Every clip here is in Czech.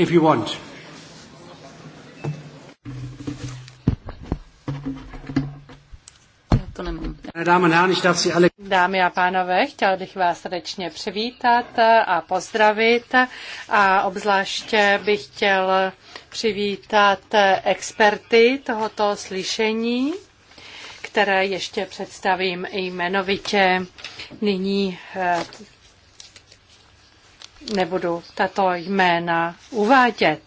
if you want. Dámy a pánové, chtěl bych vás srdečně přivítat a pozdravit a obzvláště bych chtěl přivítat experty tohoto slyšení, které ještě představím i jmenovitě nyní eh, Nebudu tato jména uvádět.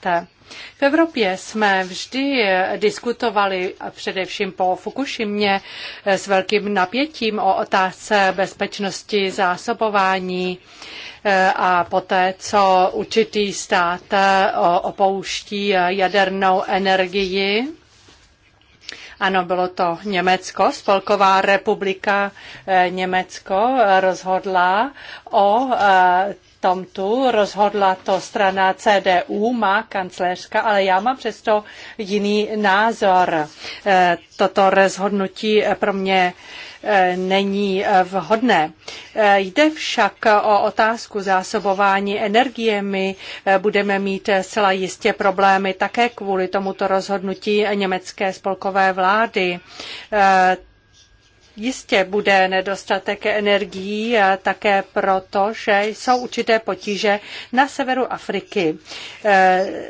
V Evropě jsme vždy diskutovali především po Fukušimě s velkým napětím o otázce bezpečnosti zásobování eh, a poté, co určitý stát eh, opouští jadernou energii. Ano, bylo to Německo. Spolková republika eh, Německo rozhodla o tomto rozhodla to strana CDU, má kancléřka, ale já mám přesto jiný názor. E, toto rozhodnutí pro mě e, není e, vhodné. Jde však o otázku zásobování energiemi. Budeme mít zcela jistě problémy také kvůli tomuto rozhodnutí německé spolkové vlády Jistě bude nedostatek energií také proto, že jsou určité potíže na severu Afriky. Eh,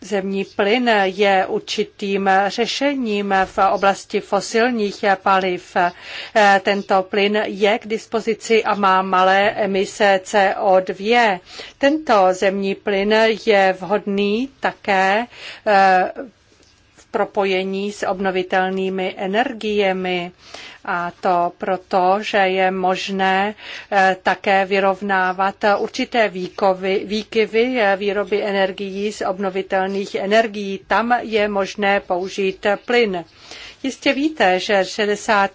zemní plyn je určitým řešením v oblasti fosilních paliv. Eh, tento plyn je k dispozici a má malé emise CO2. Tento zemní plyn je vhodný také eh, propojení s obnovitelnými energiemi. A to proto, že je možné eh, také vyrovnávat určité výkovy, výkyvy eh, výroby energií z obnovitelných energií. Tam je možné použít plyn. Jistě víte, že 60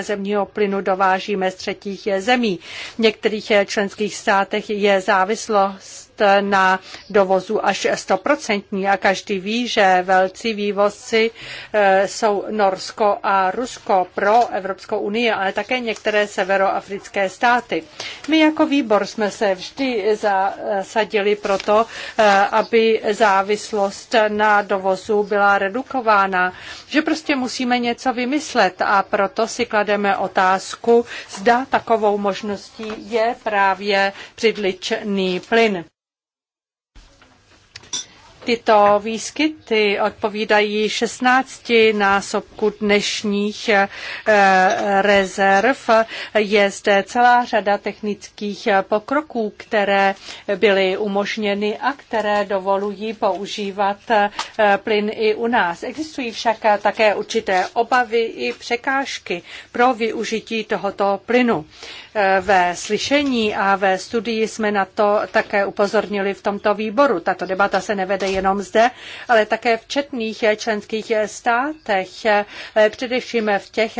zemního plynu dovážíme z třetích zemí. V některých eh, členských státech je závislost závislost na dovozu až stoprocentní a každý ví, že velcí vývozci eh, jsou Norsko a Rusko pro Evropskou unii, ale také některé severoafrické státy. My jako výbor jsme se vždy zasadili proto, to, eh, aby závislost na dovozu byla redukována, že prostě musíme něco vymyslet a proto si klademe otázku, zda takovou možností je právě přidličný plyn. Tyto výskyty odpovídají 16 násobku dnešních eh, rezerv. Je zde celá řada technických eh, pokroků, které byly umožněny a které dovolují používat eh, plyn i u nás. Existují však také určité obavy i překážky pro využití tohoto plynu. Eh, ve slyšení a ve studii jsme na to také upozornili v tomto výboru. Tato debata se nevede jenom zde, ale také v četných eh, členských eh, státech, především v těch,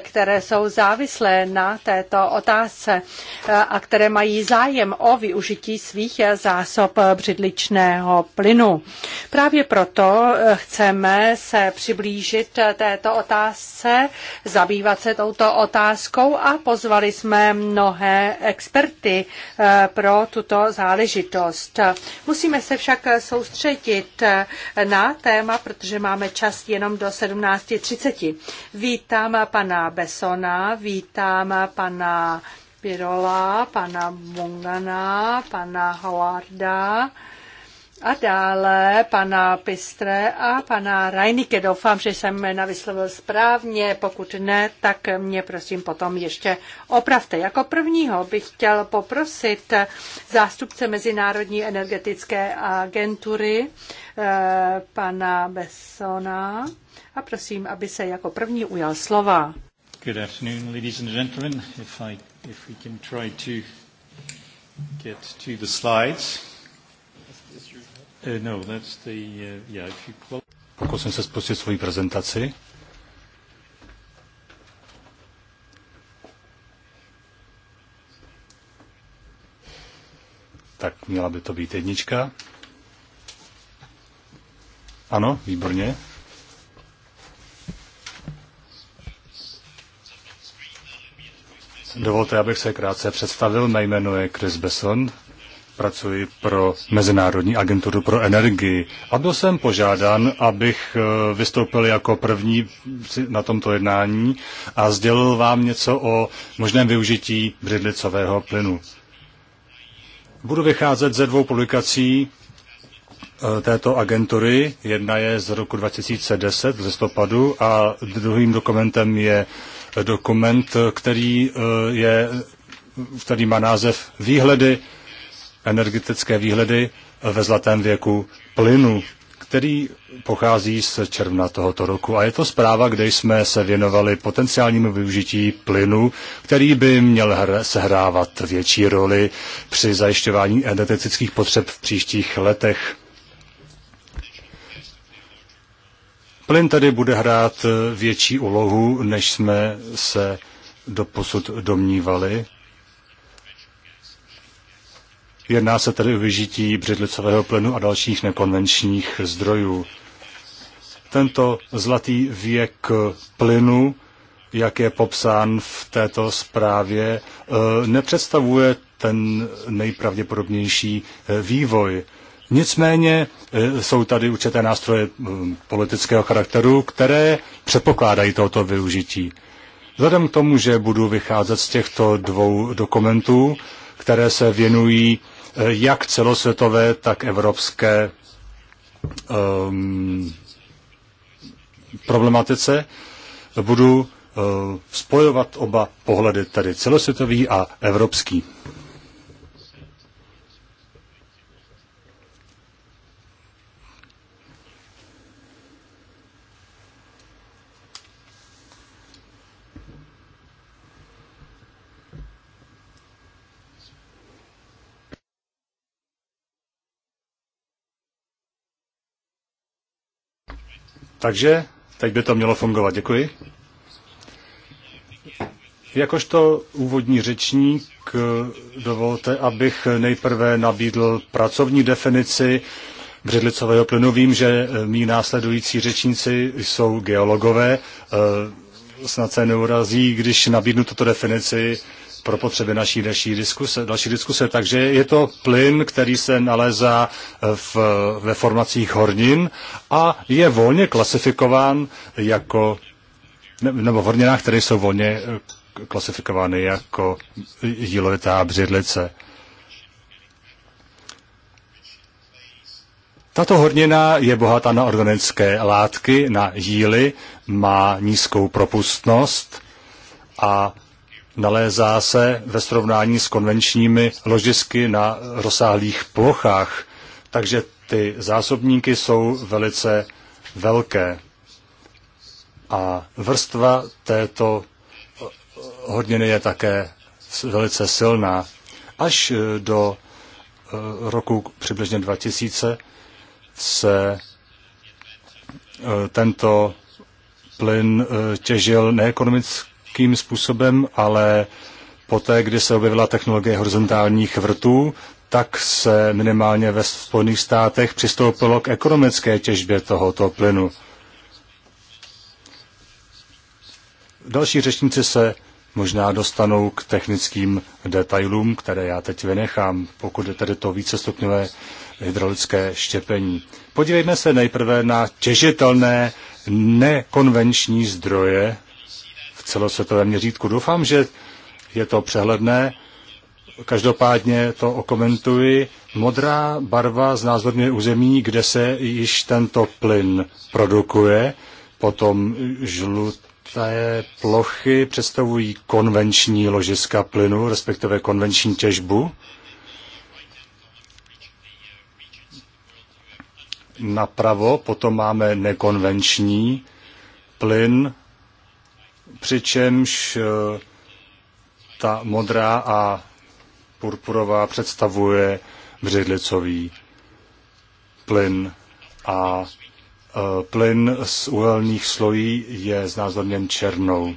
které jsou závislé na této otázce a které mají zájem o využití svých zásob břidličného plynu. Právě proto chceme se přiblížit této otázce, zabývat se touto otázkou a pozvali jsme mnohé experty eh, pro tuto záležitost. Musíme se však soustředit eh, na téma, protože máme čas jenom do 17.30. Vítám pana Besona, vítám pana Pirola, pana Mungana, pana Howarda, a dále pana Pistre a pana Rajnike. Doufám, že jsem jména vyslovil správně. Pokud ne, tak mě prosím potom ještě opravte. Jako prvního bych chtěl poprosit zástupce Mezinárodní energetické agentury eh, pana Bessona a prosím, aby se jako první ujal slova. Good afternoon, ladies and gentlemen. If, I, if we can try to get to the slides. Uh, no, uh, Pokusím se spustit svoji prezentaci. Tak měla by to být jednička. Ano, výborně. Dovolte, abych se krátce představil. Mé jméno je Chris Besson, pracuji pro Mezinárodní agenturu pro energii a byl jsem požádán, abych eh, vystoupil jako první na tomto jednání a sdělil vám něco o možném využití břidlicového plynu. Budu vycházet ze dvou publikací eh, této agentury. Jedna je z roku 2010 z listopadu a druhým dokumentem je dokument, který eh, je který má název Výhledy energetické výhledy ve zlatém věku plynu, který pochází z června tohoto roku. A je to zpráva, kde jsme se věnovali potenciálnímu využití plynu, který by měl sehrávat větší roli při zajišťování energetických potřeb v příštích letech. Plyn tedy bude hrát větší úlohu, než jsme se doposud domnívali. Jedná se tedy o vyžití břidlicového plynu a dalších nekonvenčních zdrojů. Tento zlatý věk plynu, jak je popsán v této zprávě, e, nepředstavuje ten nejpravděpodobnější e, vývoj. Nicméně e, jsou tady určité nástroje politického charakteru, které předpokládají toto využití. Vzhledem k tomu, že budu vycházet z těchto dvou dokumentů, které se věnují Eh, jak celosvětové, tak evropské um, problematice. Budu uh, spojovat oba pohledy, tedy celosvětový a evropský. Takže teď by to mělo fungovat. Děkuji. Jakožto úvodní řečník dovolte, abych nejprve nabídl pracovní definici břidlicového plynu. Vím, že eh, mý následující řečníci jsou geologové. Eh, snad se neurazí, když nabídnu tuto definici pro potřeby naší další diskuse, další diskuse. Takže je to plyn, který se nalézá eh, v, ve formacích hornin a je volně klasifikován jako, nebo v horninách, které jsou volně eh, klasifikovány jako jílovitá břidlice. Tato hornina je bohatá na organické látky, na jíly, má nízkou propustnost a nalézá se ve srovnání s konvenčními ložisky na rozsáhlých plochách. Takže ty zásobníky jsou velice velké. A vrstva této hodiny je také velice silná. Až e, do e, roku přibližně 2000 se e, tento plyn těžil neekonomicky nějakým způsobem, ale poté, kdy se objevila technologie horizontálních vrtů, tak se minimálně ve Spojených státech přistoupilo k ekonomické těžbě tohoto plynu. Další řečníci se možná dostanou k technickým detailům, které já teď vynechám, pokud je tedy to vícestupňové hydraulické štěpení. Podívejme se nejprve na těžitelné nekonvenční zdroje celosvětovém měřítku. Doufám, že je to přehledné. Každopádně to okomentuji. Modrá barva znázorňuje území, kde se již tento plyn produkuje. Potom žluté plochy představují konvenční ložiska plynu, respektive konvenční těžbu. Napravo potom máme nekonvenční plyn, přičemž eh, ta modrá a purpurová představuje břidlicový plyn a eh, plyn z uhelných slojí je znázorněn černou.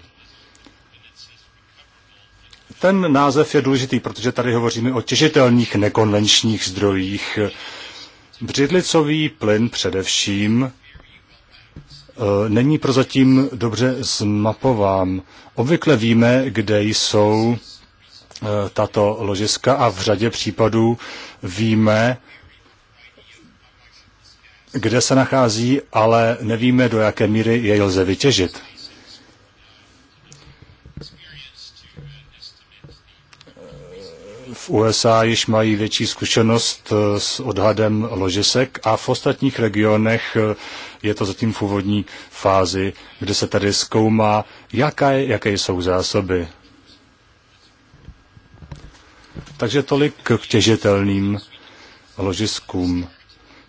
Ten název je důležitý, protože tady hovoříme o těžitelných nekonvenčních zdrojích. Břidlicový plyn především Eh, není prozatím dobře zmapován. Obvykle víme, kde jsou eh, tato ložiska a v řadě případů víme, kde se nachází, ale nevíme, do jaké míry jej lze vytěžit. v USA již mají větší zkušenost eh, s odhadem ložisek a v ostatních regionech eh, je to zatím v úvodní fázi, kde se tady zkoumá, jaké, jaké jsou zásoby. Takže tolik k těžitelným ložiskům.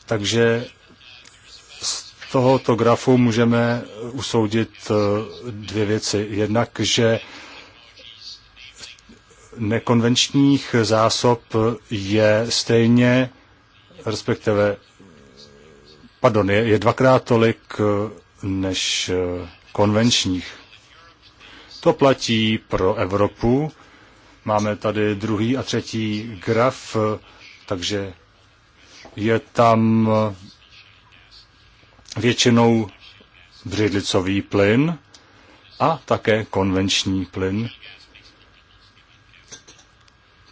Takže z tohoto grafu můžeme usoudit eh, dvě věci. Jednak, že nekonvenčních zásob je stejně, respektive, pardon, je, je dvakrát tolik eh, než eh, konvenčních. To platí pro Evropu. Máme tady druhý a třetí graf, eh, takže je tam většinou břidlicový plyn a také konvenční plyn,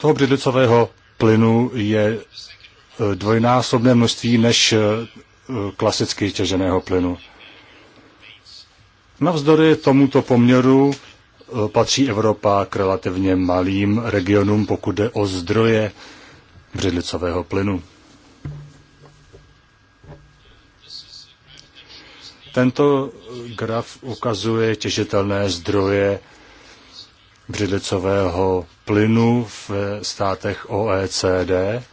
toho břidlicového plynu je e, dvojnásobné množství než e, klasicky těženého plynu. Navzdory tomuto poměru e, patří Evropa k relativně malým regionům, pokud jde o zdroje břidlicového plynu. Tento graf ukazuje těžitelné zdroje břidlicového plynu v státech OECD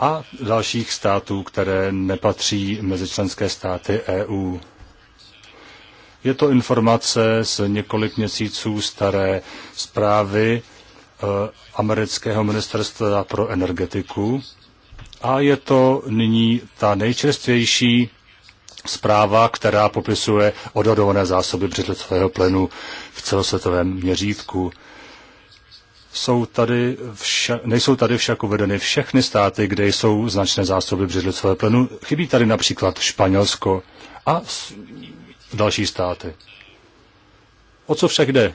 a dalších států, které nepatří mezi členské státy EU. Je to informace z několik měsíců staré zprávy e, amerického ministerstva pro energetiku a je to nyní ta nejčerstvější zpráva, která popisuje odhadované zásoby břidlicového plenu v celosvětovém měřítku. Jsou tady vša, nejsou tady však uvedeny všechny státy, kde jsou značné zásoby břidlicového plenu. Chybí tady například Španělsko a další státy. O co však jde?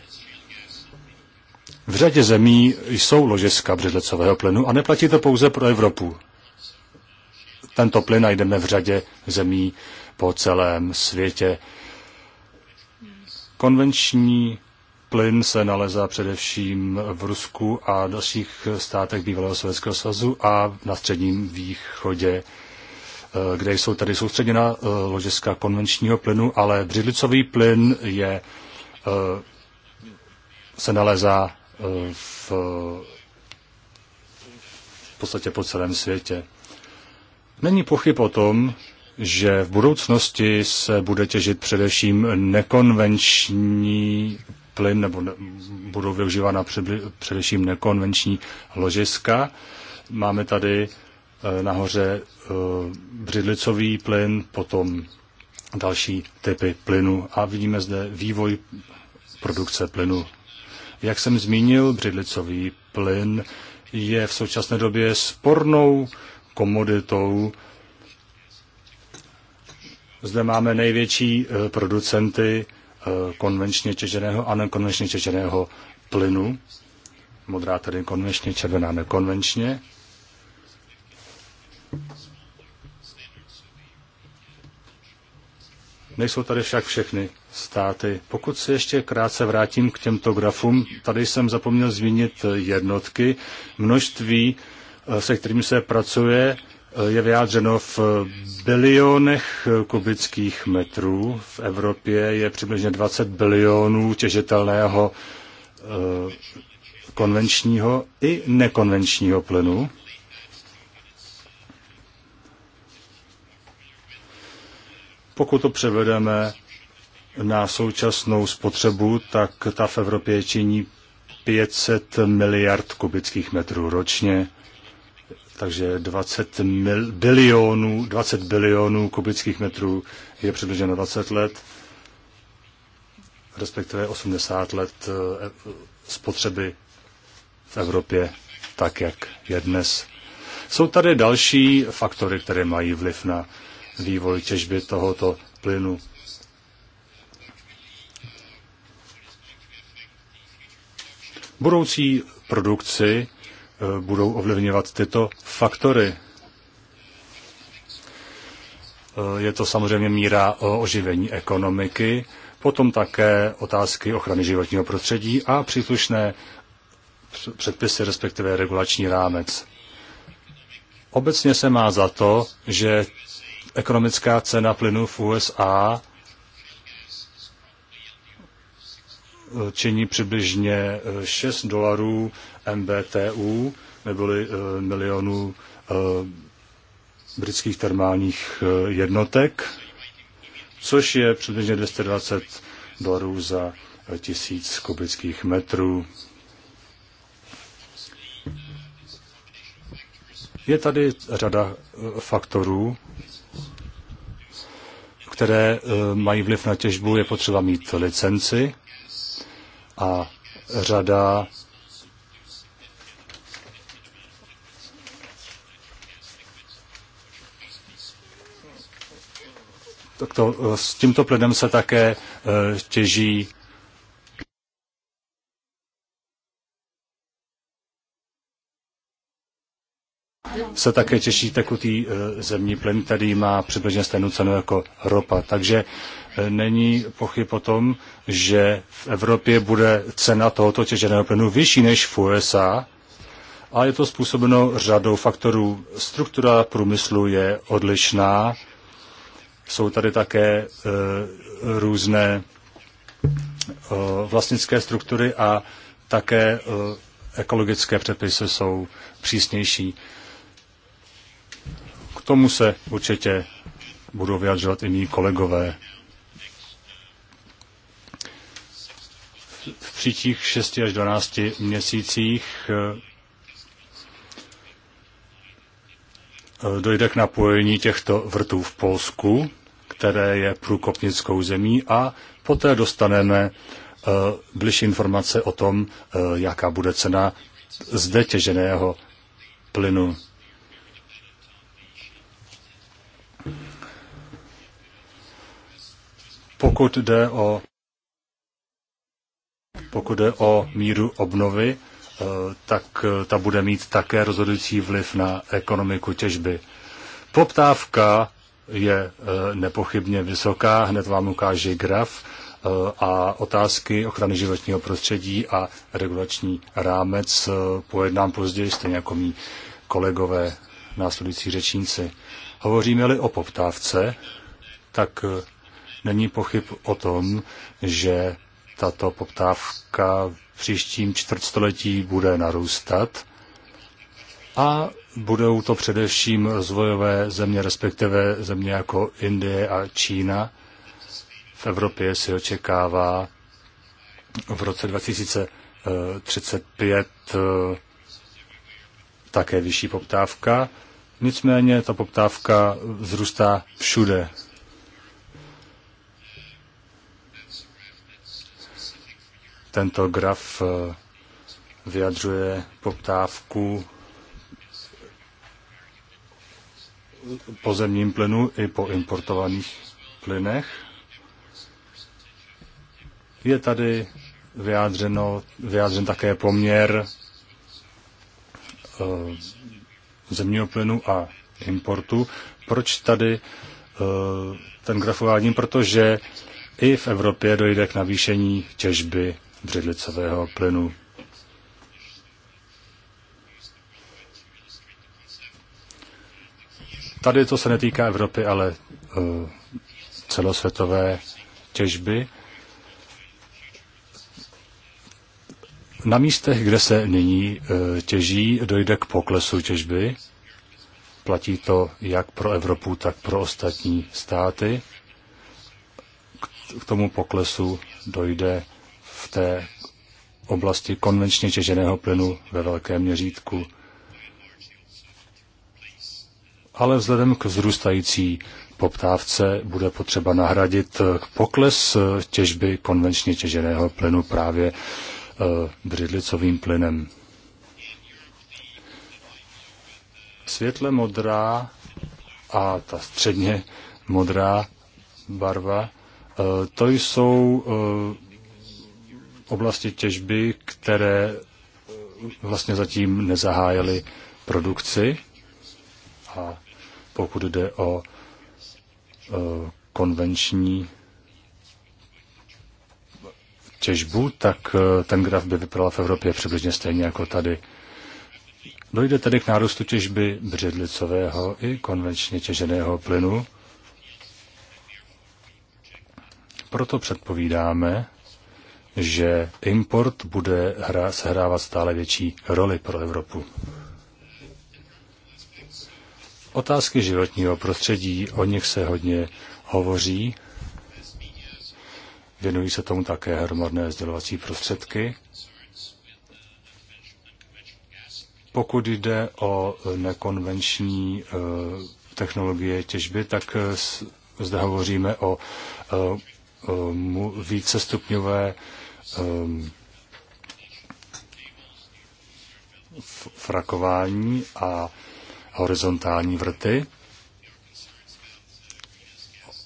V řadě zemí jsou ložiska břidlicového plynu a neplatí to pouze pro Evropu. Tento plyn najdeme v řadě zemí po celém světě. Konvenční plyn se nalezá především v Rusku a dalších státech bývalého Sovětského svazu a na středním východě, eh, kde jsou tady soustředěna eh, ložiska konvenčního plynu, ale břidlicový plyn je, eh, se nalezá v, v podstatě po celém světě. Není pochyb o tom, že v budoucnosti se bude těžit především nekonvenční plyn, nebo ne, budou využívána především nekonvenční ložiska. Máme tady eh, nahoře eh, břidlicový plyn, potom další typy plynu a vidíme zde vývoj produkce plynu. Jak jsem zmínil, břidlicový plyn je v současné době spornou komoditou zde máme největší eh, producenty eh, konvenčně těženého a nekonvenčně těženého plynu. Modrá tedy konvenčně, červená nekonvenčně. Nejsou tady však všechny státy. Pokud se ještě krátce vrátím k těmto grafům, tady jsem zapomněl zmínit jednotky, množství, eh, se kterými se pracuje, je vyjádřeno v bilionech kubických metrů. V Evropě je přibližně 20 bilionů těžitelného eh, konvenčního i nekonvenčního plynu. Pokud to převedeme na současnou spotřebu, tak ta v Evropě činí 500 miliard kubických metrů ročně. Takže 20 mil, bilionů, 20 bilionů kubických metrů je přibližně 20 let, respektive 80 let eh, spotřeby v Evropě, tak jak je dnes. Jsou tady další faktory, které mají vliv na vývoj těžby tohoto plynu. Budoucí produkci Eh, budou ovlivňovat tyto faktory. Eh, je to samozřejmě míra eh, oživení ekonomiky, potom také otázky ochrany životního prostředí a příslušné předpisy, respektive regulační rámec. Obecně se má za to, že ekonomická cena plynu v USA Eh, činí přibližně 6 eh, dolarů MBTU, neboli eh, milionů britských termálních jednotek, což je přibližně 220 dolarů za tisíc kubických metrů. Je tady řada faktorů, které mají vliv na těžbu. Je potřeba mít licenci, a řada tak to, s tímto plynem se také eh, těží se také těší tekutý eh, zemní plyn, který má přibližně stejnou cenu jako ropa. Takže eh, není pochyb o tom, že v Evropě bude cena tohoto těženého plynu vyšší než v USA, a je to způsobeno řadou faktorů. Struktura průmyslu je odlišná, jsou tady také e, různé e, vlastnické struktury a také e, ekologické předpisy jsou přísnější tomu se určitě budou vyjadřovat i mý kolegové. V příštích 6 až 12 měsících eh, dojde k napojení těchto vrtů v Polsku, které je průkopnickou zemí a poté dostaneme eh, bližší informace o tom, eh, jaká bude cena zde těženého plynu. Pokud jde o, pokud jde o míru obnovy, eh, tak eh, ta bude mít také rozhodující vliv na ekonomiku těžby. Poptávka je eh, nepochybně vysoká, hned vám ukáže graf a otázky ochrany životního prostředí a regulační rámec pojednám později, stejně jako mý kolegové následující řečníci. Hovoříme-li o poptávce, tak Není pochyb o tom, že tato poptávka v příštím čtvrtstoletí bude narůstat a budou to především rozvojové země, respektive země jako Indie a Čína. V Evropě se očekává v roce 2035 eh, také vyšší poptávka. Nicméně ta poptávka vzrůstá všude Tento graf eh, vyjadřuje poptávku po zemním plynu i po importovaných plynech. Je tady vyjádřeno, vyjádřen také poměr eh, zemního plynu a importu. Proč tady eh, ten graf uvádím? Protože i v Evropě dojde k navýšení těžby břidlicového plynu. Tady to se netýká Evropy, ale eh, celosvětové těžby. Na místech, kde se nyní eh, těží, dojde k poklesu těžby. Platí to jak pro Evropu, tak pro ostatní státy. K tomu poklesu dojde v té oblasti konvenčně těženého plynu ve velkém měřítku. Ale vzhledem k vzrůstající poptávce bude potřeba nahradit pokles těžby konvenčně těženého plynu právě e, břidlicovým plynem. Světle modrá a ta středně modrá barva, e, to jsou e, oblasti těžby, které eh, vlastně zatím nezahájily produkci. A pokud jde o eh, konvenční těžbu, tak eh, ten graf by vypadal v Evropě přibližně stejně jako tady. Dojde tedy k nárůstu těžby břidlicového i konvenčně těženého plynu. Proto předpovídáme, že import bude hra, sehrávat stále větší roli pro Evropu. Otázky životního prostředí, o nich se hodně hovoří. Věnují se tomu také hromadné sdělovací prostředky. Pokud jde o nekonvenční eh, technologie těžby, tak eh, zde hovoříme o eh, vícestupňové um, frakování a horizontální vrty.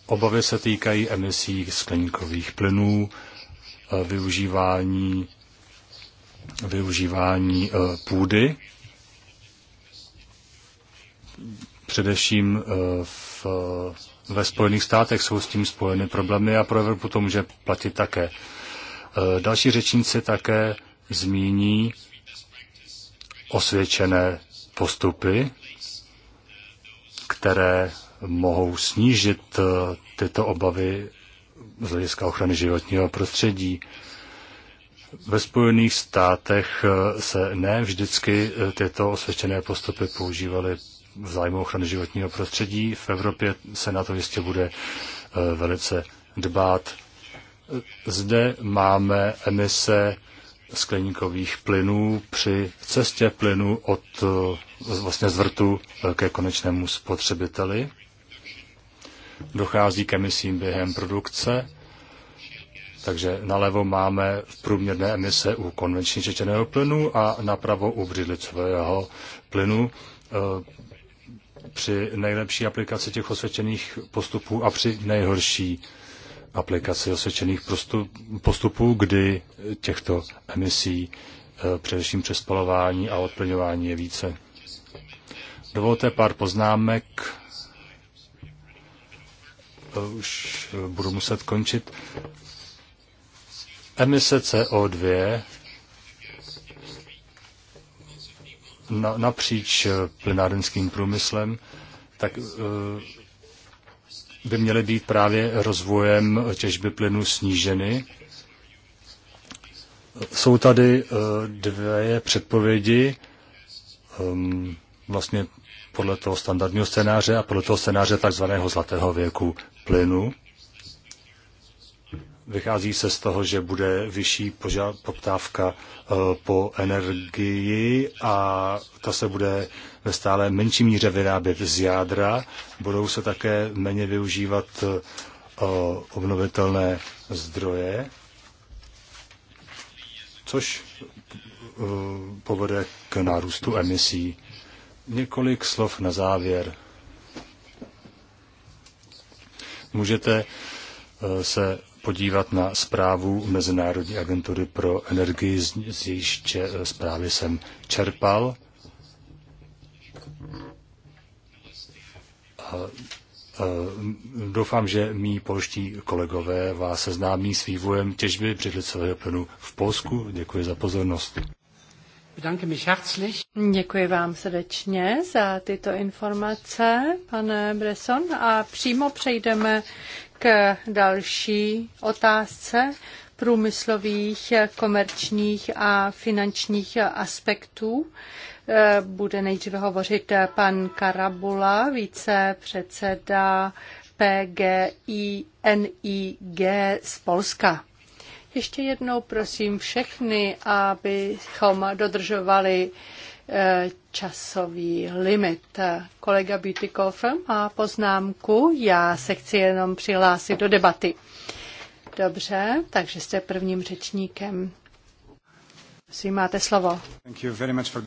Obavy se týkají emisí skleníkových plynů, eh, využívání, využívání eh, půdy, především eh, v, ve Spojených státech jsou s tím spojeny problémy a pro Evropu to může platit také. Eh, další řečníci také zmíní osvědčené postupy, které mohou snížit eh, tyto obavy z hlediska ochrany životního prostředí. Ve Spojených státech eh, se ne vždycky tyto osvědčené postupy používaly v zájmu ochrany životního prostředí. V Evropě se na to jistě bude velice dbát zde máme emise skleníkových plynů při cestě plynu od vlastně zvrtu ke konečnému spotřebiteli. Dochází k emisím během produkce, takže nalevo máme v průměrné emise u konvenční řečeného plynu a napravo u břidlicového plynu e, při nejlepší aplikaci těch osvědčených postupů a při nejhorší aplikaci osvědčených postupů, kdy těchto emisí, eh, především přes spalování a odplňování, je více. Dovolte pár poznámek. Eh, už eh, budu muset končit. Emise CO2 napříč plynárenským průmyslem, tak by měly být právě rozvojem těžby plynu sníženy. Jsou tady eh, dvě předpovědi, ehm, vlastně podle toho standardního scénáře a podle toho scénáře takzvaného zlatého věku plynu. Vychází se z toho, že bude vyšší poptávka eh, po energii a ta se bude ve stále menší míře vyrábět z jádra, budou se také méně využívat eh, obnovitelné zdroje, což eh, povede k nárůstu emisí. Několik slov na závěr. Můžete eh, se podívat na zprávu Mezinárodní agentury pro energii, z jejíž zprávy jsem čerpal. Doufám, že mý polští kolegové vás seznámí s vývojem těžby břidlicového plynu v Polsku. Děkuji za pozornost. Děkuji vám srdečně za tyto informace, pane Bresson, a přímo přejdeme k další otázce průmyslových, komerčních a finančních aspektů Eh, bude nejdříve hovořit eh, pan Karabula, předseda PGINIG z Polska. Ještě jednou prosím všechny, abychom dodržovali eh, časový limit. Kolega Bütikov má poznámku, já se chci jenom přihlásit do debaty. Dobře, takže jste prvním řečníkem. Prosím, máte slovo.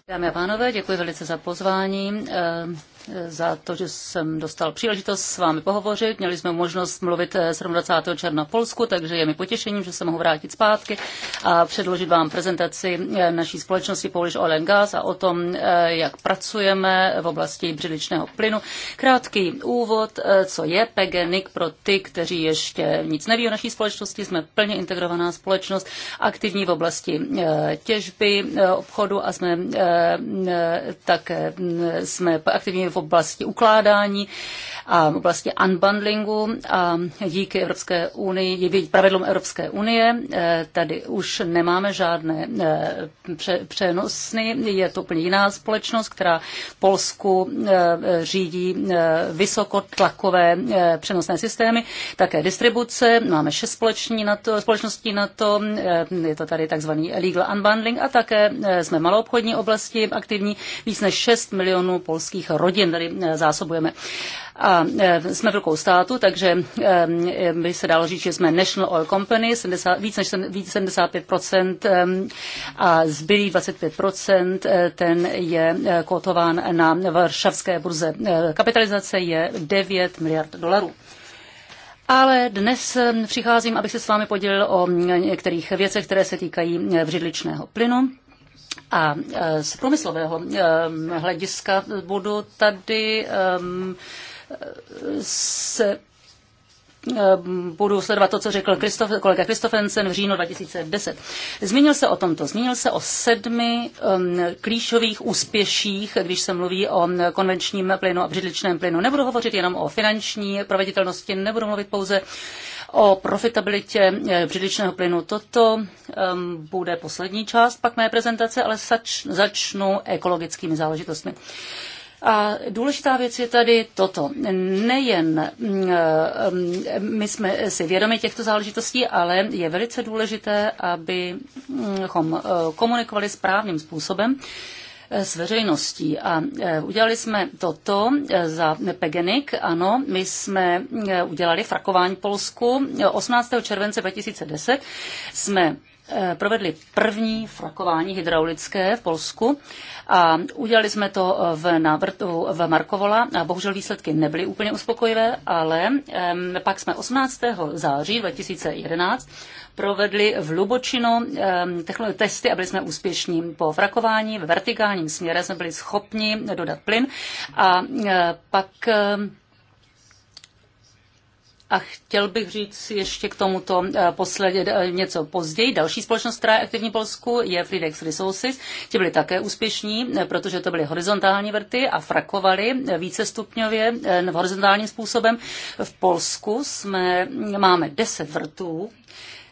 Dámy a pánové, děkuji velice za pozvání. Ehm, za to, že jsem dostal příležitost s vámi pohovořit. Měli jsme možnost mluvit 27. Eh, června v Polsku, takže je mi potěšením, že se mohu vrátit zpátky a předložit vám prezentaci eh, naší společnosti Polish Oil and Gas a o tom, eh, jak pracujeme v oblasti břidličného plynu. Krátký úvod, co je PGNIC pro ty, kteří ještě nic neví o naší společnosti. Jsme plně integrovaná společnost, aktivní v oblasti těžby, obchodu a jsme také mm, jsme aktivní v v oblasti ukládání a v oblasti unbundlingu a díky Evropské unii, díky pravidlům Evropské unie, eh, tady už nemáme žádné eh, přenosny, je to úplně jiná společnost, která v Polsku eh, řídí vysokotlakové přenosné systémy, také distribuce, máme šest společní na to, společností na to, je to tady takzvaný legal unbundling a také jsme malou obchodní oblasti aktivní, víc než 6 milionů polských rodin tady zásobujeme. A e, jsme v rukou státu, takže e, by se dalo říct, že jsme National Oil Company, 70, víc než víc 75% e, a zbylý 25% ten je kotován na varšavské burze. Kapitalizace je 9 miliard dolarů. Ale dnes přicházím, abych se s vámi podělil o některých věcech, které se týkají břidličného plynu. A z průmyslového hlediska budu tady se eh, budu sledovat to, co řekl Christof, kolega Kristofensen v říjnu 2010. Zmínil se o tomto, zmínil se o sedmi um, klíčových úspěších, když se mluví o eh, konvenčním plynu a břidličném plynu. Nebudu hovořit jenom o finanční proveditelnosti, nebudu mluvit pouze o profitabilitě břidličného plynu. Toto um, bude poslední část pak mé prezentace, ale sač, začnu ekologickými záležitostmi. Uh, a důležitá věc je tady toto. Nejen mm, eh, mm, my jsme si vědomi těchto záležitostí, ale je velice důležité, abychom eh, komunikovali správným způsobem eh, s veřejností. A udělali jsme toto za Pegenik, ano, my jsme udělali frakování Polsku. 18. července 2010 jsme Eh, provedli první frakování hydraulické v Polsku a udělali jsme to eh, v, na vrtu, v Markovola. A bohužel výsledky nebyly úplně uspokojivé, ale um, pak jsme 18. září 2011 provedli v Lubočino um, testy a byli jsme úspěšní. Po frakování v vertikálním směre jsme byli schopni dodat plyn a uh, pak uh, a chtěl bych říct ještě k tomuto eh, posledně eh, něco později. Další společnost, která je aktivní v Polsku, je Fridex Resources. Ti byli také úspěšní, eh, protože to byly horizontální vrty a frakovali vícestupňově horizontálním způsobem. V Polsku jsme, máme 10 vrtů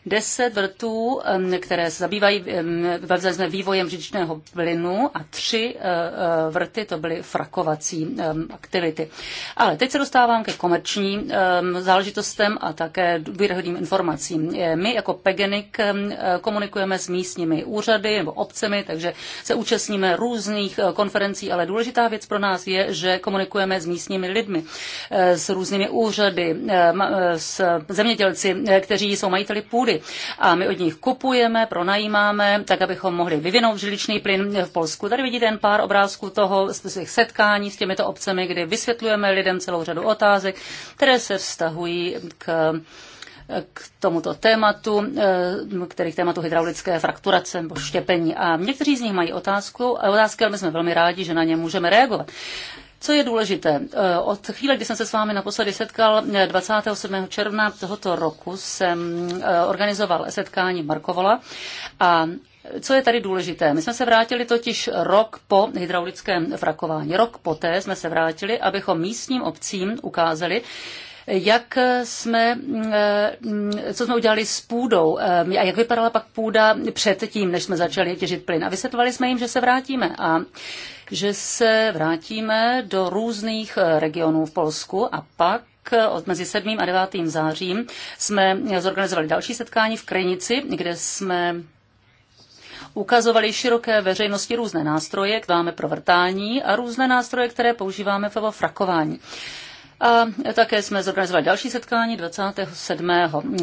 deset vrtů, které se zabývají vývojem říčného plynu a tři eh, eh, vrty to byly frakovací aktivity. Ale teď se dostávám ke komerčním záležitostem a také důvěryhodným informacím. My jako Pegenik eh, komunikujeme s místními úřady nebo obcemi, takže se účastníme různých konferencí, ale důležitá věc pro nás je, že komunikujeme s místními lidmi, s různými úřady, s zemědělci, kteří jsou majiteli půdy, síly. A my od nich kupujeme, pronajímáme, tak abychom mohli vyvinout žiličný plyn v Polsku. Tady vidíte jen pár obrázků toho z těch setkání s těmito obcemi, kde vysvětlujeme lidem celou řadu otázek, které se vztahují k k tomuto tématu, eh, k tématu hydraulické frakturace nebo štěpení. A někteří z nich mají otázku, otázky, ale my jsme velmi rádi, že na ně můžeme reagovat. Co je důležité? Eh, od chvíle, kdy jsem se s vámi naposledy setkal 27. Eh, června tohoto roku, jsem eh, organizoval setkání Markovola a co je tady důležité? My jsme se vrátili totiž rok po hydraulickém frakování. Rok poté jsme se vrátili, abychom místním obcím ukázali, jak jsme, eh, co jsme udělali s půdou eh, a jak vypadala pak půda před tím, než jsme začali těžit plyn. A vysvětlovali jsme jim, že se vrátíme a že se vrátíme do různých eh, regionů v Polsku a pak od mezi 7. a 9. zářím jsme zorganizovali další setkání v Krenici, kde jsme ukazovali široké veřejnosti různé nástroje, které máme pro vrtání a různé nástroje, které používáme v frakování. A také jsme zorganizovali další setkání 27.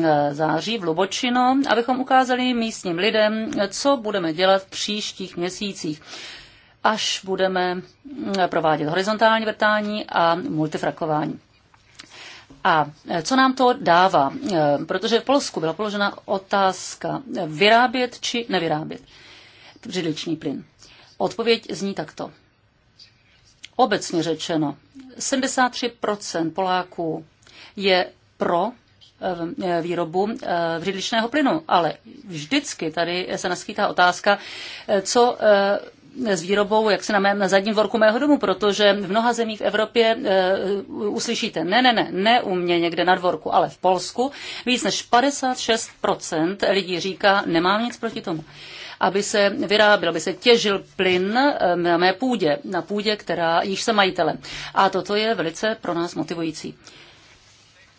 Eh, září v Lubočino, abychom ukázali místním lidem, co budeme dělat v příštích měsících až budeme eh, provádět horizontální vrtání a multifrakování. A eh, co nám to dává? Protože v Polsku byla položena otázka vyrábět či nevyrábět břidličný plyn. Odpověď zní takto. Obecně řečeno, 73% Poláků je pro eh, výrobu vřidličného eh, plynu, ale vždycky tady se naskýtá otázka, eh, co s výrobou, jak se na, mém, na zadním dvorku mého domu, protože v mnoha zemích v Evropě e, uslyšíte ne, ne, ne, ne u mě někde na dvorku, ale v Polsku víc než 56% lidí říká, nemám nic proti tomu. E, aby se vyráběl, aby se těžil plyn na mé půdě, na půdě, která již se majitelem. A toto je velice pro nás motivující.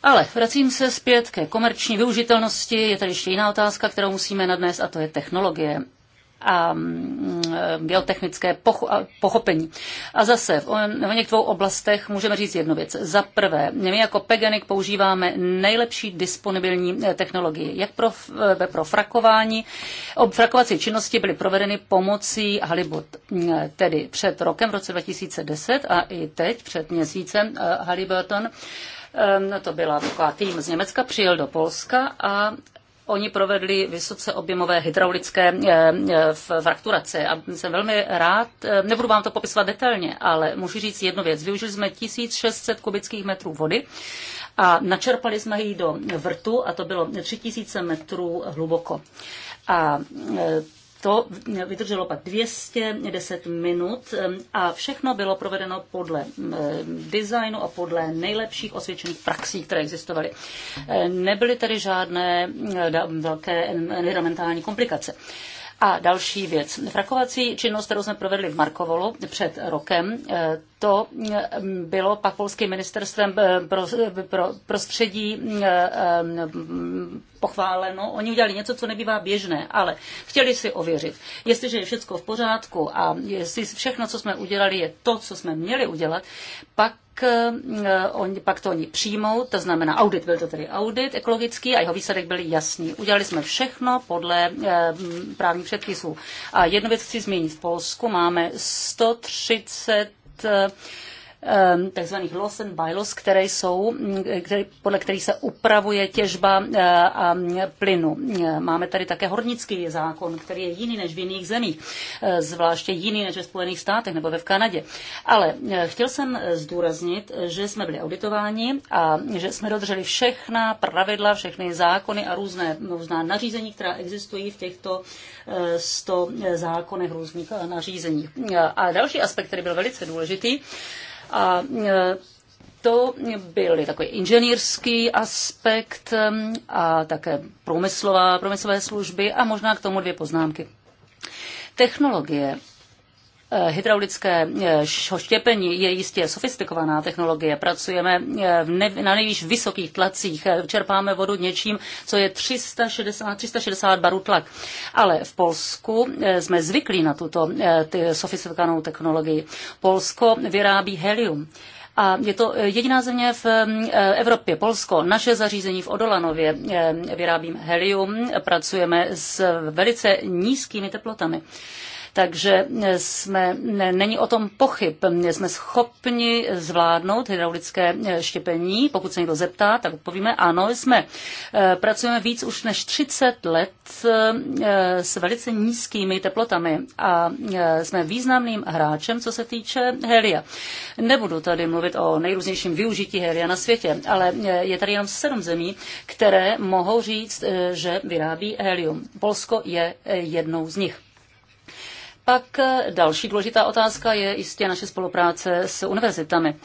Ale vracím se zpět ke komerční využitelnosti. Je tady ještě jiná otázka, kterou musíme nadnést, a to je technologie a mm, eh, geotechnické pochopení. A zase v některých oblastech můžeme říct jednu věc. Za prvé, my jako Pegenik používáme nejlepší disponibilní eh, technologii, jak pro, eh, pro frakování. Frakovací činnosti byly provedeny pomocí Halibut, mm, tedy před rokem, v roce 2010 a i teď, před měsícem Halliburton ehm, to byla taková tým z Německa, přijel do Polska a Oni provedli vysoce objemové hydraulické eh, eh, frakturace a jsem velmi rád, eh, nebudu vám to popisovat detailně, ale můžu říct jednu věc. Využili jsme 1600 kubických metrů vody a načerpali jsme ji do vrtu a to bylo 3000 metrů hluboko. A to vydrželo pak 210 minut a všechno bylo provedeno podle designu a podle nejlepších osvědčených praxí, které existovaly. Nebyly tady žádné velké environmentální komplikace. A další věc. Frakovací činnost, kterou jsme provedli v Markovolu před rokem, eh, to mm, bylo pak polským ministerstvem eh, pro, eh, pro, prostředí pochváleno. Oni udělali něco, co nebývá běžné, ale chtěli si ověřit, jestliže je všechno v pořádku a jestli všechno, co jsme udělali, je to, co jsme měli udělat, pak Eh, oni, pak to oni přijmou, to znamená audit, byl to tedy audit ekologický a jeho výsledek byl jasný. Udělali jsme všechno podle uh, právních předpisů. A jednu věc chci zmínit. V Polsku máme 130 uh, Ehm, tzv. loss and by loss, které jsou, mm, které, podle kterých se upravuje těžba eh, a mm, plynu. Eh, máme tady také hornický zákon, který je jiný než v jiných zemích, eh, zvláště jiný než ve Spojených státech nebo ve v Kanadě. Ale chtěl jsem zdůraznit, že jsme byli auditováni a že jsme dodrželi všechna pravidla, všechny zákony a různé, různá nařízení, která existují v těchto 100 zákonech různých nařízeních. A další aspekt, který byl velice důležitý, a e, to byl takový inženýrský aspekt e, a také průmyslová, průmyslové služby a možná k tomu dvě poznámky. Technologie Eh, hydraulické eh, štěpení je jistě sofistikovaná technologie. Pracujeme eh, na nejvíc vysokých tlacích. Čerpáme vodu něčím, co je 360, 360 barů tlak. Ale v Polsku jsme zvyklí na tuto sofistikovanou technologii. Polsko vyrábí helium. A je to jediná země v Evropě, Polsko. Naše zařízení v Odolanově vyrábíme helium, pracujeme s velice nízkými teplotami. Takže jsme, ne, není o tom pochyb. Jsme schopni zvládnout hydraulické eh, štěpení. Pokud se někdo zeptá, tak odpovíme ano, jsme. Eh, pracujeme víc už než 30 let eh, s velice nízkými teplotami a jsme významným hráčem, co se týče helia. Nebudu tady mluvit o nejrůznějším využití helia na světě, ale je tady jenom sedm zemí, které mohou říct, že vyrábí helium. Polsko je jednou z nich. Pak další důležitá otázka je jistě naše spolupráce s univerzitami.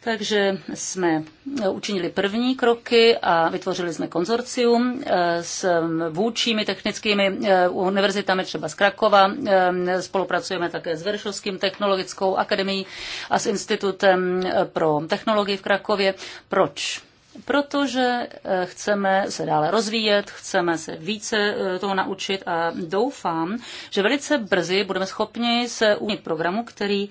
Takže jsme učinili první kroky a vytvořili jsme konzorcium eh, s vůdčími technickými eh, univerzitami, třeba z Krakova. Eh, spolupracujeme také s Veršovským technologickou akademií a s Institutem pro technologii v Krakově. Proč? protože eh, chceme se dále rozvíjet, chceme se více eh, toho naučit a doufám, že velice brzy budeme schopni se umět programu, který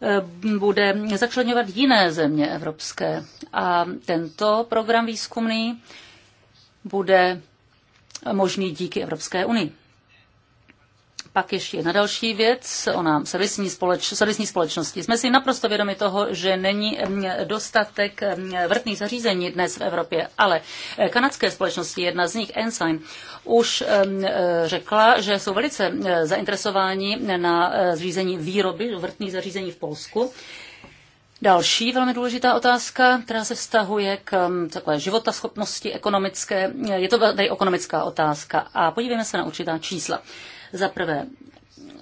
eh, bude začlenovat jiné země evropské. A tento program výzkumný bude možný díky Evropské unii. Pak ještě jedna další věc, ona servisní, společ, servisní společnosti. Jsme si naprosto vědomi toho, že není mm, dostatek mm, vrtných zařízení dnes v Evropě, ale eh, kanadské společnosti, jedna z nich, Ensign, už mm, eh, řekla, že jsou velice eh, zainteresováni na zřízení výroby vrtných zařízení v Polsku. Další velmi důležitá otázka, která se vztahuje k takové životaschopnosti ekonomické, je to tady ekonomická otázka a podívejme se na určitá čísla. Za prvé,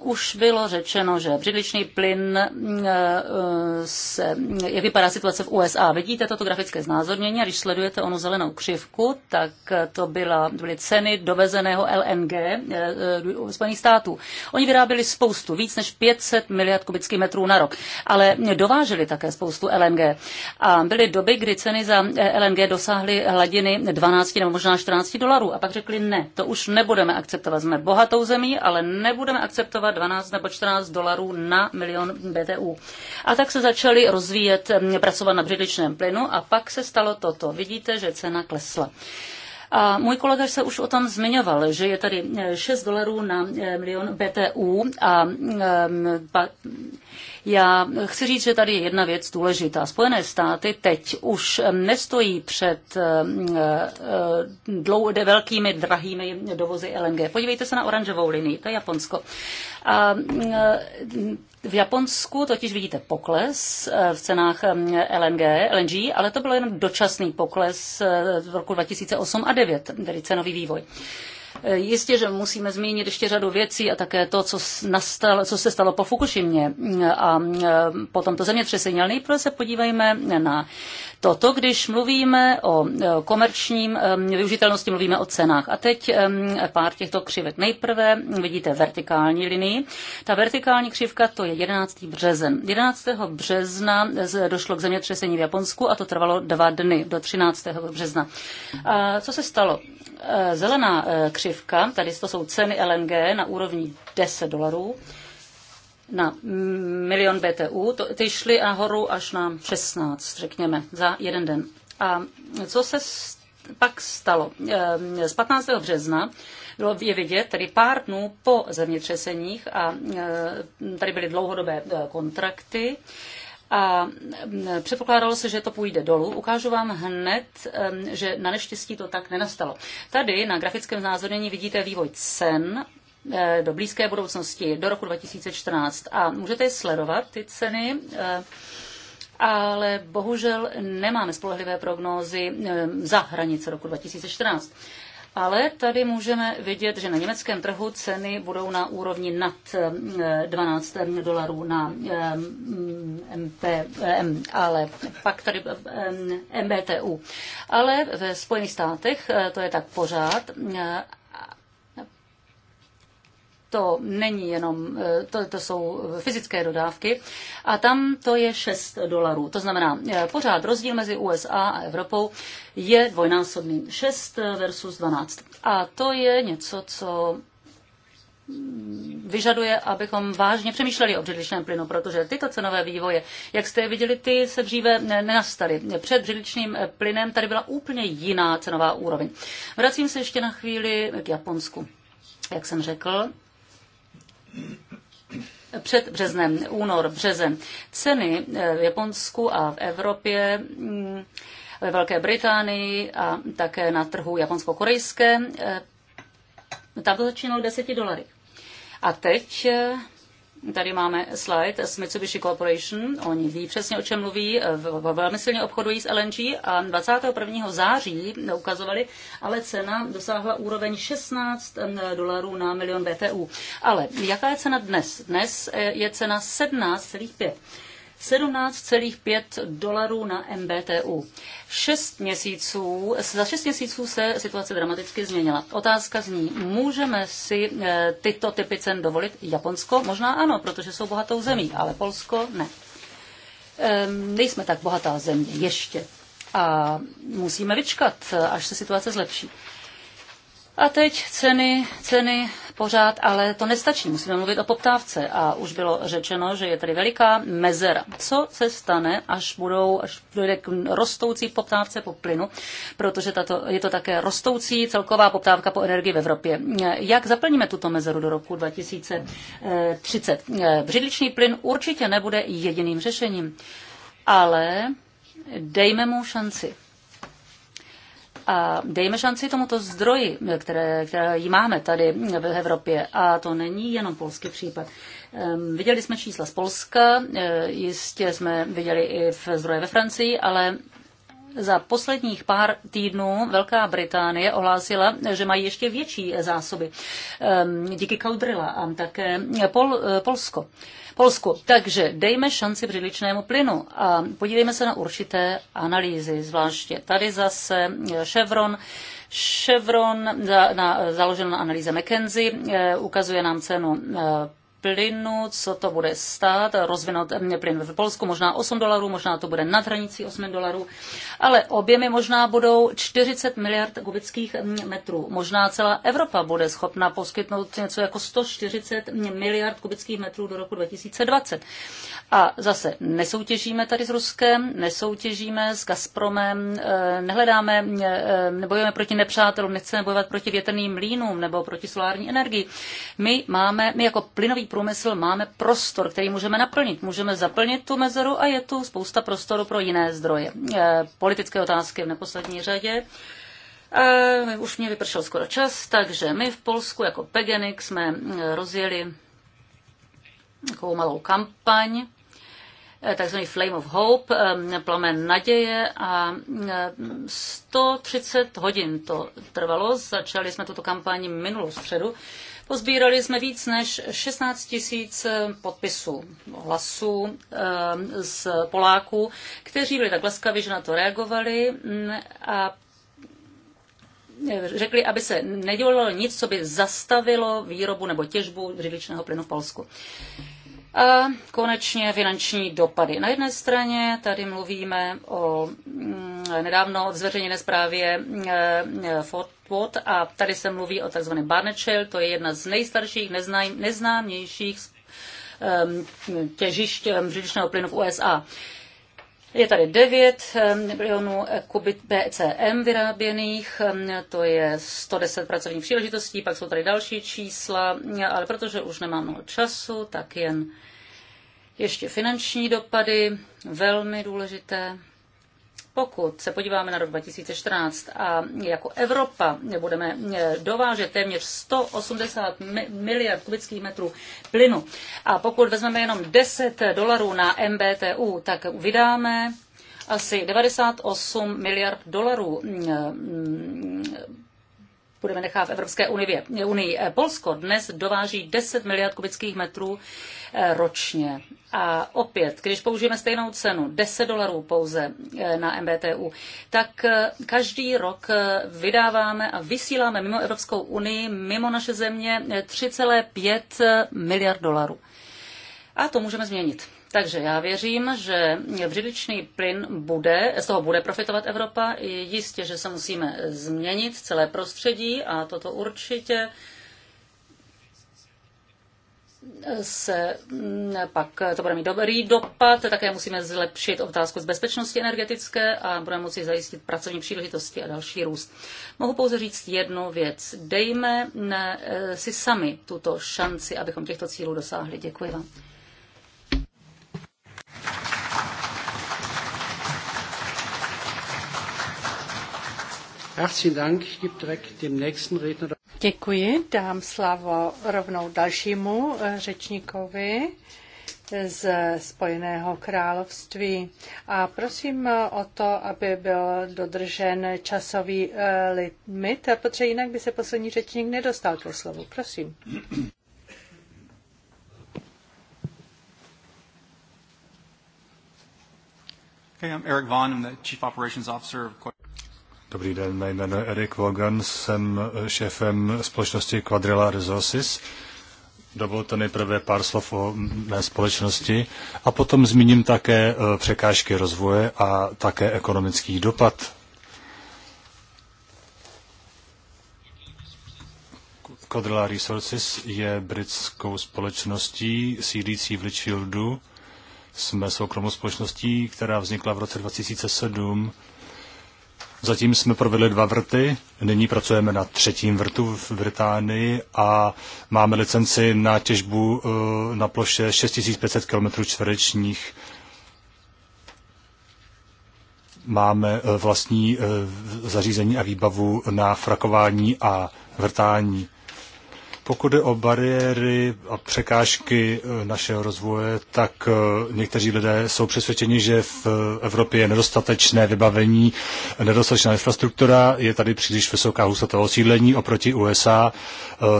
už bylo řečeno, že břidličný plyn e, se, jak vypadá situace v USA. Vidíte toto grafické znázornění a když sledujete onu zelenou křivku, tak to byla, byly ceny dovezeného LNG e, e, Spojených států. Oni vyráběli spoustu, víc než 500 miliard kubických metrů na rok, ale dováželi také spoustu LNG. A byly doby, kdy ceny za LNG dosáhly hladiny 12 nebo možná 14 dolarů a pak řekli ne, to už nebudeme akceptovat. Jsme bohatou zemí, ale nebudeme akceptovat akceptovat 12 nebo 14 dolarů na milion BTU. A tak se začaly rozvíjet, mm, pracovat na břidličném plynu a pak se stalo toto. Vidíte, že cena klesla. A můj kolega se už o tom zmiňoval, že je tady 6 eh, dolarů na eh, milion BTU a, a mm, eh, já chci říct, že tady je jedna věc důležitá. Spojené státy teď už nestojí před eh, eh, velkými, drahými dovozy LNG. Podívejte se na oranžovou linii, to je Japonsko. A eh, v Japonsku totiž vidíte pokles v cenách LNG, LNG, ale to bylo jenom dočasný pokles v roku 2008 a 2009, tedy cenový vývoj. Eh, jistě, že musíme zmínit ještě řadu věcí a také to, co, co se stalo po Fukushimě mm, a mm, eh, po tomto zemětřesení. Ale nejprve se podívejme na toto, když mluvíme o eh, komerčním využitelnosti, mluvíme o cenách. A teď pár těchto křivek. Nejprve vidíte vertikální linii. Ta vertikální křivka to je 11. březen. 11. března došlo k zemětřesení v Japonsku a to trvalo dva dny do 13. března. A co se stalo? Eh, zelená eh, křivka, tady to jsou ceny LNG na úrovni 10 dolarů na milion BTU, to, ty šly nahoru až na 16, řekněme, za jeden den. A co se pak stalo? Eh, z 15. března bylo je vidět, tedy pár dnů po zemětřeseních a tady byly dlouhodobé kontrakty a mm, předpokládalo se, že to půjde dolů. Ukážu vám hned, mm, že na neštěstí to tak nenastalo. Tady na grafickém znázornění vidíte vývoj cen mm, do blízké budoucnosti, do roku 2014. A můžete je sledovat, ty ceny, ale bohužel nemáme spolehlivé prognózy za hranice roku 2014 ale tady můžeme vidět, že na německém trhu ceny budou na úrovni nad 12 eh, dolarů na eh, MP, eh, ale pak tady MBTU. Ale ve Spojených státech to je tak pořád to není jenom, eh, to, to jsou fyzické dodávky a tam to je 6 dolarů. To znamená, eh, pořád rozdíl mezi USA a Evropou je dvojnásobný. 6 versus 12. A to je něco, co vyžaduje, abychom vážně přemýšleli o břidličném plynu, protože tyto cenové vývoje, jak jste je viděli, ty se dříve nenastaly. Před břidličným eh, plynem tady byla úplně jiná cenová úroveň. Vracím se ještě na chvíli k Japonsku. Jak jsem řekl, před březnem, únor, březen. Ceny v Japonsku a v Evropě mm, ve Velké Británii a také na trhu japonsko-korejské, eh, tam to začínalo 10 dolary. A teď eh, Tady máme slide s Mitsubishi Corporation. Oni ví přesně, o čem mluví. Velmi silně obchodují s LNG a 21. září ukazovali, ale cena dosáhla úroveň 16 dolarů na milion BTU. Ale jaká je cena dnes? Dnes eh, je cena 17,5 17,5 dolarů na MBTU. Šest měsíců, za šest měsíců se situace dramaticky změnila. Otázka zní, můžeme si eh, tyto typy cen dovolit? Japonsko? Možná ano, protože jsou bohatou zemí, ale Polsko ne. Ehm, nejsme tak bohatá země ještě a musíme vyčkat, až se situace zlepší. A teď ceny, ceny pořád, ale to nestačí. Musíme mluvit o poptávce. A už bylo řečeno, že je tady veliká mezera. Co se stane, až budou, až dojde k rostoucí poptávce po plynu, protože tato, je to také rostoucí celková poptávka po energii v Evropě. Jak zaplníme tuto mezeru do roku 2030? Břidličný plyn určitě nebude jediným řešením, ale dejme mu šanci a dejme šanci tomuto zdroji, které, které jí máme tady v Evropě. A to není jenom polský případ. Ehm, viděli jsme čísla z Polska, e, jistě jsme viděli i v zdroje ve Francii, ale za posledních pár týdnů Velká Británie ohlásila, že mají ještě větší zásoby ehm, díky Kaudrila a také Pol, Polsko. Polsku. Takže dejme šanci břidličnému plynu a podívejme se na určité analýzy, zvláště tady zase eh, Chevron, Chevron na, založen na analýze McKenzie eh, ukazuje nám cenu eh, plynu, co to bude stát, rozvinout eh, plyn v Polsku možná 8 dolarů, možná to bude nad hranicí 8 dolarů, ale objemy možná budou 40 miliard kubických mm, metrů. Možná celá Evropa bude schopna poskytnout něco jako 140 miliard kubických metrů do roku 2020. A zase nesoutěžíme tady s Ruskem, nesoutěžíme s Gazpromem, eh, nehledáme, eh, nebojujeme proti nepřátelům, nechceme bojovat proti větrným mlínům nebo proti solární energii. My máme, my jako plynový průmysl máme prostor, který můžeme naplnit. Můžeme zaplnit tu mezeru a je tu spousta prostoru pro jiné zdroje. Eh, politické otázky v neposlední řadě. E, už mě vypršel skoro čas, takže my v Polsku jako Pegenik jsme eh, rozjeli takovou malou kampaň, takzvaný Flame of Hope, plamen naděje a 130 hodin to trvalo. Začali jsme tuto kampaň minulou středu Pozbírali jsme víc než 16 tisíc eh, podpisů hlasů eh, z Poláků, kteří byli tak laskaví, že na to reagovali mm, a eh, řekli, aby se nedělalo nic, co by zastavilo výrobu nebo těžbu břidličného plynu v Polsku. A konečně finanční dopady. Na jedné straně tady mluvíme o mm, nedávno zveřejněné zprávě mm, e, Ford a tady se mluví o tzv. Barnechel, to je jedna z nejstarších, neznámějších e, těžišť e, břidličného plynu v USA. Je tady 9 milionů eh, kubit BCM vyráběných, to je 110 pracovních příležitostí, pak jsou tady další čísla, eh, ale protože už nemám mnoho času, tak jen ještě finanční dopady, velmi důležité. Pokud se podíváme na rok 2014 a jako Evropa budeme eh, dovážet téměř 180 miliard kubických metrů plynu a pokud vezmeme jenom 10 dolarů na MBTU, tak vydáme asi 98 miliard dolarů eh, mm, budeme nechat v Evropské unii. Polsko dnes dováží 10 miliard kubických metrů Eh, ročně. A opět, když použijeme stejnou cenu, 10 dolarů pouze eh, na MBTU, tak eh, každý rok vydáváme a vysíláme mimo Evropskou unii, mimo naše země 3,5 miliard dolarů. A to můžeme změnit. Takže já věřím, že břidličný plyn bude, z toho bude profitovat Evropa. Jistě, že se musíme změnit celé prostředí a toto určitě se mm, pak to bude mít dobrý dopad. Také musíme zlepšit otázku z bezpečnosti energetické a budeme moci zajistit pracovní příležitosti a další růst. Mohu pouze říct jednu věc. Dejme eh, si sami tuto šanci, abychom těchto cílů dosáhli. Děkuji vám. Herzlichen Dank. Ich gebe direkt dem nächsten Redner Děkuji, dám slavo rovnou dalšímu eh, řečníkovi z Spojeného království. A prosím o to, aby byl dodržen časový eh, limit, protože jinak by se poslední řečník nedostal ke slovu. Prosím. Okay, I'm Eric Vaughn. I'm the Chief Operations Officer of Dobrý den, jmenuji Erik Vogan, jsem šéfem společnosti Quadrilla Resources. Dovolte nejprve pár slov o mé společnosti a potom zmíním také e, překážky rozvoje a také ekonomický dopad. Quadrilla Resources je britskou společností sídlící v Litchfieldu. Jsme soukromou společností, která vznikla v roce 2007 Zatím jsme provedli dva vrty, nyní pracujeme na třetím vrtu v Británii a máme licenci na těžbu eh, na ploše 6500 km čtverečních. Máme eh, vlastní eh, zařízení a výbavu na frakování a vrtání. Pokud je o bariéry a překážky eh, našeho rozvoje, tak eh, někteří lidé jsou přesvědčeni, že v eh, Evropě je nedostatečné vybavení, nedostatečná infrastruktura, je tady příliš vysoká hustota osídlení oproti USA.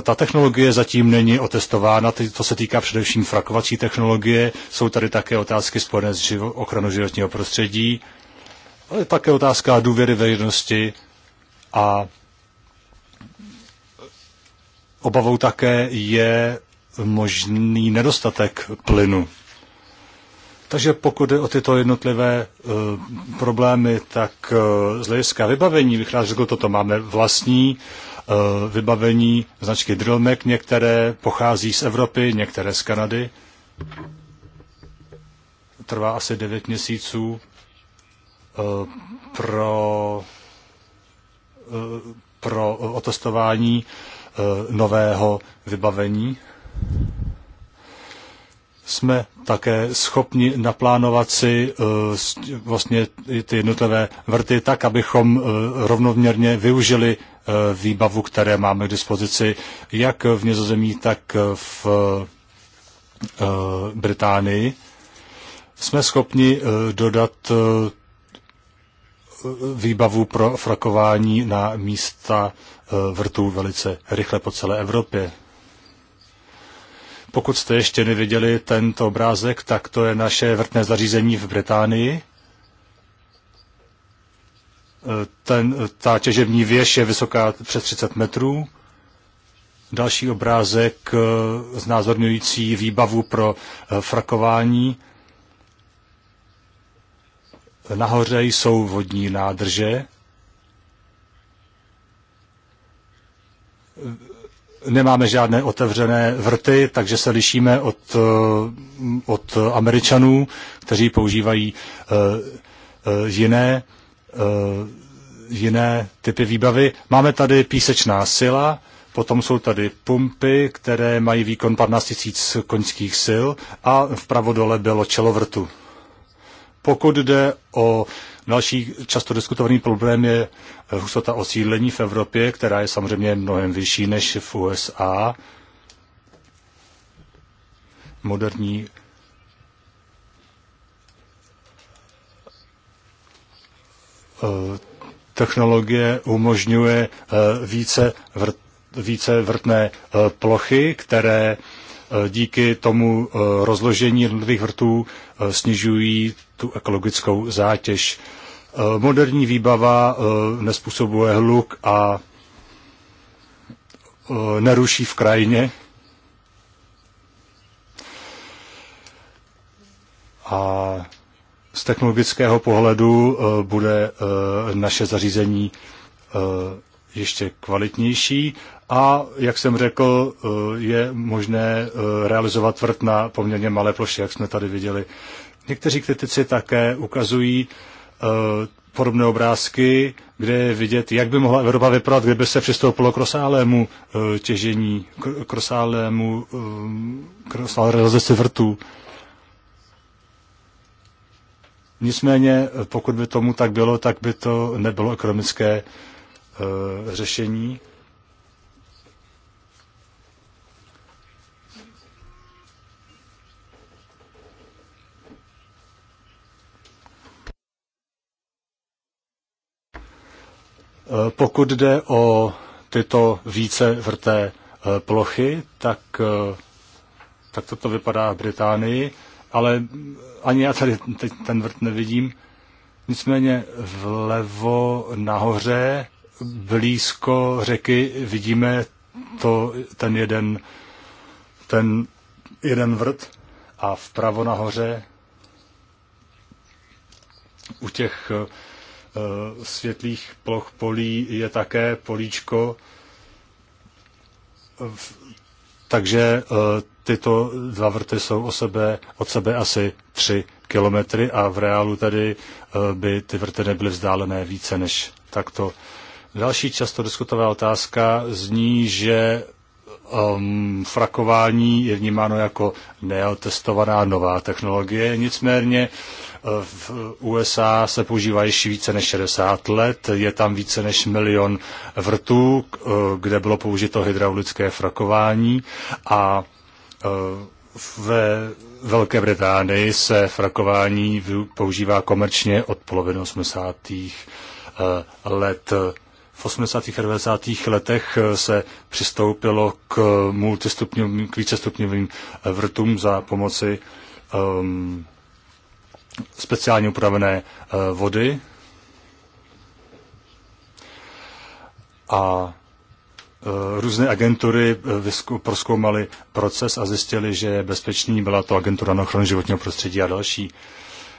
Ta technologie zatím není otestována, to se týká především frakovací technologie, jsou tady také otázky spojené s živo- ochranou životního prostředí, ale také otázka důvěry veřejnosti a Obavou také je možný nedostatek plynu. Takže pokud jde o tyto jednotlivé uh, problémy, tak uh, z hlediska vybavení bych rád řekl toto. Máme vlastní uh, vybavení značky Drillmek, některé pochází z Evropy, některé z Kanady. Trvá asi 9 měsíců uh, pro, uh, pro otestování uh, Eh, nového vybavení. Jsme také schopni naplánovat si eh, vlastně ty jednotlivé vrty tak, abychom eh, rovnoměrně využili výbavu, které máme k dispozici jak v Nězozemí, tak v Británii. Jsme schopni dodat výbavu pro frakování na místa e, vrtů velice rychle po celé Evropě. Pokud jste ještě neviděli tento obrázek, tak to je naše vrtné zařízení v Británii. E, ten, ta těžební věž je vysoká přes 30 metrů. Další obrázek e, znázorňující výbavu pro frakování Nahoře jsou vodní nádrže. Nemáme žádné otevřené vrty, takže se lišíme od, eh, od Američanů, kteří používají eh, eh, jiné, jiné typy výbavy. Máme tady písečná sila, Potom jsou tady pumpy, které mají výkon 15 000 koňských sil a vpravo dole bylo čelovrtu. Pokud jde o další často diskutovaný problém je hustota osídlení v Evropě, která je samozřejmě mnohem vyšší než v USA. Moderní eh, technologie umožňuje eh, více, vrt, více vrtné eh, plochy, které díky tomu rozložení jednotlivých vrtů snižují tu ekologickou zátěž. Eh, moderní výbava eh, nespůsobuje hluk a eh, neruší v krajině. A z technologického pohledu bude naše zařízení ještě kvalitnější a, jak jsem řekl, je možné realizovat vrt na poměrně malé ploše, jak jsme tady viděli. Někteří kritici také ukazují eh, podobné obrázky, kde je vidět, jak by mohla Evropa vypadat, kdyby se přistoupilo k rozsáhlému eh, těžení, k rozsáhlému eh, k rozsáhlé realizaci vrtů. Nicméně, pokud by tomu tak bylo, tak by to nebylo ekonomické řešení Eh, pokud jde o tyto více vrté eh, plochy, tak, eh, tak toto vypadá v Británii, ale ani já tady teď ten vrt nevidím. Nicméně vlevo nahoře, blízko řeky, vidíme to, ten jeden, ten jeden vrt a vpravo nahoře u těch Eh, světlých ploch polí je také políčko, takže eh, tyto dva vrty jsou o sebe, od sebe asi 3 kilometry a v reálu tedy eh, by ty vrty nebyly vzdálené více než takto. Další často diskutová otázka zní, že um, frakování je vnímáno jako neotestovaná nová technologie, nicméně eh, v USA se používá již více než 60 let, je tam více než milion vrtů, eh, kde bylo použito hydraulické frakování a eh, ve Velké Británii se frakování používá komerčně od poloviny 80. let v 80. a 90. letech eh, se přistoupilo k multistupňovým, k vícestupňovým eh, vrtům za pomoci um, speciálně upravené uh, vody. A různé agentury proskoumaly proces a zjistili, že je bezpečný. Byla to agentura na ochranu životního prostředí a další.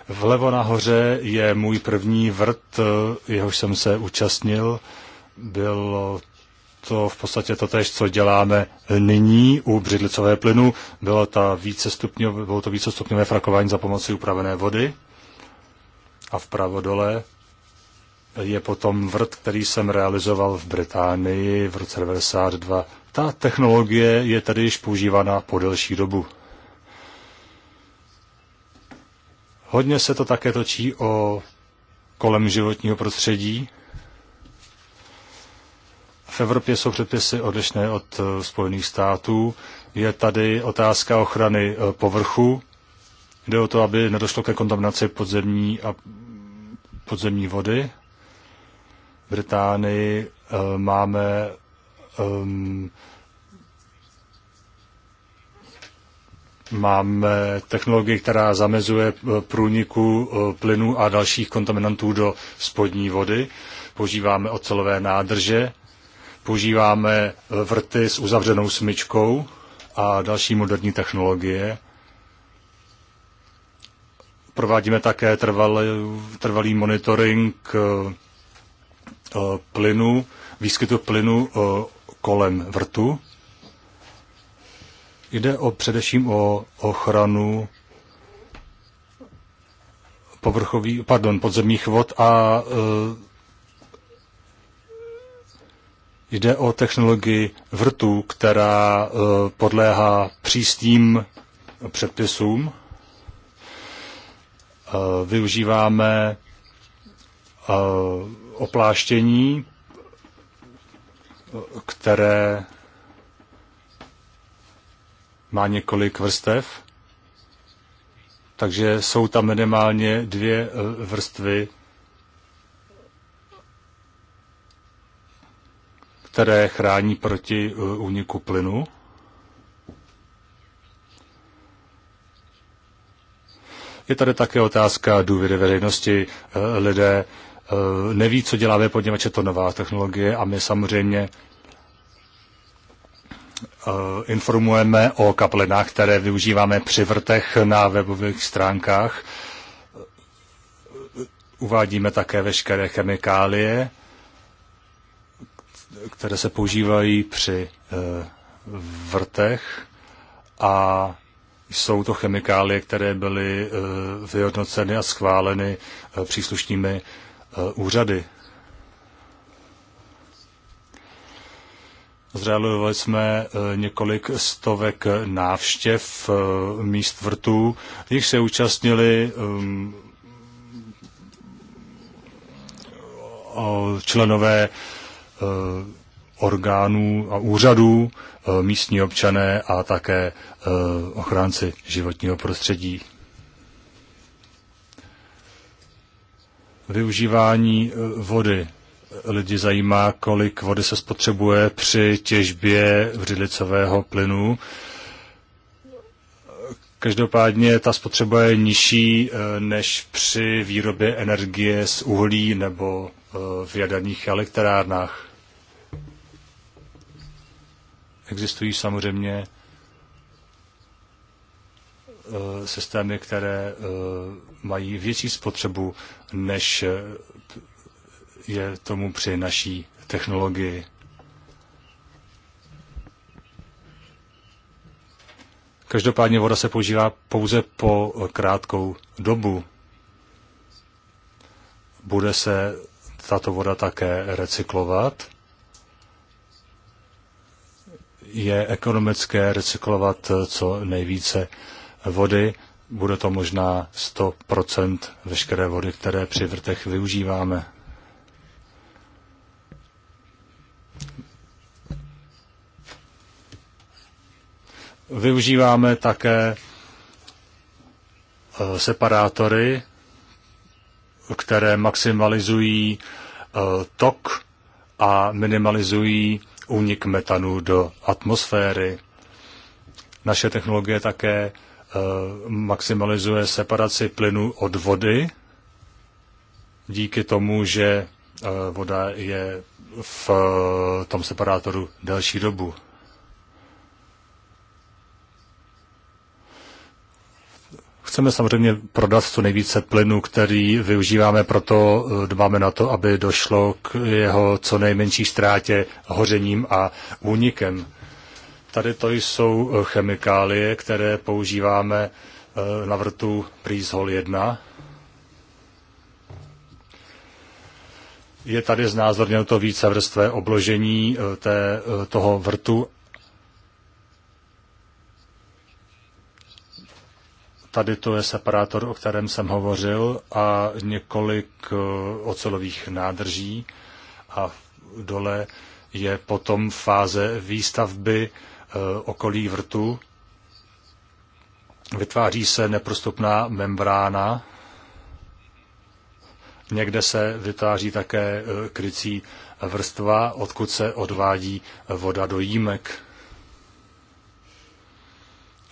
Vlevo nahoře je můj první vrt, jehož jsem se účastnil. Bylo to v podstatě to tež, co děláme nyní u břidlicové plynu. Bylo, ta vícestupňové, bylo to vícestupňové frakování za pomocí upravené vody. A vpravo dole je potom vrt, který jsem realizoval v Británii v roce 92. Ta technologie je tady již používána po delší dobu. Hodně se to také točí o kolem životního prostředí, v Evropě jsou předpisy odlišné od eh, Spojených států. Je tady otázka ochrany eh, povrchu. Jde o to, aby nedošlo ke kontaminaci podzemní a podzemní vody. V Británii eh, máme um, máme technologii, která zamezuje průniku plynů a dalších kontaminantů do spodní vody. Používáme ocelové nádrže používáme vrty s uzavřenou smyčkou a další moderní technologie. Provádíme také trvalý, trvalý monitoring eh, eh, plynu, výskytu plynu eh, kolem vrtu. Jde o především o ochranu povrchový, pardon, podzemních vod a Jde o technologii vrtů, která eh, podléhá přístým předpisům. Eh, využíváme eh, opláštění, které má několik vrstev, takže jsou tam minimálně dvě vrstvy které chrání proti eh, úniku plynu. Je tady také otázka důvěry veřejnosti. Eh, lidé eh, neví, co děláme, poněvadž je to nová technologie a my samozřejmě informujeme o kaplinách, které využíváme při vrtech na webových stránkách. Uvádíme také veškeré chemikálie, které se používají při eh, vrtech a jsou to chemikálie, které byly eh, vyhodnoceny a schváleny eh, příslušnými úřady. Zrealizovali jsme několik stovek návštěv míst vrtů, jich se účastnili ehm, členové Eh, orgánů a úřadů, eh, místní občané a také eh, ochránci životního prostředí. Využívání vody. Lidi zajímá, kolik vody se spotřebuje při těžbě vřidlicového plynu. Každopádně ta spotřeba je nižší než při výrobě energie z uhlí nebo v jaderných elektrárnách. Existují samozřejmě eh, systémy, které eh, mají větší spotřebu, než eh, je tomu při naší technologii. Každopádně voda se používá pouze po krátkou dobu. Bude se tato voda také recyklovat je ekonomické recyklovat eh, co nejvíce vody. Bude to možná 100% veškeré vody, které při vrtech využíváme. Využíváme také eh, separátory, které maximalizují eh, tok a minimalizují únik metanu do atmosféry. Naše technologie také eh, maximalizuje separaci plynu od vody díky tomu, že eh, voda je v eh, tom separátoru delší dobu. Chceme samozřejmě prodat co nejvíce plynu, který využíváme, proto eh, dbáme na to, aby došlo k jeho co nejmenší ztrátě hořením a únikem. Tady to jsou eh, chemikálie, které používáme eh, na vrtu Prýzhol 1. Je tady znázorněno to více vrstvé obložení té, toho vrtu Tady to je separátor, o kterém jsem hovořil, a několik eh, ocelových nádrží a dole je potom fáze výstavby eh, okolí vrtu. Vytváří se neprostupná membrána. Někde se vytváří také eh, krycí vrstva, odkud se odvádí voda do jímek.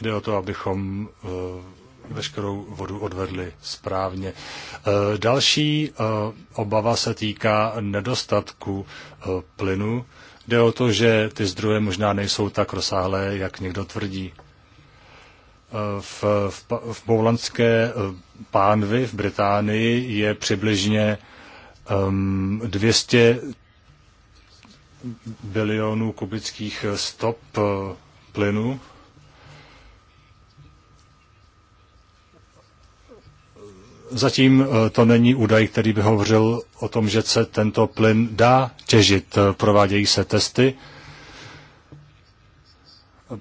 Jde o to, abychom veškerou vodu odvedli správně. E, další e, obava se týká nedostatku e, plynu. Jde o to, že ty zdroje možná nejsou tak rozsáhlé, jak někdo tvrdí. V, v, v Boulanské pánvi v Británii je přibližně um, 200 bilionů kubických stop plynu Zatím eh, to není údaj, který by hovořil o tom, že se tento plyn dá těžit. Eh, provádějí se testy,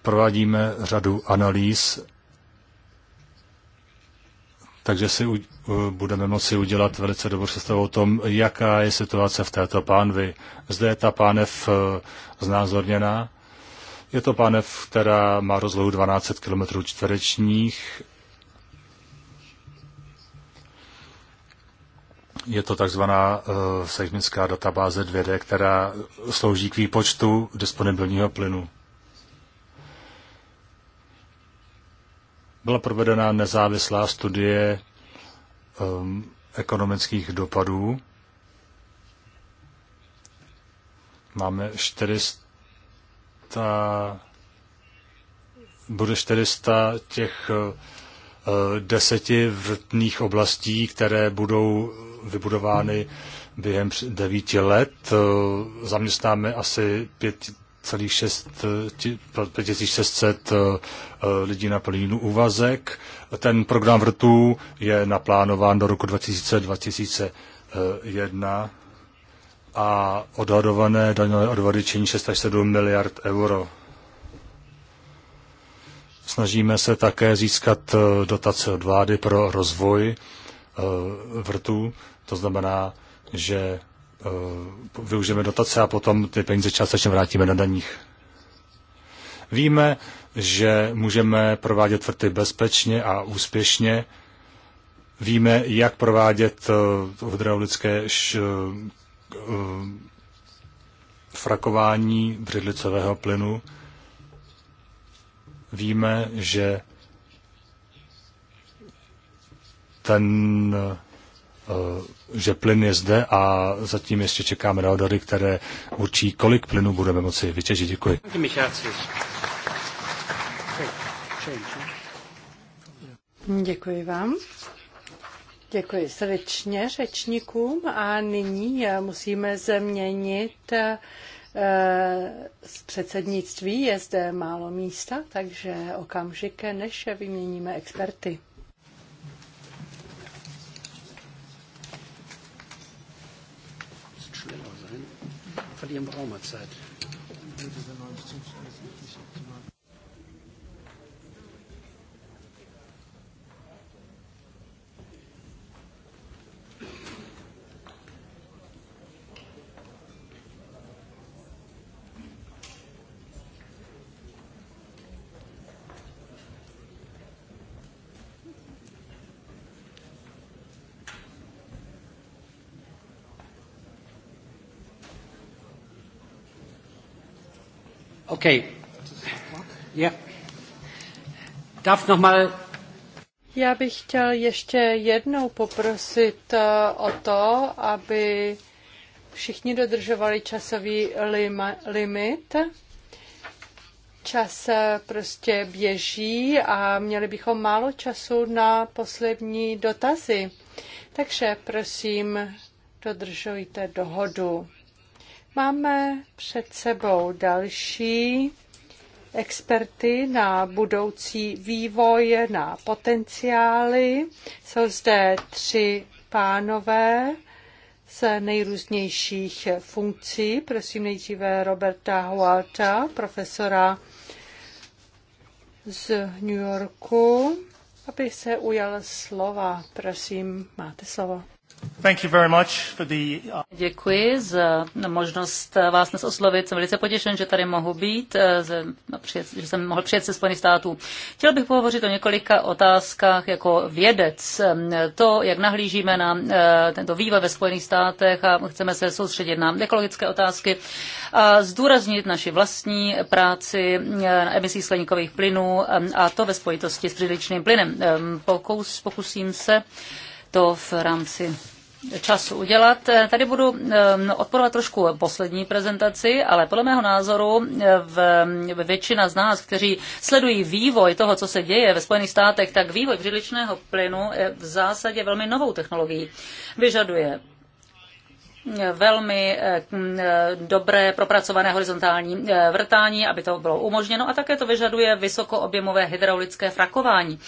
provádíme řadu analýz, takže si u, eh, budeme moci udělat velice dobrou představu o tom, jaká je situace v této pánvi. Zde je ta pánev znázorněná. Je to pánev, která má rozlohu 12 km čtverečních Je to takzvaná eh, seismická databáze 2D, která slouží k výpočtu disponibilního plynu. Byla provedena nezávislá studie um, ekonomických dopadů. Máme 400, bude 400 těch eh, deseti vrtných oblastí, které budou vybudovány během devíti let. Eh, zaměstnáme asi 5600 eh, eh, lidí na plný úvazek. Ten program vrtů je naplánován do roku 2021 a odhadované daňové odvody činí 6 až 7 miliard euro. Snažíme se také získat dotace od vlády pro rozvoj vrtů. To znamená, že eh, využijeme dotace a potom ty peníze částečně vrátíme na daních. Víme, že můžeme provádět tvrty bezpečně a úspěšně. Víme, jak provádět eh, hydraulické eh, frakování břidlicového plynu. Víme, že ten Eh, že plyn je zde a zatím ještě čekáme na odhady, které určí, kolik plynu budeme moci vytěžit. Děkuji. Děkuji vám. Děkuji srdečně řečníkům a nyní eh, musíme změnit eh, z předsednictví. Je zde málo místa, takže okamžik, než vyměníme experty. verlieren wir auch mal Zeit. Okay. Ja. Darf noch mal já bych chtěl ještě jednou poprosit eh, o to, aby všichni dodržovali časový lim- limit. Čas eh, prostě běží a měli bychom málo času na poslední dotazy. Takže prosím, dodržujte dohodu. Máme před sebou další experty na budoucí vývoj, na potenciály. Jsou zde tři pánové z nejrůznějších funkcí. Prosím nejdříve Roberta Hualta, profesora z New Yorku, aby se ujal slova. Prosím, máte slovo. Uh, Děkuji za možnost uh, vás dnes oslovit. Jsem velice potěšen, že tady mohu být, uh, že jsem mohl přijet se Spojených států. Chtěl bych pohovořit o několika otázkách jako vědec. Um, to, jak nahlížíme na tento vývoj ve Spojených státech a chceme se soustředit na ekologické otázky a zdůraznit naši vlastní práci na emisí skleníkových plynů um, a to ve spojitosti s příličným plynem. Um, pokus, pokusím se to v rámci času udělat. Tady budu um, odporovat trošku poslední prezentaci, ale podle mého názoru um, v, většina z nás, kteří sledují vývoj toho, co se děje ve Spojených státech, tak vývoj břidličného plynu je v zásadě velmi novou technologií. Vyžaduje velmi um, dobré propracované horizontální uh, vrtání, aby to bylo umožněno a také to vyžaduje vysokoobjemové hydraulické frakování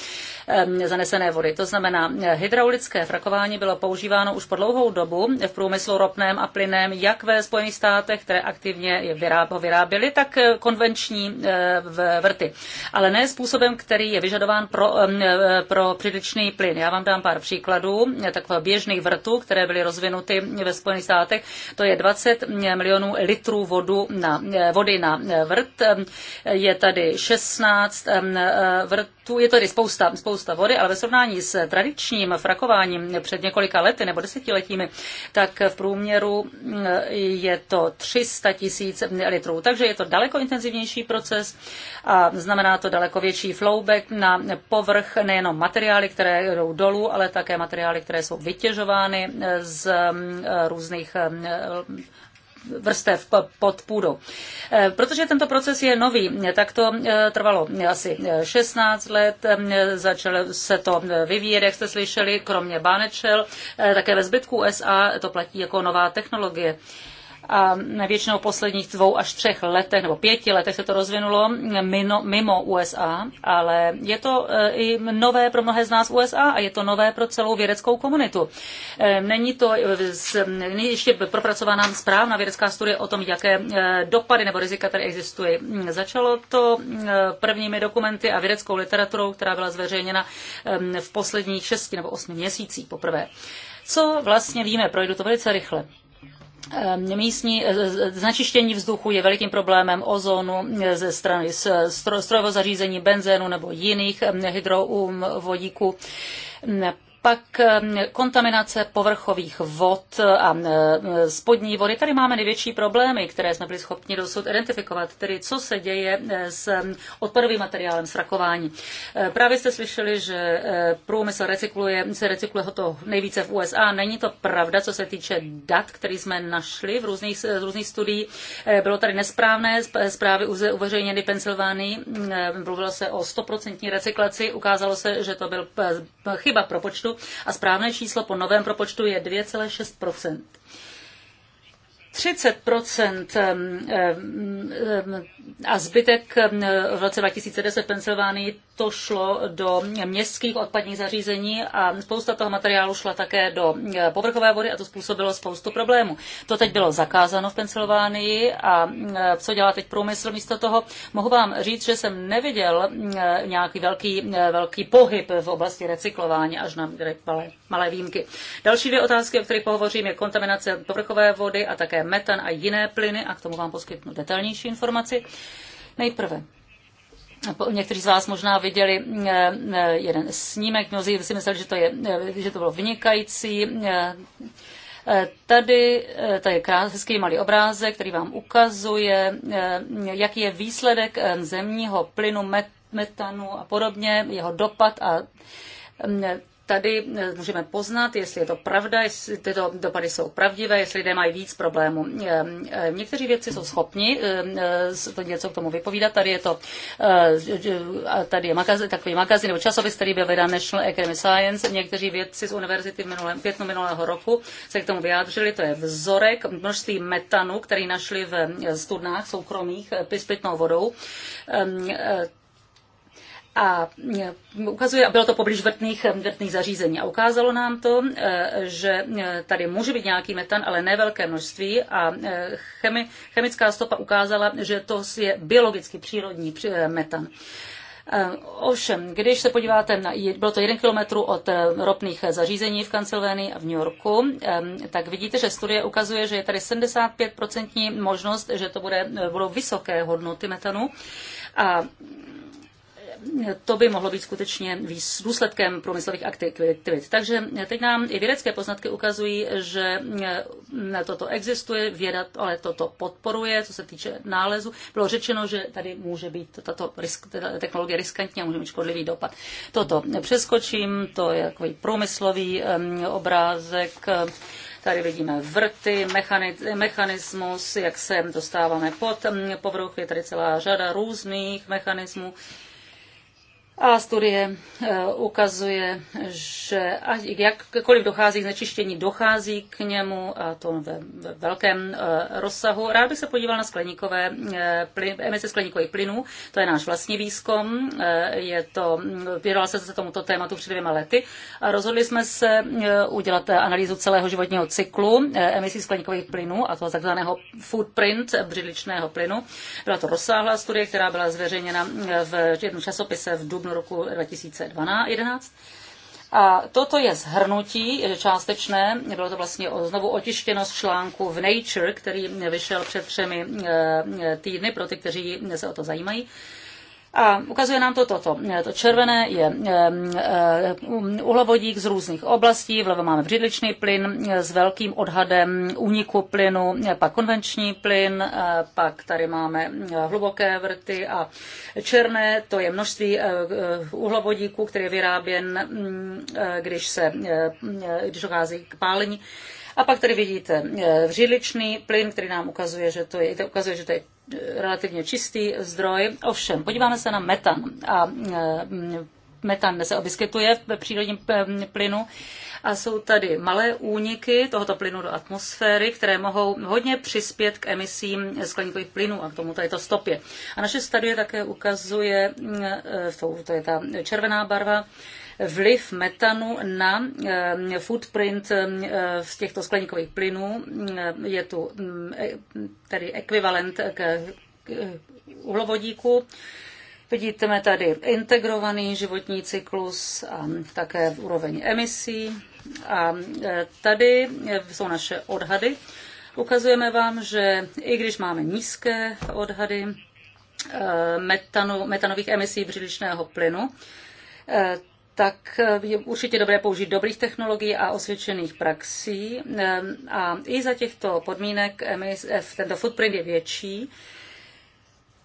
zanesené vody. To znamená, hydraulické frakování bylo používáno už po dlouhou dobu v průmyslu ropném a plynem, jak ve Spojených státech, které aktivně ho vyráběly, tak eh, konvenční eh, vrty. Ale ne způsobem, který je vyžadován pro, eh, pro příličný plyn. Já vám dám pár příkladů takových běžných vrtů, které byly rozvinuty ve Spojených státech. To je 20 milionů litrů vodu na, vody na vrt. Je tady 16 vrtů, je tady spousta, spousta spousta vody, ale ve srovnání s tradičním frakováním před několika lety nebo desetiletími, tak v průměru mm, je to 300 tisíc litrů. Takže je to daleko intenzivnější proces a znamená to daleko větší flowback na povrch nejenom materiály, které jdou dolů, ale také materiály, které jsou vytěžovány z mm, různých mm, vrstev pod půdu. Eh, protože tento proces je nový, tak to eh, trvalo asi 16 eh, let, začalo se to vyvíjet, jak jste slyšeli, kromě Bánečel, také ve zbytku USA to platí jako nová technologie a většinou v posledních dvou až třech letech nebo pěti letech se to rozvinulo mimo, mimo USA, ale je to e, i nové pro mnohé z nás USA a je to nové pro celou vědeckou komunitu. E, není to e, není ještě propracovaná správná vědecká studie o tom, jaké dopady nebo rizika tady existují. Hmm, začalo to prvními dokumenty a vědeckou literaturou, která byla zveřejněna v posledních šesti nebo osmi měsících poprvé. Co vlastně víme, projdu to velice rychle. Ehm, místní e, e, znečištění vzduchu je velikým problémem ozonu e, ze strany strojového zařízení, benzénu nebo jiných hydrovodíků pak ehm, kontaminace povrchových vod a ehm, spodní vody. Tady máme největší problémy, které jsme byli schopni dosud identifikovat, tedy co se děje ehm, s odpadovým materiálem, s rakování. Právě jste slyšeli, že průmysl recykluje, se recykluje to nejvíce v USA. Není to pravda, co se týče dat, které jsme našli v různých, z různých studií. Bylo tady nesprávné zprávy uveřejněny Pensylvánii. Mluvilo se o 100% recyklaci. Ukázalo se, že to byl chyba pro počtu a správné číslo po novém propočtu je 2,6 30 a zbytek v roce 2010 v Pensylvánii to šlo do městských odpadních zařízení a spousta toho materiálu šla také do e, povrchové vody a to způsobilo spoustu problémů. To teď bylo zakázáno v Pensylvánii a e, co dělá teď průmysl místo toho? Mohu vám říct, že jsem neviděl e, nějaký velký, velký pohyb v oblasti recyklování, až na malé, malé výjimky. Další dvě otázky, o kterých pohovořím, je kontaminace povrchové vody a také metan a jiné plyny a k tomu vám poskytnu detailnější informaci. Nejprve Někteří z vás možná viděli eh, eh, jeden snímek, mnozí si mysleli, že to, je, eh, že to bylo vynikající. Tady, tady je krásný malý obrázek, který vám ukazuje, jaký je výsledek zemního plynu, metanu a podobně, jeho dopad a mm, tady eh, můžeme poznat, jestli je to pravda, jestli tyto dopady jsou pravdivé, jestli lidé mají víc problémů. Eh, eh, někteří věci jsou schopni to něco k tomu vypovídat. Tady je to tady je magazin, takový magazin nebo časopis, který byl vydán National Academy Science. Někteří vědci z univerzity v minulém, pětnu minulého roku se k tomu vyjádřili. To je vzorek množství metanu, který našli v studnách soukromých s pitnou vodou ehm, a e, ukazuje, a bylo to poblíž vrtných, e, vrtných zařízení a ukázalo nám to, e, že tady může být nějaký metan, ale ne velké množství a chemi, chemická stopa ukázala, že to je biologicky přírodní metan. Ovšem, když se podíváte na, bylo to jeden kilometr od ropných zařízení v Kancelvénii a v New Yorku, tak vidíte, že studie ukazuje, že je tady 75% možnost, že to bude, budou vysoké hodnoty metanu. A to by mohlo být skutečně důsledkem průmyslových aktivit. Takže teď nám i vědecké poznatky ukazují, že e, toto existuje, věda ale toto podporuje, co se týče nálezu. Bylo řečeno, že tady může být tato risk, technologie riskantní a může mít škodlivý dopad. Toto přeskočím, to je takový průmyslový obrázek. Tady vidíme vrty, mechanismus, jak se dostáváme pod povrch. Je tady celá řada různých mechanismů. A studie eh, ukazuje, že jakkoliv dochází k znečištění, dochází k němu, a to ve, ve velkém eh, rozsahu. Rád bych se podíval na skleníkové, eh, plyn, emise skleníkových plynů. To je náš vlastní výzkum. Je to, mm, věnoval se, se tomuto tématu před dvěma lety. A rozhodli jsme se udělat analýzu celého životního cyklu emisí skleníkových plynů a toho takzvaného footprint břidličného plynu. Byla to rozsáhlá studie, která byla zveřejněna v jednom časopise v Dubnu dubnu roku 2011. A toto je zhrnutí částečné, bylo to vlastně znovu otištěno z článku v Nature, který vyšel před třemi eh, eh, týdny pro ty, kteří se o to zajímají. A ukazuje nám to toto. To červené je uhlovodík z různých oblastí, vlevo máme břidličný plyn s velkým odhadem úniku plynu, pak konvenční plyn, pak tady máme hluboké vrty a černé, to je množství eh, eh, uhlovodíků, který je vyráběn, mm, eh, když se když dochází k pálení. A pak tady vidíte vřidličný plyn, který nám ukazuje, že to je, ukazuje, že to je relativně čistý zdroj. Ovšem, podíváme se na metan. A e, metan se vyskytuje ve přírodním e, plynu a jsou tady malé úniky tohoto plynu do atmosféry, které mohou hodně přispět k emisím skleníkových plynů a k tomu to stopě. A naše studie také ukazuje, e, to je ta červená barva, vliv metanu na eh, footprint eh, z těchto skleníkových plynů. Eh, je tu mm, e, tedy ekvivalent k uhlovodíku. Vidíme tady integrovaný životní cyklus a také úroveň emisí. A tady jsou naše odhady. Ukazujeme vám, že i když máme nízké odhady metanu, metanových emisí břidličného plynu, tak eh, je určitě dobré použít dobrých technologií a osvědčených praxí. Eh, a i za těchto podmínek tento footprint je větší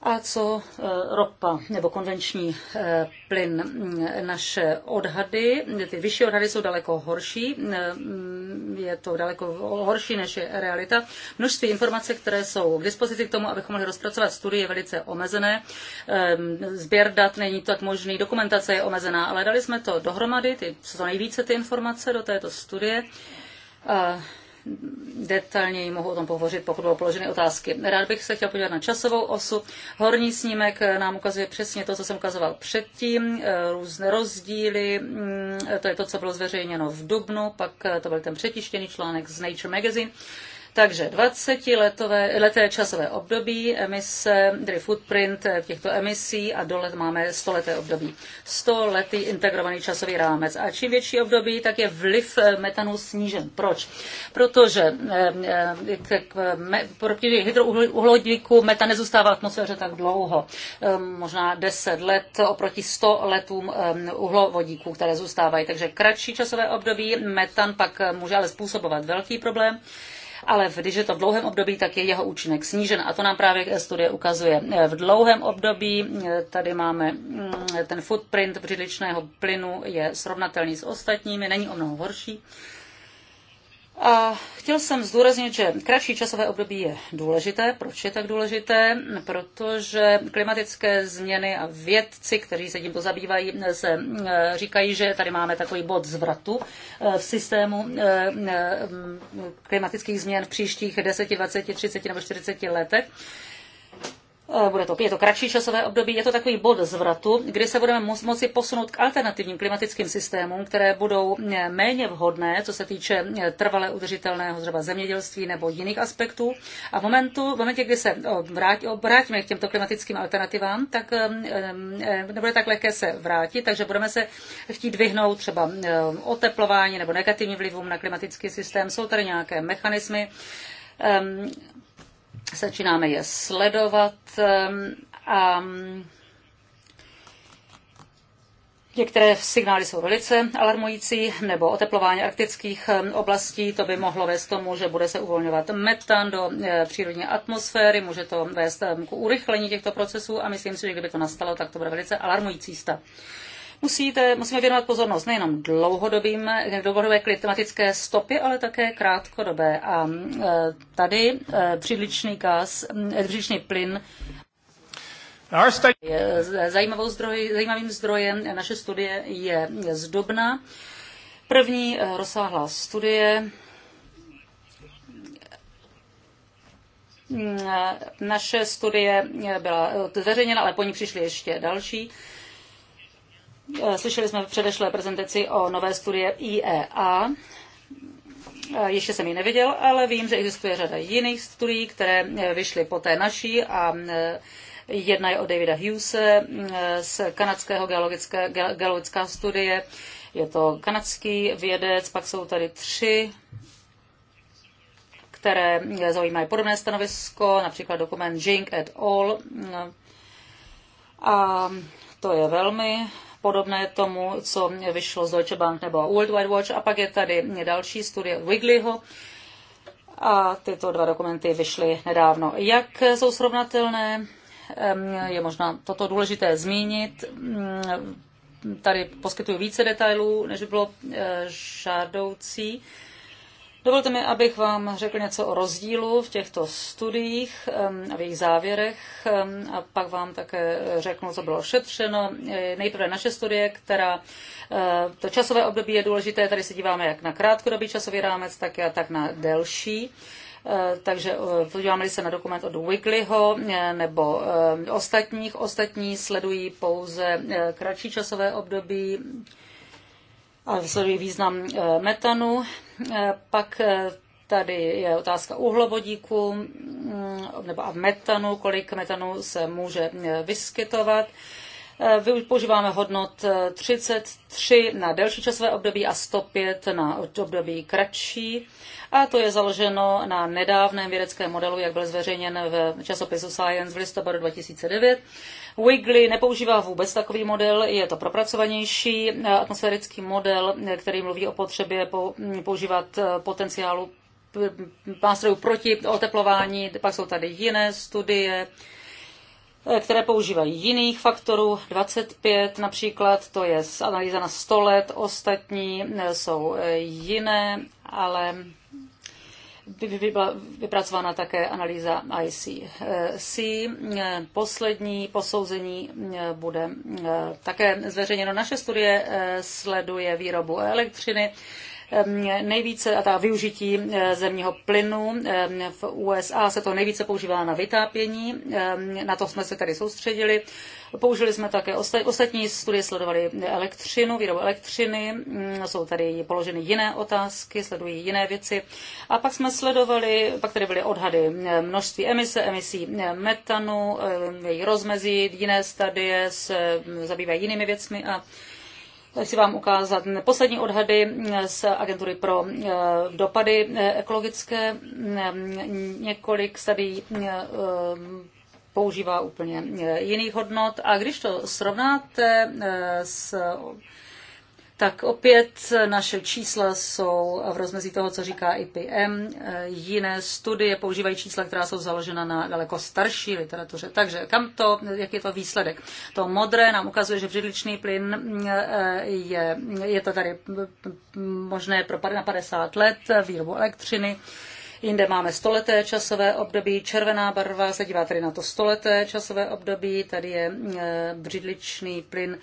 a co eh, ropa nebo konvenční eh, plyn? Mm, naše odhady, ty vyšší odhady jsou daleko horší, eh, mm, je to daleko horší než je realita. Množství informací, které jsou k dispozici k tomu, abychom mohli rozpracovat studie, je velice omezené. Ehm, sběr dat není tak možný, dokumentace je omezená, ale dali jsme to dohromady, ty, co nejvíce ty informace do této studie detailněji mohu o tom pohovořit, pokud budou položeny otázky. Rád bych se chtěl podívat na časovou osu. Horní snímek nám ukazuje přesně to, co jsem ukazoval předtím, různé rozdíly, mm, to je to, co bylo zveřejněno v Dubnu, pak to byl ten přetištěný článek z Nature Magazine. Takže 20 letové, leté časové období emise, tedy footprint těchto emisí a dole máme 100 leté období. 100 letý integrovaný časový rámec. A čím větší období, tak je vliv eh, metanu snížen. Proč? Protože eh, eh, proti hydrouhlodíku metan nezůstává v atmosféře tak dlouho, ehm, možná 10 let oproti 100 letům ehm, uhlovodíků, které zůstávají. Takže kratší časové období metan pak může ale způsobovat velký problém ale když je to v dlouhém období, tak je jeho účinek snížen a to nám právě studie ukazuje. V dlouhém období eh, tady máme mm, ten footprint břidličného plynu je srovnatelný s ostatními, není o mnoho horší. A chtěl jsem zdůraznit, že kratší časové období je důležité. Proč je tak důležité? Protože klimatické změny a vědci, kteří se tímto zabývají, se eh, říkají, že tady máme takový bod zvratu eh, v systému eh, klimatických změn v příštích 10, 20, 30 nebo 40 letech. Eh, bude to, je to kratší časové období, je to takový bod zvratu, kdy se budeme moci posunout k alternativním klimatickým systémům, které budou eh, méně vhodné, co se týče eh, trvale udržitelného třeba zemědělství nebo jiných aspektů. A v, momentu, v momentě, kdy se vrátíme k těmto klimatickým alternativám, tak nebude tak lehké se vrátit, takže budeme se chtít vyhnout třeba oteplování nebo negativním vlivům na klimatický systém. Jsou tady nějaké mechanismy, Začínáme je sledovat ehm, a Některé signály jsou velice alarmující, nebo oteplování arktických ehm, oblastí, to by mohlo vést tomu, že bude se uvolňovat metan do eh, přírodní atmosféry, může to vést ehm, k urychlení těchto procesů a myslím si, že kdyby to nastalo, tak to bude velice alarmující stav. Musíte, musíme věnovat pozornost nejenom dlouhodobým, dlouhodobé klimatické stopy, ale také krátkodobé. A e, tady e, přílišný gaz, e, přílišný plyn je zajímavou zdroj, zajímavým zdrojem naše studie je z Dubna. První rozsáhlá studie mm, Naše studie byla zveřejněna, ale po ní přišly ještě další. Eh, slyšeli jsme v předešlé prezentaci o nové studie IEA. Eh, ještě jsem ji neviděl, ale vím, že existuje řada jiných studií, které eh, vyšly po té naší a jedna je od Davida Hughese z kanadského geologické, geologická studie. Je to kanadský vědec, pak jsou tady tři které zaujímají podobné stanovisko, například dokument Jing et al. A to je velmi podobné tomu, co vyšlo z Deutsche Bank nebo World Wide Watch. A pak je tady další studie od Wigleyho, a tyto dva dokumenty vyšly nedávno. Jak jsou srovnatelné? Je možná toto důležité zmínit. Tady poskytuju více detailů, než by bylo eh, žádoucí. Dovolte mi, abych vám řekl něco o rozdílu v těchto studiích a v jejich závěrech a pak vám také řeknu, co bylo šetřeno. E, nejprve naše studie, která e, to časové období je důležité, tady se díváme jak na krátkodobý časový rámec, tak, a tak na delší e, takže podíváme se na dokument od Wigleyho nebo ostatních. Ostatní sledují pouze kratší časové období a sledují význam metanu. Eh, pak eh, tady je otázka uhlovodíku mm, nebo a metanu, kolik metanu se může eh, vyskytovat. Používáme hodnot 33 na delší časové období a 105 na období kratší. A to je založeno na nedávném vědeckém modelu, jak byl zveřejněn v časopisu Science v listopadu 2009. Wiggly nepoužívá vůbec takový model, je to propracovanější eh, atmosférický model, eh, který mluví o potřebě mm, používat eh, potenciálu mm, nástrojů proti oteplování, pak jsou tady jiné studie, které používají jiných faktorů, 25 například, to je analýza na 100 let, ostatní jsou jiné, ale byla vypracována také analýza ICC. Eh, poslední posouzení eh, bude eh, také zveřejněno. Naše studie sleduje výrobu elektřiny Ehm, nejvíce, a ta využití eh, zemního plynu ehm, v USA se to nejvíce používá na vytápění, ehm, na to jsme se tady soustředili. Použili jsme také ostatní studie, sledovali elektřinu, výrobu elektřiny, mm, jsou tady položeny jiné otázky, sledují jiné věci. A pak jsme sledovali, pak tady byly odhady množství emise, emisí metanu, jejich rozmezí, jiné studie se zabývají jinými věcmi a chci vám ukázat poslední odhady z agentury pro eh, dopady eh, ekologické. Hm, několik studií eh, používá úplně jiných hodnot. A když to srovnáte s tak opět naše čísla jsou v rozmezí toho, co říká IPM. Jiné studie používají čísla, která jsou založena na daleko starší literatuře. Takže kam to, jak je to výsledek? To modré nám ukazuje, že břidličný plyn eh, je, je to tady možné pro na 50 let výrobu elektřiny. Jinde máme stoleté časové období, červená barva se dívá tady na to stoleté časové období, tady je eh, břidličný plyn.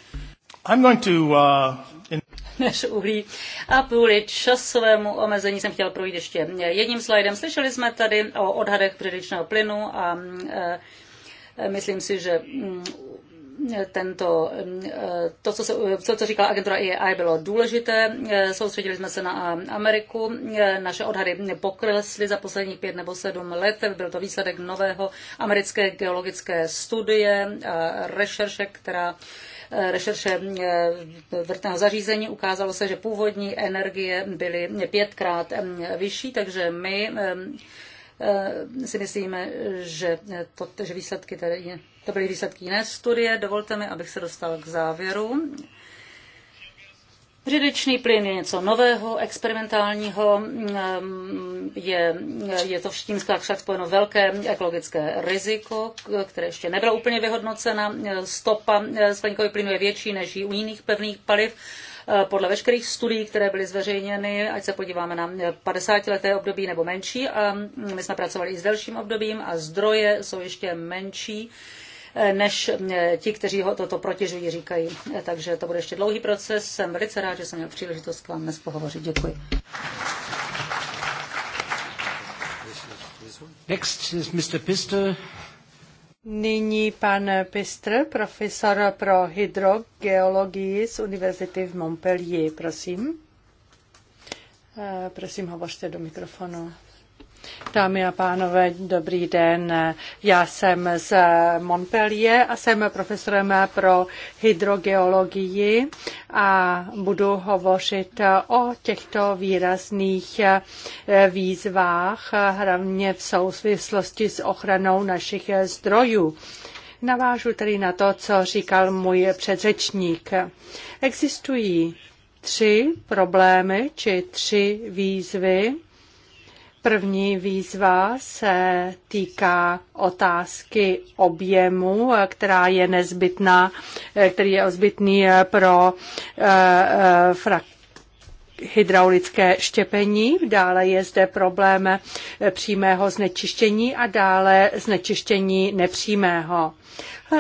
I'm going to, uh, in než uhlí. A kvůli časovému omezení jsem chtěl projít ještě jedním slajdem. Slyšeli jsme tady o odhadech břidličného plynu a e, e, myslím si, že mm, e, tento, to, co, se, to, co říkala agentura EAI, bylo důležité. Soustředili jsme se na Ameriku. Naše odhady pokresly za posledních pět nebo sedm let. Byl to výsledek nového americké geologické studie, rešerše, která Eh, rešerše eh, vrtného zařízení ukázalo se, že původní energie byly pětkrát vyšší, takže my eh, si myslíme, že, to, že výsledky tady, to byly výsledky jiné studie. Dovolte mi, abych se dostal k závěru. Řidečný plyn je něco nového, experimentálního, mm, je, je to v štínskách však spojeno velké ekologické riziko, které ještě nebylo úplně vyhodnocena. Stopa eh, skleníkových plynů je větší než i u jiných pevných paliv eh, podle veškerých studií, které byly zveřejněny, ať se podíváme na 50-leté období nebo menší. A mm, my jsme pracovali i s delším obdobím a zdroje jsou ještě menší než ti, kteří ho toto protěžují, říkají. Takže to bude ještě dlouhý proces. Jsem velice rád, že jsem měl příležitost k vám dnes pohovořit. Děkuji. Next is Mr. Pistel. Nyní pan Pistr, profesor pro hydrogeologii z Univerzity v Montpellier. Prosím. Eh, prosím, hovořte do mikrofonu. Dámy a pánové, dobrý den. Já jsem z Montpellier a jsem profesorem pro hydrogeologii a budu hovořit o těchto výrazných výzvách, hlavně v souvislosti s ochranou našich zdrojů. Navážu tedy na to, co říkal můj předřečník. Existují tři problémy či tři výzvy, První výzva se týká otázky objemu, která je nezbytná, eh, který je ozbytný eh, pro eh, frak hydraulické štěpení, dále je zde problém přímého znečištění a dále znečištění nepřímého.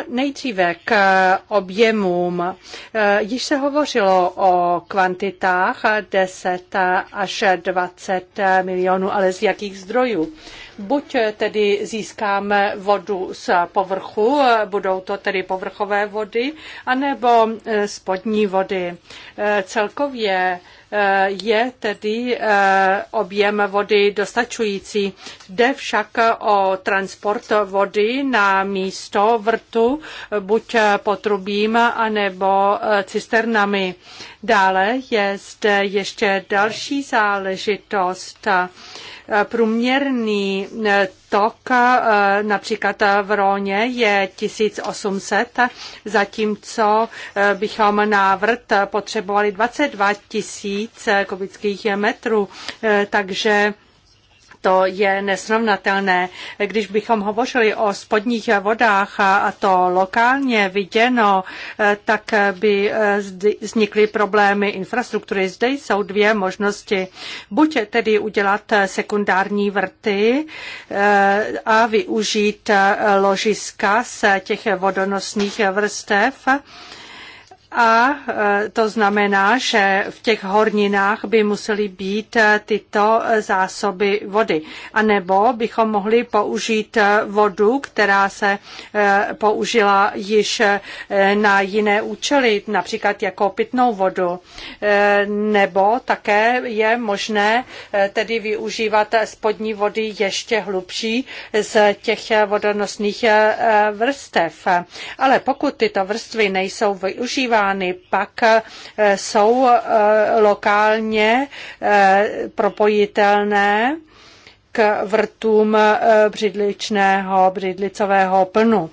Nejdříve k objemům. Již se hovořilo o kvantitách 10 až 20 milionů, ale z jakých zdrojů? Buď tedy získáme vodu z povrchu, budou to tedy povrchové vody, anebo spodní vody. Celkově je tedy eh, objem vody dostačující. Jde však o transport vody na místo vrtu buď potrubím, anebo eh, cisternami. Dále je zde ještě další záležitost. Eh, průměrný tok e, například v Róně je 1800, zatímco e, bychom na vrt potřebovali 22 000 kubických metrů, e, takže to je nesrovnatelné. Když bychom hovořili o spodních vodách a to lokálně viděno, eh, tak by eh, vznikly problémy infrastruktury. Zde jsou dvě možnosti. Buď tedy udělat sekundární vrty eh, a využít ložiska z těch vodonosných vrstev, a e, to znamená, že v těch horninách by musely být e, tyto e, zásoby vody. A nebo bychom mohli použít vodu, která se použila již na jiné účely, například jako pitnou vodu. Nebo také je možné tedy využívat spodní vody ještě hlubší z těch vodonosných vrstev. Ale pokud tyto vrstvy nejsou využívány, orgány pak eh, jsou eh, lokálně eh, propojitelné k vrtům břidličného, břidlicového plnu.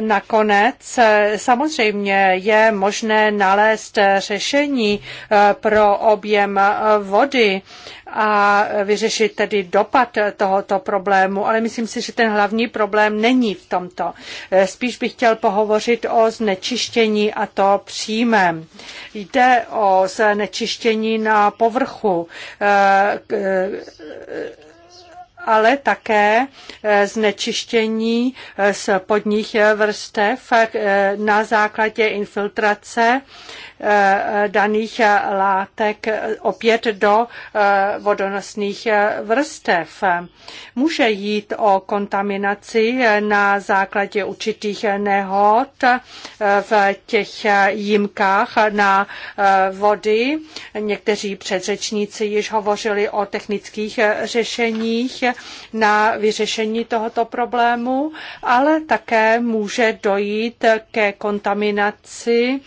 Nakonec samozřejmě je možné nalézt řešení pro objem vody a vyřešit tedy dopad tohoto problému, ale myslím si, že ten hlavní problém není v tomto. Spíš bych chtěl pohovořit o znečištění a to příjmem. Jde o znečištění na povrchu ale také znečištění z podních vrstev na základě infiltrace Eh, daných látek opět do eh, vodonosných eh, vrstev. Může jít o kontaminaci na základě určitých nehod v těch jímkách na vody. Někteří předřečníci již hovořili o technických řešeních na vyřešení tohoto problému, ale také může dojít ke kontaminaci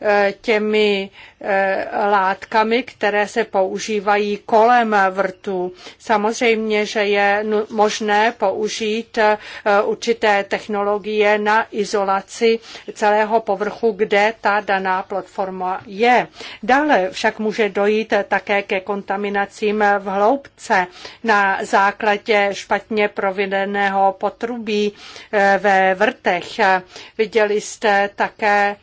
Eh, těmi Eh, látkami, které se používají kolem vrtu. Samozřejmě, že je možné použít eh, určité technologie na izolaci celého povrchu, kde ta daná platforma je. Dále však může dojít také ke kontaminacím v hloubce na základě špatně provedeného potrubí eh, ve vrtech. Viděli jste také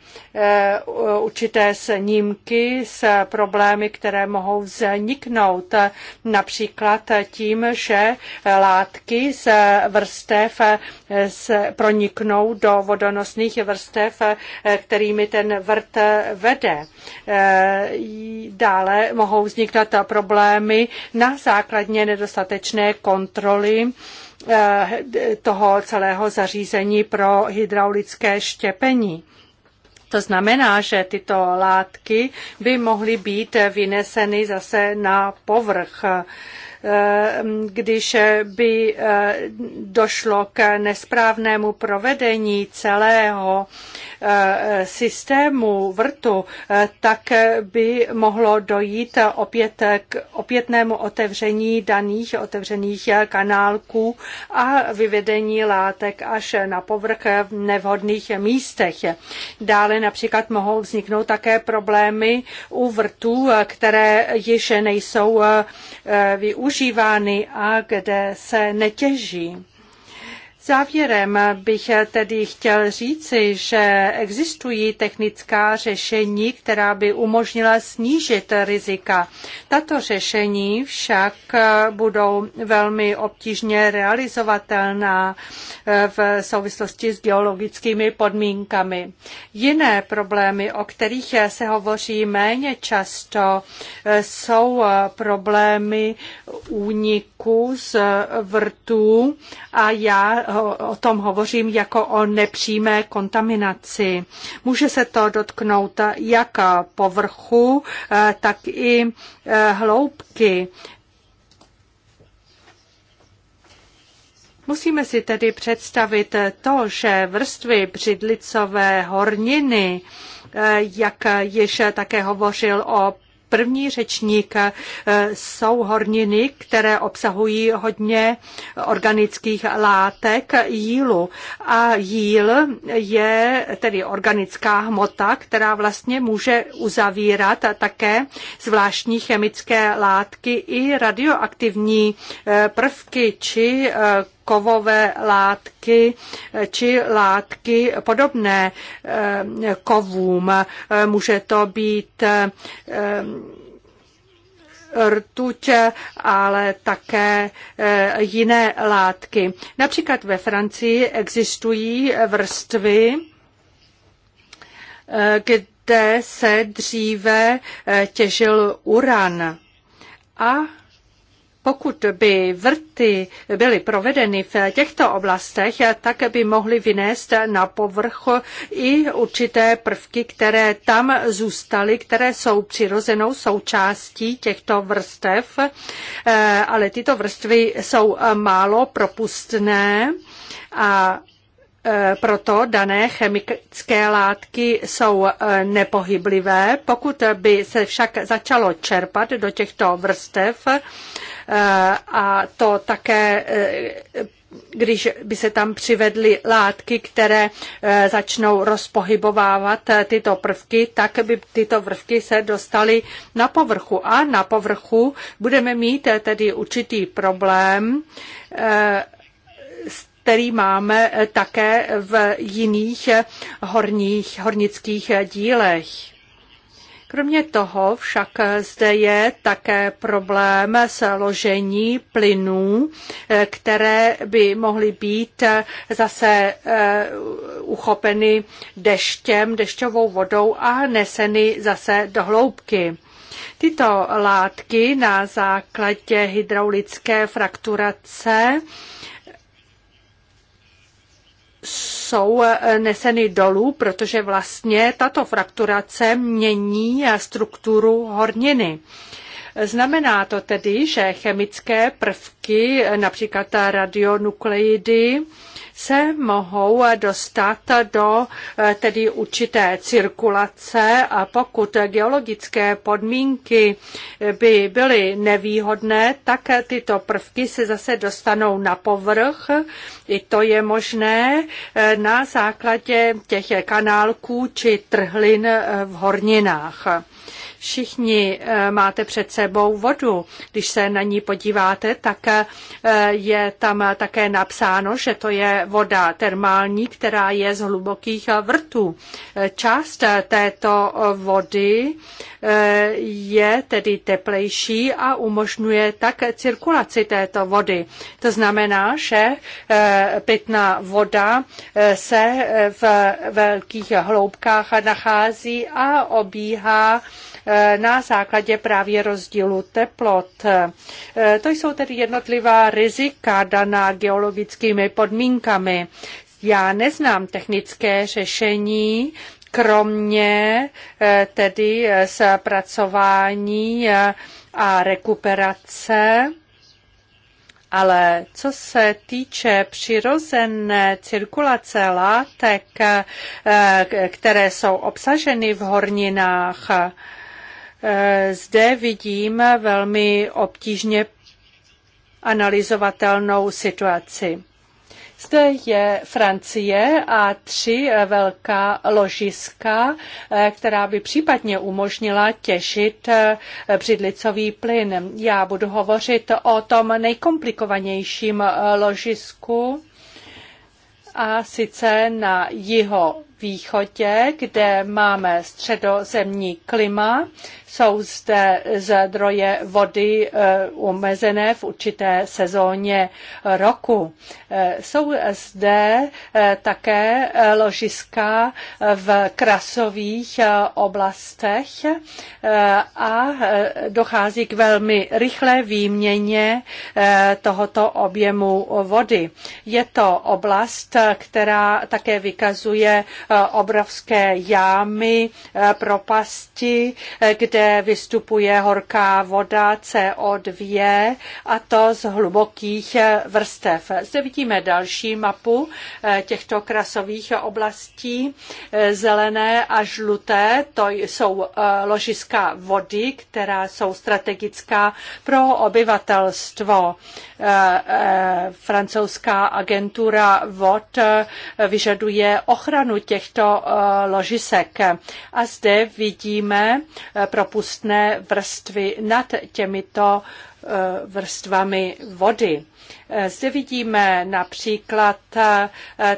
určité snímky podniky s problémy, které mohou vzniknout, například tím, že látky z vrstev proniknou do vodonosných vrstev, kterými ten vrt vede. E, dále mohou vzniknout problémy na základně nedostatečné kontroly e, toho celého zařízení pro hydraulické štěpení. To znamená, že tyto látky by mohly být vyneseny zase na povrch eh, když by eh, došlo k nesprávnému provedení celého Eh, systému vrtu, eh, tak by mohlo dojít opět k opětnému otevření daných otevřených kanálků a vyvedení látek až na povrch v nevhodných místech. Dále například mohou vzniknout také problémy u vrtů, které již nejsou eh, využívány a kde se netěží. Závěrem bych tedy chtěl říci, že existují technická řešení, která by umožnila snížit rizika. Tato řešení však budou velmi obtížně realizovatelná eh, v souvislosti s geologickými podmínkami. Jiné problémy, o kterých se hovoří méně často, eh, jsou eh, problémy únik úroků z vrtů a já o tom hovořím jako o nepřímé kontaminaci. Může se to dotknout jak povrchu, eh, tak i eh, hloubky. Musíme si tedy představit to, že vrstvy břidlicové horniny eh, jak již také hovořil o první řečník eh, jsou horniny, které obsahují hodně organických látek jílu. A jíl je tedy organická hmota, která vlastně může uzavírat také zvláštní chemické látky i radioaktivní eh, prvky či eh, kovové látky eh, či látky podobné eh, kovům. Eh, může to být rtuť, ale také jiné látky. Například ve Francii existují vrstvy, kde se dříve těžil uran. A pokud by vrty byly provedeny v těchto oblastech, tak by mohly vynést na povrch i určité prvky, které tam zůstaly, které jsou přirozenou součástí těchto vrstev, eh, ale tyto vrstvy jsou málo propustné a Eh, proto dané chemické látky jsou eh, nepohyblivé. Pokud by se však začalo čerpat do těchto vrstev eh, a to také když by se tam přivedly látky, které začnou rozpohybovávat tyto prvky, tak by tyto prvky se dostaly na povrchu. A na povrchu budeme mít tedy určitý problém který máme eh, také v jiných eh, horních, hornických eh, dílech. Kromě toho však zde je také problém s ložení plynů, které by mohly být zase uchopeny deštěm, dešťovou vodou a neseny zase do hloubky. Tyto látky na základě hydraulické frakturace jsou eh, neseny dolů, protože vlastně tato frakturace mění eh, strukturu horniny. Znamená to tedy, že chemické prvky, eh, například radionukleidy, se mohou dostat do eh, tedy určité cirkulace a pokud geologické podmínky by byly nevýhodné, tak tyto prvky se zase dostanou na povrch. I to je možné eh, na základě těch kanálků či trhlin eh, v horninách. Všichni eh, máte před sebou vodu. Když se na ní podíváte, tak eh, je tam také napsáno, že to je voda termální, která je z hlubokých vrtů. Eh, část této vody je tedy teplejší a umožňuje tak cirkulaci této vody. To znamená, že pitná voda se v velkých hloubkách nachází a obíhá Eh, na základě právě rozdílu teplot. Eh, to jsou tedy jednotlivá rizika daná geologickými podmínkami. Já neznám technické řešení, kromě eh, tedy zpracování a rekuperace. Ale co se týče přirozené cirkulace látek, které jsou obsaženy v horninách, Eh, zde vidím velmi obtížně analyzovatelnou situaci. Zde je Francie a tři velká ložiska, eh, která by případně umožnila těžit eh, břidlicový plyn. Já budu hovořit o tom nejkomplikovanějším ložisku a sice na jiho východě, kde máme středozemní klima. Jsou zde zdroje vody eh, omezené v určité sezóně roku. Eh, jsou zde eh, také ložiska v krasových oblastech a dochází k velmi rychlé výměně tohoto objemu vody. Je to oblast, která také vykazuje Eh, obrovské jámy, eh, propasti, eh, kde vystupuje horká voda CO2 a to z hlubokých vrstev. Zde vidíme další mapu těchto krasových oblastí. Zelené a žluté to jsou ložiska vody, která jsou strategická pro obyvatelstvo. Francouzská agentura vod vyžaduje ochranu těch těchto eh, ložisek. A zde vidíme eh, propustné vrstvy nad těmito Eh, vrstvami vody. Eh, zde vidíme například eh,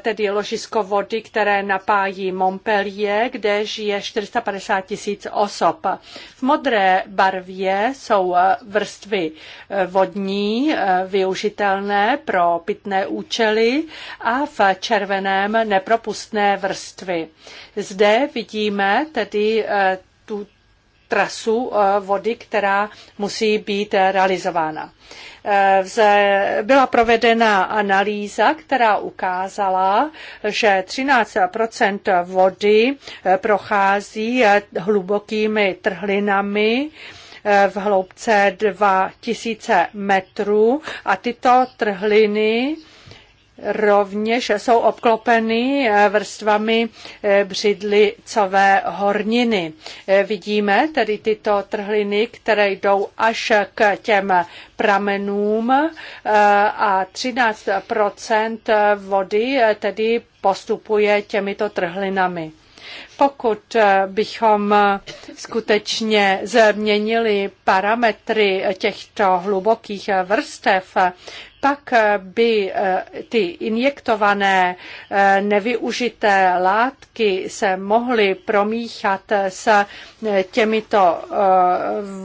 tedy ložisko vody, které napájí Montpellier, kde žije 450 tisíc osob. V modré barvě jsou vrstvy vodní využitelné pro pitné účely a v červeném nepropustné vrstvy. Zde vidíme tedy tu trasu eh, vody, která musí být eh, realizována. Eh, byla provedena analýza, která ukázala, že 13 vody prochází hlubokými trhlinami, v hloubce 2000 metrů a tyto trhliny rovněž jsou obklopeny eh, vrstvami eh, břidlicové horniny. Eh, vidíme tedy tyto trhliny, které jdou až k těm pramenům a 13 vody tedy postupuje těmito trhlinami. Pokud bychom skutečně změnili parametry těchto hlubokých vrstev, pak by eh, ty injektované eh, nevyužité látky se mohly promíchat s eh, těmito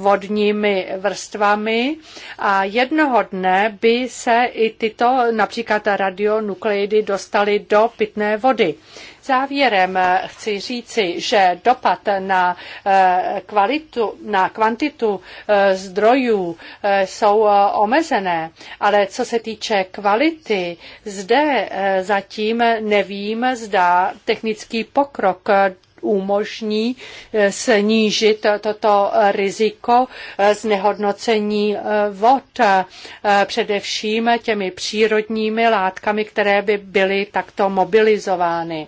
vodními vrstvami a jednoho dne by se i tyto například radionukleidy dostaly do pitné vody. Závěrem eh, chci říci, že dopad na eh, kvalitu, na kvantitu eh, zdrojů jsou omezené, ale co se týče kvality, zde zatím nevím, zda technický pokrok umožní snížit toto riziko znehodnocení vod, především těmi přírodními látkami, které by byly takto mobilizovány.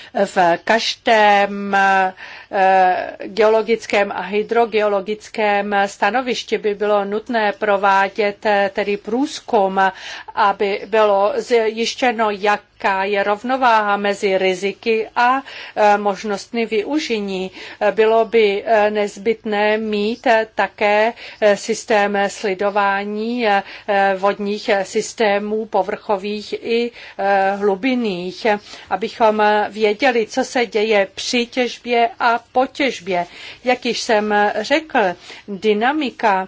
v každém eh, geologickém a hydrogeologickém stanovišti by bylo nutné provádět eh, tedy průzkum, aby bylo zjištěno, jaká je rovnováha mezi riziky a eh, možnostmi využití. Bylo by nezbytné mít také systém sledování vodních systémů povrchových i hlubinných, abychom věděli, viděli, co se děje při těžbě a po těžbě. Jak již jsem řekl, dynamika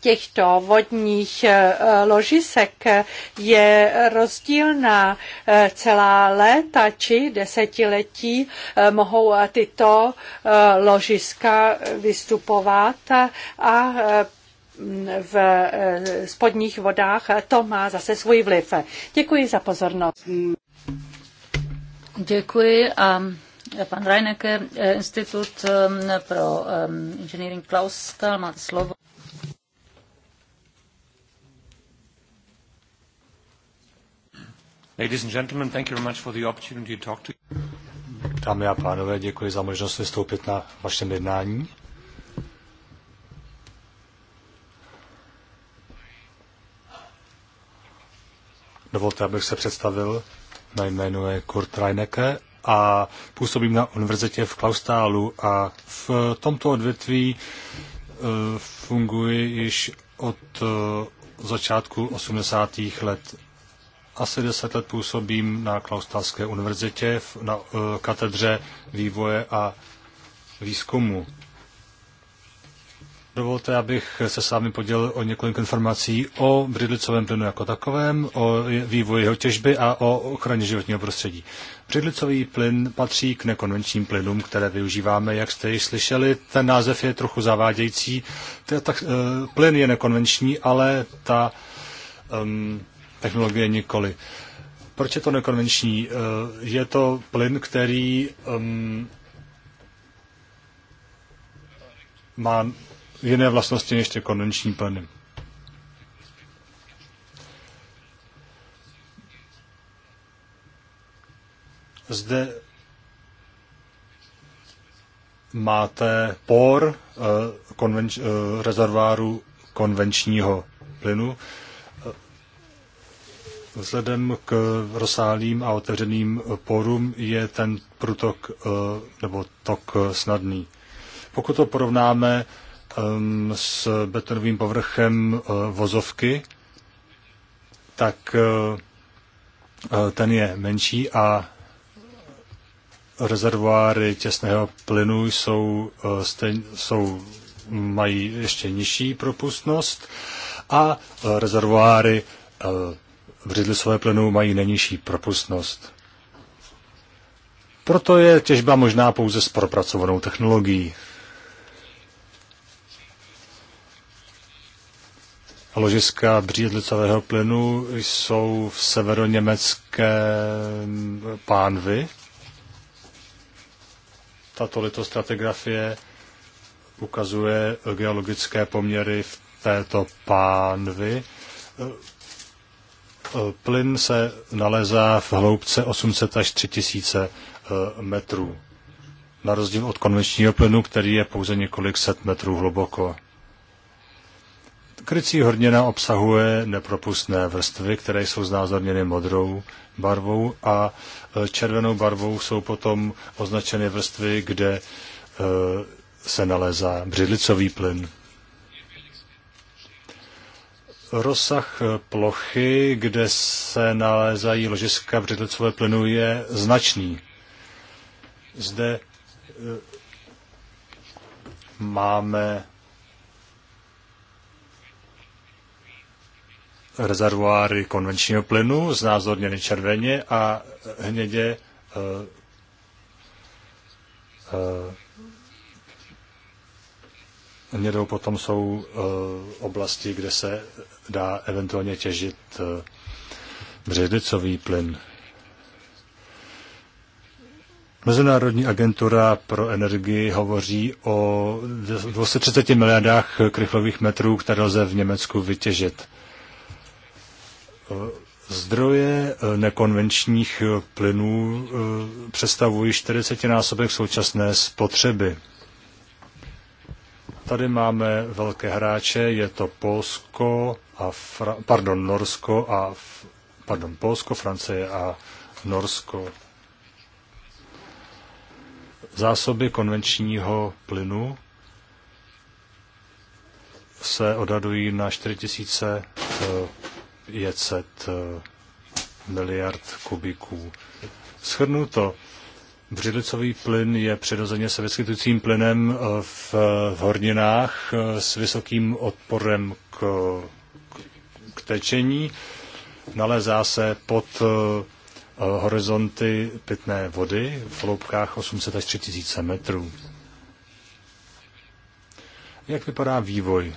těchto vodních eh, ložisek je rozdílná. Eh, celá léta či desetiletí eh, mohou tyto ložiska vystupovat a v spodních vodách, to má zase svůj vliv. Děkuji za pozornost. Děkuji a pan Reinecke, eh, Institut eh, pro eh, Engineering Klausthal, máte slovo. Ladies and gentlemen, thank you very much for the opportunity to talk to you. Dámy a pánové, děkuji za možnost vystoupit na vašem jednání. Dovolte, abych se představil. Mé jméno je Kurt Reinecke a působím na univerzitě v Klaustálu a v tomto odvětví eh, funguji již od eh, začátku 80. let. Asi deset let působím na Klaustálské univerzitě na eh, katedře vývoje a výzkumu. Dovolte, abych se s vámi podělil o několik informací o břidlicovém plynu jako takovém, o vývoji jeho těžby a o ochraně životního prostředí. Břidlicový plyn patří k nekonvenčním plynům, které využíváme, jak jste již slyšeli. Ten název je trochu zavádějící. Eh, plyn je nekonvenční, ale ta um, technologie nikoli. Proč je to nekonvenční? Eh, je to plyn, který um, má jiné vlastnosti než ty konvenční plyny. Zde máte por eh, konvenč, eh, rezerváru konvenčního plynu. Eh, vzhledem k rozsáhlým a otevřeným porům je ten průtok nebo tok snadný. Pokud to porovnáme Um, s betonovým povrchem uh, vozovky, tak uh, uh, ten je menší a rezervoáry těsného plynu jsou, stejn, jsou, mají ještě nižší propustnost a rezervoáry své plynu mají nejnižší propustnost. Proto je těžba možná pouze s propracovanou technologií. Ložiska břídlicového plynu jsou v severoněmecké pánvy. Tato litostratigrafie ukazuje geologické poměry v této pánvy. Plyn se nalezá v hloubce 800 až 3000 eh, metrů, na rozdíl od konvenčního plynu, který je pouze několik set metrů hluboko. Krycí hornina obsahuje nepropustné vrstvy, které jsou znázorněny modrou barvou a e, červenou barvou jsou potom označeny vrstvy, kde e, se nalézá břidlicový plyn. Rozsah e, plochy, kde se nalézají ložiska břidlicové plynu, je značný. Zde máme rezervoáry konvenčního plynu, znázorněny červeně a hnědě eh, eh, hnědou potom jsou eh, oblasti, kde se dá eventuálně těžit břidlicový plyn. Mezinárodní agentura pro energii hovoří o 230 miliardách krychlových metrů, které lze v Německu vytěžit. Eh, zdroje eh, nekonvenčních eh, plynů představují 40 násobek současné spotřeby. Tady máme velké hráče, je to Polsko a Fra- pardon, Norsko a pardon, Polsko, Francie a Norsko. Zásoby konvenčního plynu se odhadují na 4000 500 eh, miliard kubiků. Schrnuto, břidlicový plyn je přirozeně se vyskytujícím plynem eh, v, v horninách eh, s vysokým odporem k, k, k tečení. Nalezá se pod horizonty pitné vody v hloubkách 800 až 3000 metrů. Jak vypadá vývoj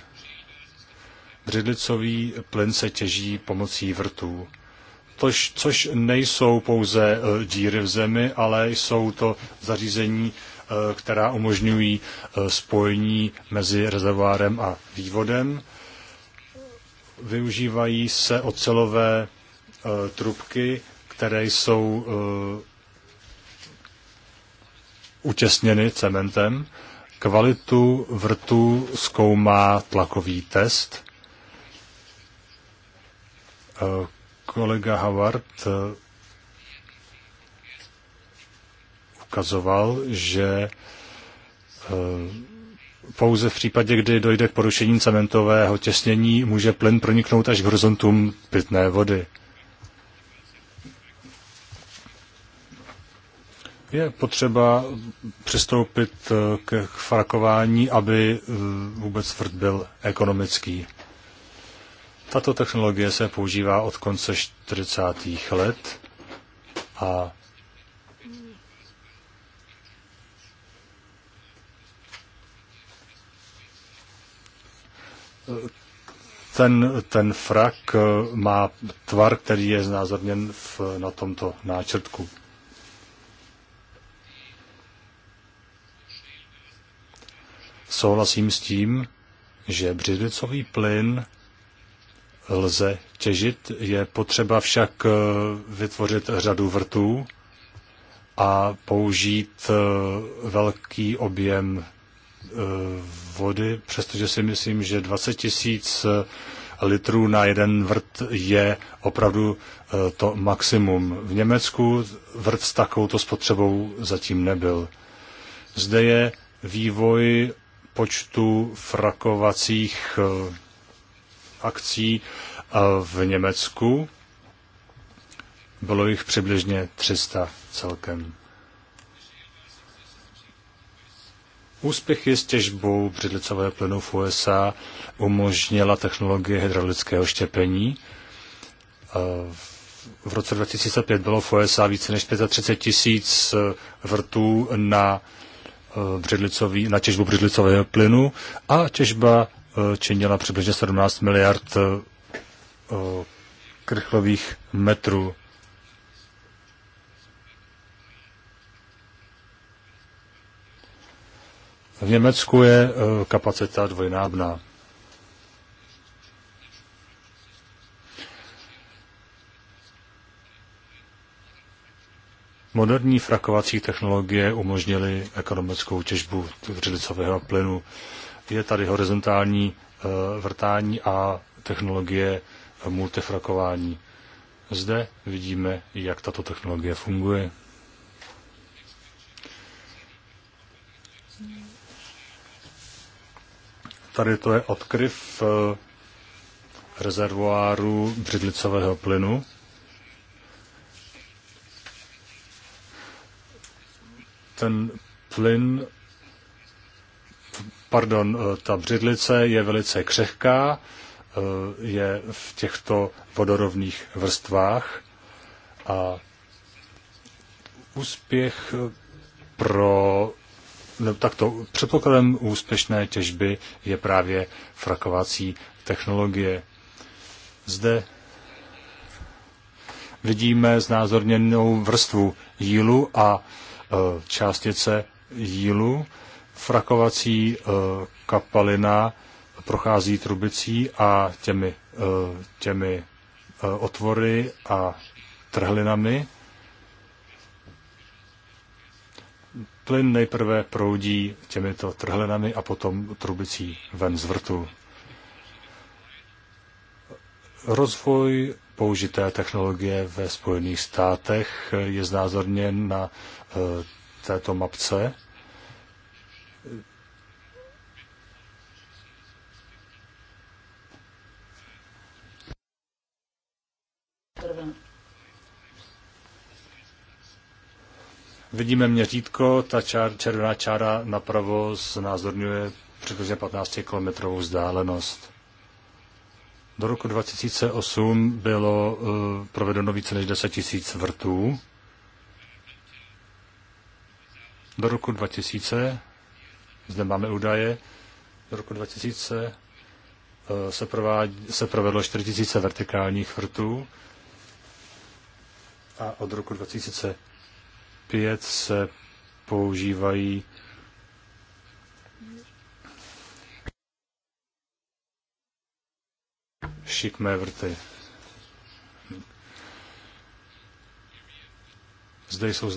Břidlicový plyn se těží pomocí vrtů. Tož, což nejsou pouze e, díry v zemi, ale jsou to zařízení, e, která umožňují e, spojení mezi rezervoárem a vývodem. Využívají se ocelové trubky, které jsou utěsněny cementem. Kvalitu vrtu zkoumá tlakový test. Kolega Havard eh, ukazoval, že eh, pouze v případě, kdy dojde k porušení cementového těsnění, může plyn proniknout až k horizontům pitné vody. Je potřeba přistoupit eh, k frakování, aby vůbec tvrd byl ekonomický. Tato technologie se používá od konce 40. let a ten, ten frak eh, má tvar, který je znázorněn v, na tomto náčrtku. Souhlasím s tím, že břidlicový plyn lze těžit. Je potřeba však eh, vytvořit řadu vrtů a použít eh, velký objem eh, vody, přestože si myslím, že 20 tisíc litrů na jeden vrt je opravdu to maximum. V Německu vrt s takovouto spotřebou zatím nebyl. Zde je vývoj počtu frakovacích akcí v Německu. Bylo jich přibližně 300 celkem. Úspěchy s těžbou břidlicové plynu v USA umožnila technologie hydraulického štěpení. V roce 2005 bylo v USA více než 35 tisíc e, vrtů na, e, břidlicový, na těžbu břidlicového plynu a těžba činila přibližně 17 miliard eh, krychlových metrů. V Německu je eh, kapacita dvojnábná. Moderní frakovací technologie umožnily ekonomickou těžbu řidicového plynu je tady horizontální eh, vrtání a technologie multifrakování. Zde vidíme, jak tato technologie funguje. Tady to je odkryv eh, rezervoáru břidlicového plynu. Ten plyn pardon, eh, ta břidlice je velice křehká, eh, je v těchto vodorovných vrstvách a úspěch eh, pro no, takto předpokladem úspěšné těžby je právě frakovací technologie. Zde vidíme znázorněnou vrstvu jílu a částice jílu frakovací eh, kapalina prochází trubicí a těmi, eh, těmi eh, otvory a trhlinami. Plyn nejprve proudí těmito trhlinami a potom trubicí ven z vrtu. Rozvoj použité technologie ve Spojených státech je znázorněn na této mapce. Vidíme měřítko, ta čár, červená čára napravo znázorňuje přibližně 15-kilometrovou vzdálenost. Do roku 2008 bylo uh, provedeno více než 10 tisíc vrtů. Do roku 2000, zde máme údaje, do roku 2000 uh, eh, se, provádí, se provedlo 4 tisíce vertikálních vrtů a od roku 2000 5 se používají šikmé vrty. Zde jsou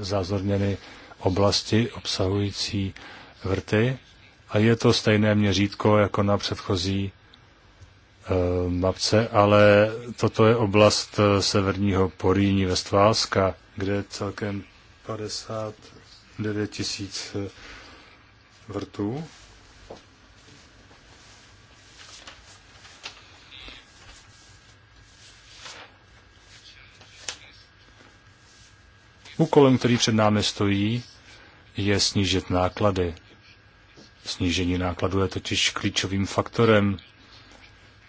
zázorněny oblasti obsahující vrty a je to stejné měřítko jako na předchozí eh, mapce, ale toto je oblast eh, severního Poríní Vestválska kde celkem 59 tisíc eh, vrtů. Úkolem, který před námi stojí, je snížit náklady. Snížení nákladů je totiž klíčovým faktorem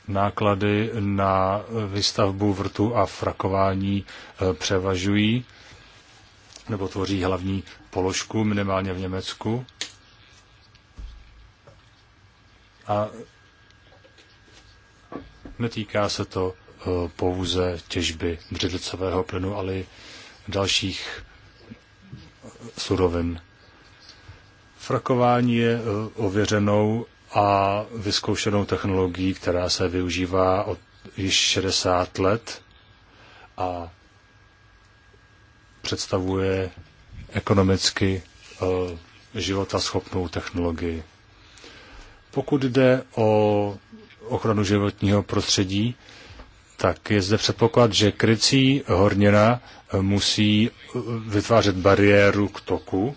náklady na výstavbu vrtu a frakování eh, převažují nebo tvoří hlavní položku, minimálně v Německu. A netýká se to eh, pouze těžby břidlicového plynu, ale dalších eh, surovin. Frakování je ověřenou a vyzkoušenou technologií, která se využívá od již 60 let a představuje ekonomicky eh, života schopnou technologii. Pokud jde o ochranu životního prostředí, tak je zde předpoklad, že krycí hornina musí vytvářet bariéru k toku,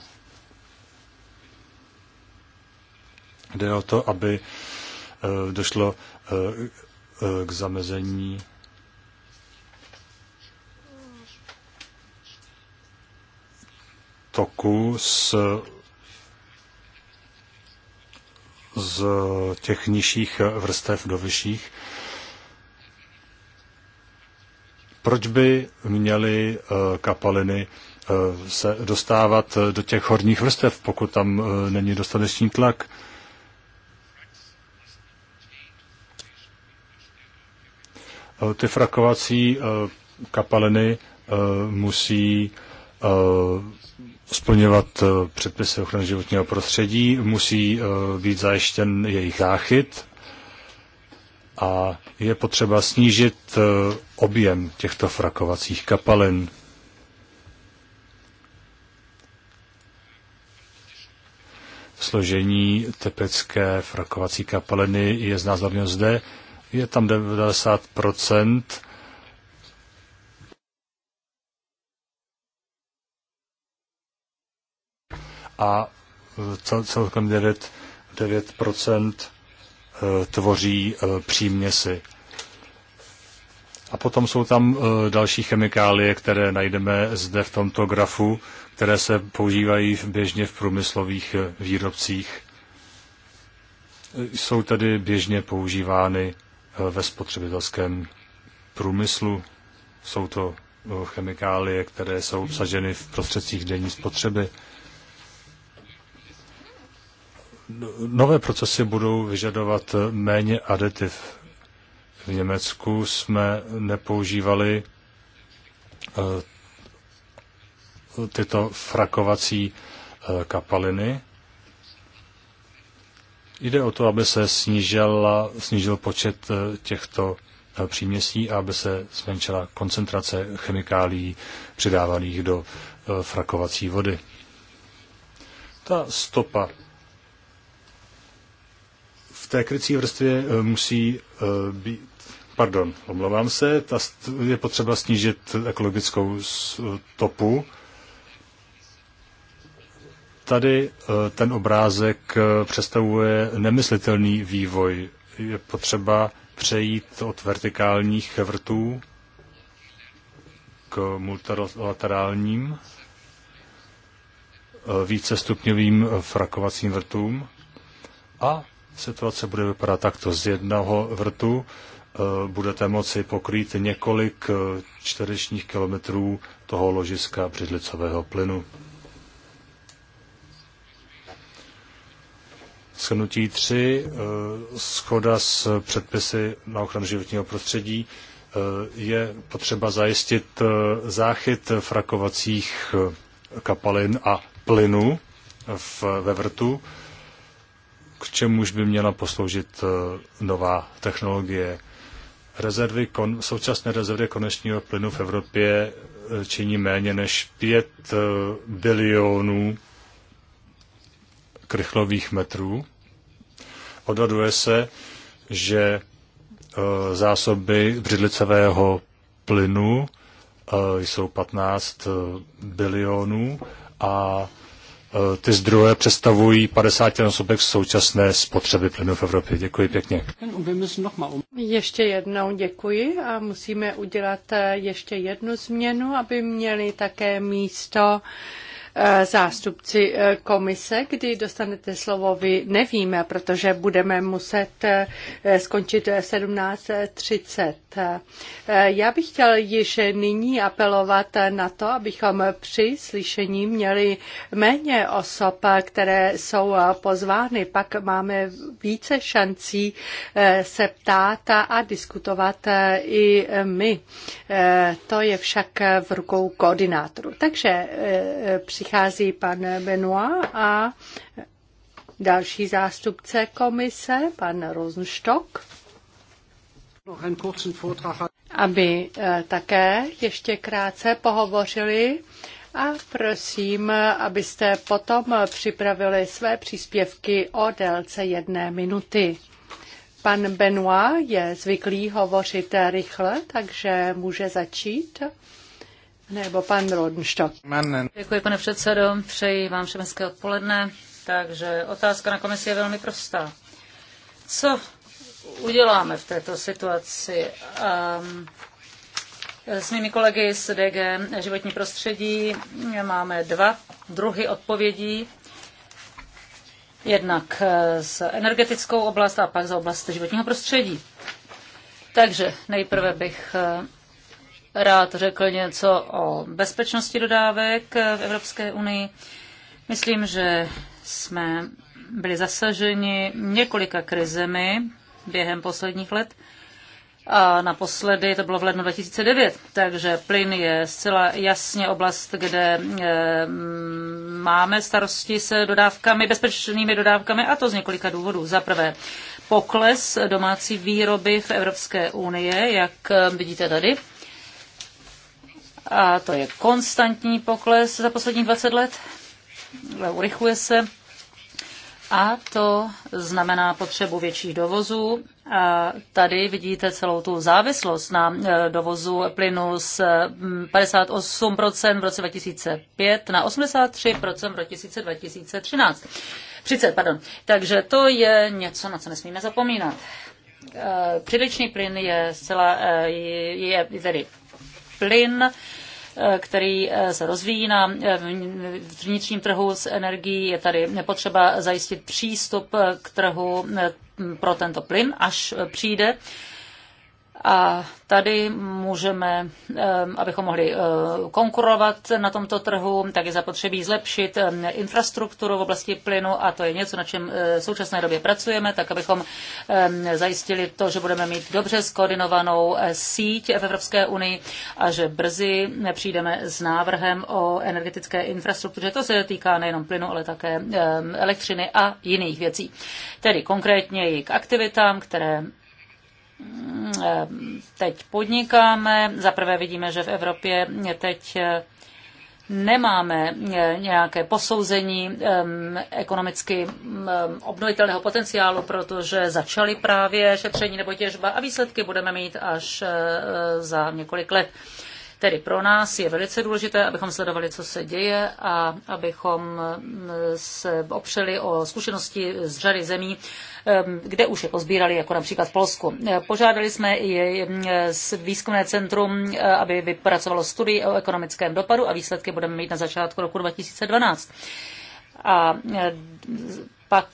Jde o to, aby eh, došlo eh, eh, k zamezení toku z, z těch nižších vrstev do vyšších. Proč by měly kapaliny se dostávat do těch horních vrstev, pokud tam není dostatečný tlak? Eh, ty frakovací eh, kapaliny eh, musí splňovat předpisy ochrany životního prostředí, musí být zajištěn jejich záchyt a je potřeba snížit objem těchto frakovacích kapalin. Složení typické frakovací kapaliny je znázorněno zde je tam 90%. A e, cel, celkem 9, 9% e, tvoří e, příměsi. A potom jsou tam další chemikálie, které najdeme zde v tomto grafu, které se používají běžně v průmyslových výrobcích. Jsou tedy běžně používány ve spotřebitelském průmyslu. Jsou to eh, chemikálie, které jsou obsaženy v prostředcích denní spotřeby. No, nové procesy budou vyžadovat eh, méně aditiv. V Německu jsme nepoužívali eh, tyto frakovací kapaliny, Jde o to, aby se snížil, snížil počet eh, těchto eh, příměsí a aby se zmenšila koncentrace chemikálií přidávaných do eh, frakovací vody. Ta stopa v té krycí vrstvě musí být, pardon, omlouvám se, ta je potřeba snížit ekologickou stopu Tady eh, ten obrázek eh, představuje nemyslitelný vývoj. Je potřeba přejít od vertikálních vrtů k multilaterálním eh, vícestupňovým frakovacím vrtům a situace bude vypadat takto. Z jednoho vrtu budete moci pokrýt několik čtverečních kilometrů toho ložiska břidlicového plynu. Shrnutí 3, eh, schoda s předpisy na ochranu životního prostředí, eh, je potřeba zajistit eh, záchyt frakovacích kapalin a plynu v, ve vrtu, k čemuž by měla posloužit nová technologie. Rezervy, kon, současné rezervy konečního plynu v Evropě činí méně než 5 bilionů krychlových metrů. Odhaduje se, že e, zásoby břidlicového plynu e, jsou 15 e, bilionů a ty zdroje představují 50 násobek současné spotřeby plynu v Evropě. Děkuji pěkně. Ještě jednou děkuji a musíme udělat ještě jednu změnu, aby měli také místo Eh, zástupci eh, komise, kdy dostanete slovo, vy nevíme, protože budeme muset eh, skončit 17.30. Já bych chtěl již nyní apelovat na to, abychom při slyšení měli méně osob, které jsou pozvány. Pak máme více šancí se ptát a diskutovat i my. To je však v rukou koordinátoru. Takže při přichází pan Benoit a další zástupce komise, pan Rosenstock, aby eh, také ještě krátce pohovořili a prosím, abyste potom připravili své příspěvky o délce jedné minuty. Pan Benoit je zvyklý hovořit rychle, takže může začít nebo pan Rodenstock. Děkuji, pane předsedo. Přeji vám všem hezké odpoledne. Takže otázka na komisi je velmi prostá. Co uděláme v této situaci? Um, s mými kolegy z DG životní prostředí máme dva druhy odpovědí. Jednak s eh, energetickou oblast a pak za oblast životního prostředí. Takže nejprve bych eh, rád řekl něco o bezpečnosti dodávek v Evropské unii. Myslím, že jsme byli zasaženi několika krizemi během posledních let. A naposledy to bylo v lednu 2009, takže plyn je zcela jasně oblast, kde eh, máme starosti s dodávkami, bezpečnými dodávkami, a to z několika důvodů. Za prvé, pokles domácí výroby v Evropské unii, jak eh, vidíte tady, a to je konstantní pokles za posledních 20 let, urychluje se a to znamená potřebu větších dovozů. A tady vidíte celou tu závislost na e, dovozu plynu z 58% v roce 2005 na 83% v roce 2013. 30, pardon. Takže to je něco, na co nesmíme zapomínat. E, Přílišný plyn je zcela e, je, je tedy plyn, eh, který eh, se rozvíjí na eh, vnitřním trhu s energií. Je tady nepotřeba zajistit přístup k trhu pro tento plyn, až přijde a tady můžeme, eh, abychom mohli eh, konkurovat na tomto trhu, tak je zapotřebí zlepšit eh, infrastrukturu v oblasti plynu a to je něco, na čem v současné době pracujeme, tak abychom zajistili to, že budeme mít dobře skoordinovanou síť v Evropské unii a že brzy přijdeme s návrhem o energetické infrastruktuře. To se týká nejenom plynu, ale také elektřiny a jiných věcí. Tedy konkrétně k aktivitám, které teď podnikáme. Zaprvé vidíme, že v Evropě teď eh, nemáme eh, nějaké posouzení eh, ekonomicky obnovitelného potenciálu, protože začaly právě šetření nebo těžba a výsledky budeme mít až za několik let. Tedy pro nás je velice důležité, abychom sledovali, co se děje a abychom mm, se opřeli o zkušenosti z řady zemí, mm, kde už je pozbírali, jako například v Polsku. Požádali jsme i mm, výzkumné centrum, aby vypracovalo studii o ekonomickém dopadu a výsledky budeme mít na začátku roku 2012. A pak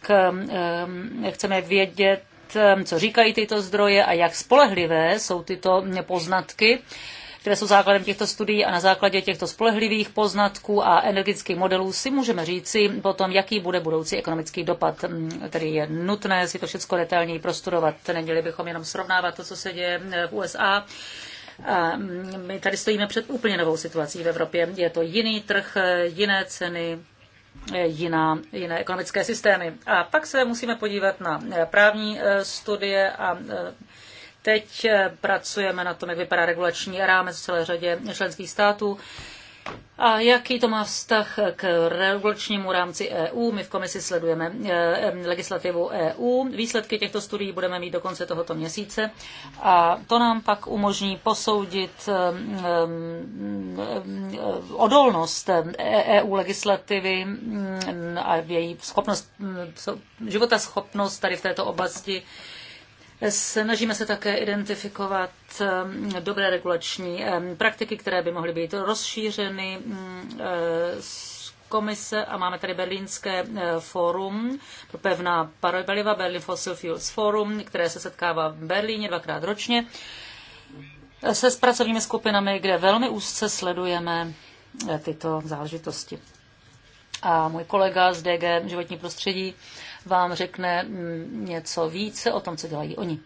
chceme vědět, co říkají tyto zdroje a jak spolehlivé jsou tyto poznatky které jsou základem těchto studií a na základě těchto spolehlivých poznatků a energetických modelů si můžeme říci potom, jaký bude budoucí ekonomický dopad. Mm, tedy je nutné si to všechno detailněji prostudovat. Neměli bychom jenom srovnávat to, co se děje eh, v USA a mm, my tady stojíme před úplně novou situací v Evropě. Je to jiný trh, eh, jiné ceny, eh, jiná, jiné ekonomické systémy. A pak se musíme podívat na právní studie a Teď eh, pracujeme na tom, jak vypadá regulační rámec v celé řadě členských států. A jaký to má vztah k regulačnímu rámci EU? My v komisi sledujeme eh, legislativu EU. Výsledky těchto studií budeme mít do konce tohoto měsíce a to nám pak umožní posoudit eh, odolnost EU legislativy mm, a její schopnost, mm, života schopnost tady v této oblasti Snažíme se také identifikovat eh, dobré regulační eh, praktiky, které by mohly být rozšířeny mm, eh, z komise a máme tady berlínské fórum pro pevná paliva, Berlin Fossil Fuels Forum, které se setkává v Berlíně dvakrát ročně se s pracovními skupinami, kde velmi úzce sledujeme tyto záležitosti. A můj kolega z DG Životní prostředí vám řekne mm, něco více o tom, co dělají oni.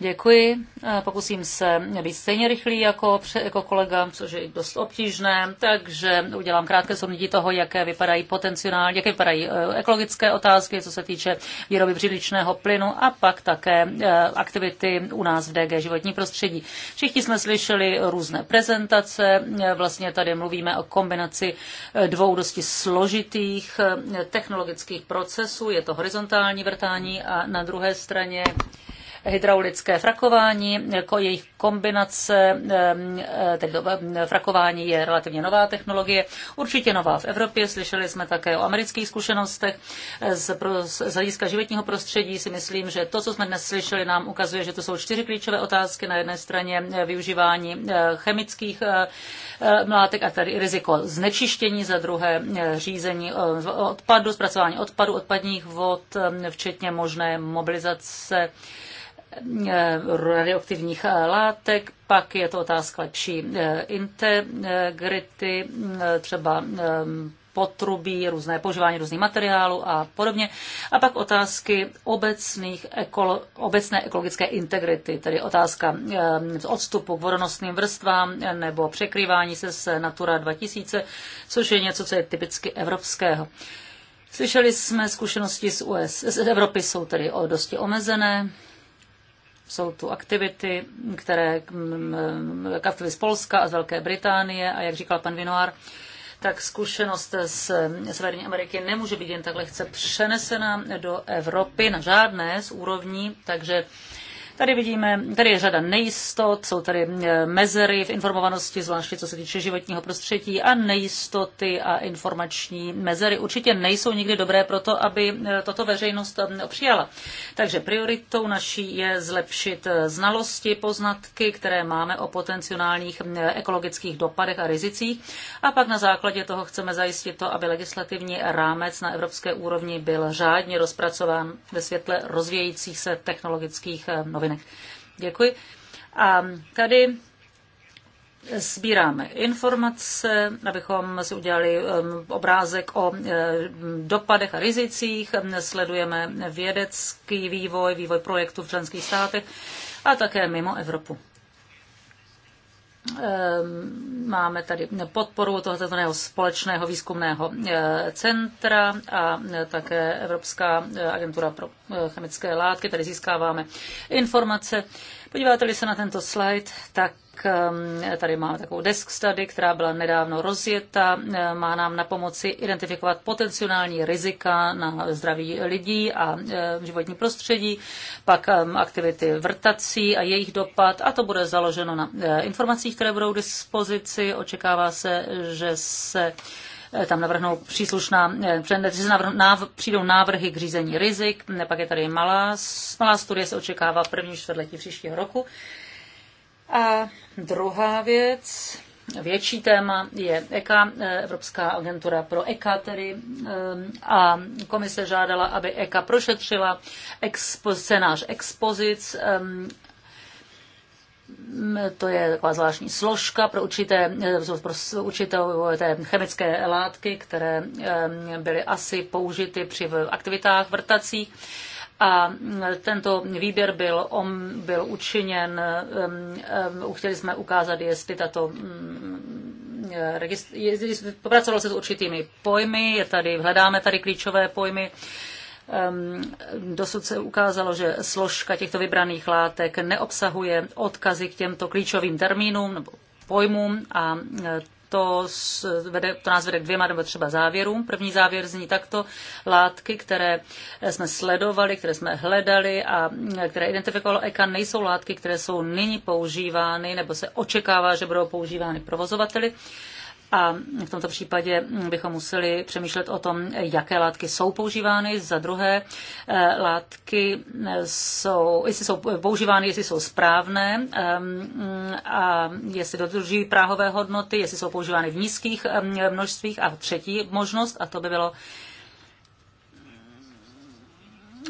Děkuji. Pokusím se být stejně rychlý jako, jako kolega, což je dost obtížné, takže udělám krátké shrnutí toho, jaké vypadají potenciální, jaké vypadají e, ekologické otázky, co se týče výroby příličného plynu a pak také e, aktivity u nás v DG životní prostředí. Všichni jsme slyšeli různé prezentace, e, vlastně tady mluvíme o kombinaci dvou dosti složitých technologických procesů, je to horizontální vrtání a na druhé straně hydraulické frakování, jako jejich kombinace, eh, tedy frakování je relativně nová technologie, určitě nová v Evropě, slyšeli jsme také o amerických zkušenostech, z, z hlediska životního prostředí si myslím, že to, co jsme dnes slyšeli, nám ukazuje, že to jsou čtyři klíčové otázky. Na jedné straně eh, využívání eh, chemických látek a tady riziko znečištění, za druhé řízení odpadu, zpracování odpadu, odpadních vod, včetně možné mobilizace Eh, radioaktivních eh, látek, pak je to otázka lepší eh, integrity, třeba potrubí, různé používání různých materiálů a podobně. A pak otázky obecných ekolo, obecné ekologické integrity, tedy otázka z odstupu k vodonosným vrstvám nebo překrývání se s Natura 2000, což je něco, co je typicky evropského. Slyšeli jsme, zkušenosti z, US, z Evropy jsou tedy o dosti omezené. Jsou tu aktivity, které mm, mm, aktivity z Polska a z Velké Británie a jak říkal pan Vinoár, tak zkušenost z Severní Ameriky nemůže být jen tak lehce přenesena do Evropy na žádné z úrovní, takže Tady vidíme, tady je řada nejistot, jsou tady eh, mezery v informovanosti, zvláště co se týče životního prostředí a nejistoty a informační mezery určitě nejsou nikdy dobré pro to, aby eh, toto veřejnost eh, přijala. Takže prioritou naší je zlepšit znalosti, poznatky, které máme o potenciálních ekologických dopadech a rizicích a pak na základě toho chceme zajistit to, aby legislativní rámec na evropské úrovni byl řádně rozpracován ve světle rozvějících se technologických novin povinech. Děkuji. A tady sbíráme informace, abychom si udělali um, obrázek o eh, dopadech a rizicích, sledujeme vědecký vývoj, vývoj projektů v členských státech a také mimo Evropu. Ehm, máme tady podporu toho takzvaného společného výzkumného e, centra a e, také Evropská e, agentura pro chemické látky. Tady získáváme informace. Podíváte-li se na tento slide, tak Ehm, tady máme takovou desk study, která byla nedávno rozjeta. Ehm, má nám na pomoci identifikovat potenciální rizika na zdraví lidí a ehm, životní prostředí, pak aktivity vrtací a jejich dopad a to bude založeno na eh, informacích, které budou k dispozici. Očekává se, že se eh, tam navrhnou příslušná, eh, přijdou návrhy k řízení rizik, pak je tady malá, malá studie, se očekává v první čtvrtletí příštího roku. A druhá věc, větší téma je EKA, Evropská agentura pro EKA tedy, ehm, a komise žádala, aby EKA prošetřila expo, scénář expozic ehm, to je taková zvláštní složka pro určité, ehm, pro určité chemické látky, které byly asi použity při aktivitách vrtacích a mm, tento výběr byl, on byl učiněn, chtěli jsme ukázat, jestli tato mm, popracovalo se s určitými pojmy, je tady, hledáme tady klíčové pojmy. Dosud se ukázalo, že složka těchto vybraných látek neobsahuje odkazy k těmto klíčovým termínům nebo pojmům a to, vede, to nás vede k dvěma nebo třeba závěrům. První závěr zní takto. Látky, které jsme sledovali, které jsme hledali a které identifikovalo EKA, nejsou látky, které jsou nyní používány nebo se očekává, že budou používány provozovateli. A v tomto případě bychom museli přemýšlet o tom, jaké látky jsou používány. Za druhé, eh, látky eh, jsou, jestli jsou používány, jestli jsou správné eh, a jestli dodržují práhové hodnoty, jestli jsou používány v nízkých množstvích. A třetí možnost, a to by bylo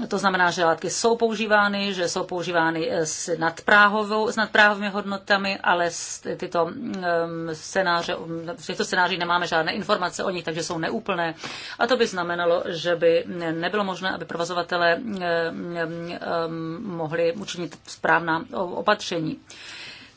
to znamená, že látky jsou používány, že jsou používány eh, s, s nadpráhovými hodnotami, ale z tyto mm, scénáře, v těchto scénářích nemáme žádné informace o nich, takže jsou neúplné. A to by znamenalo, že by nebylo možné, aby provozovatele eh, mm, eh, mm, mohli učinit správná opatření.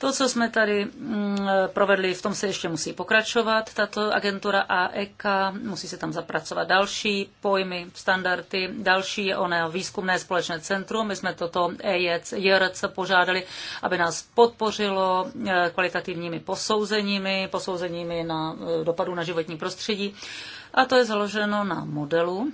To, co jsme tady mm, provedli, v tom se ještě musí pokračovat tato agentura AEK, musí se tam zapracovat další pojmy, standardy, další je ono výzkumné společné centrum. My jsme toto EJC, JRC požádali, aby nás podpořilo eh, kvalitativními posouzeními, posouzeními na eh, dopadu na životní prostředí. A to je založeno na modelu,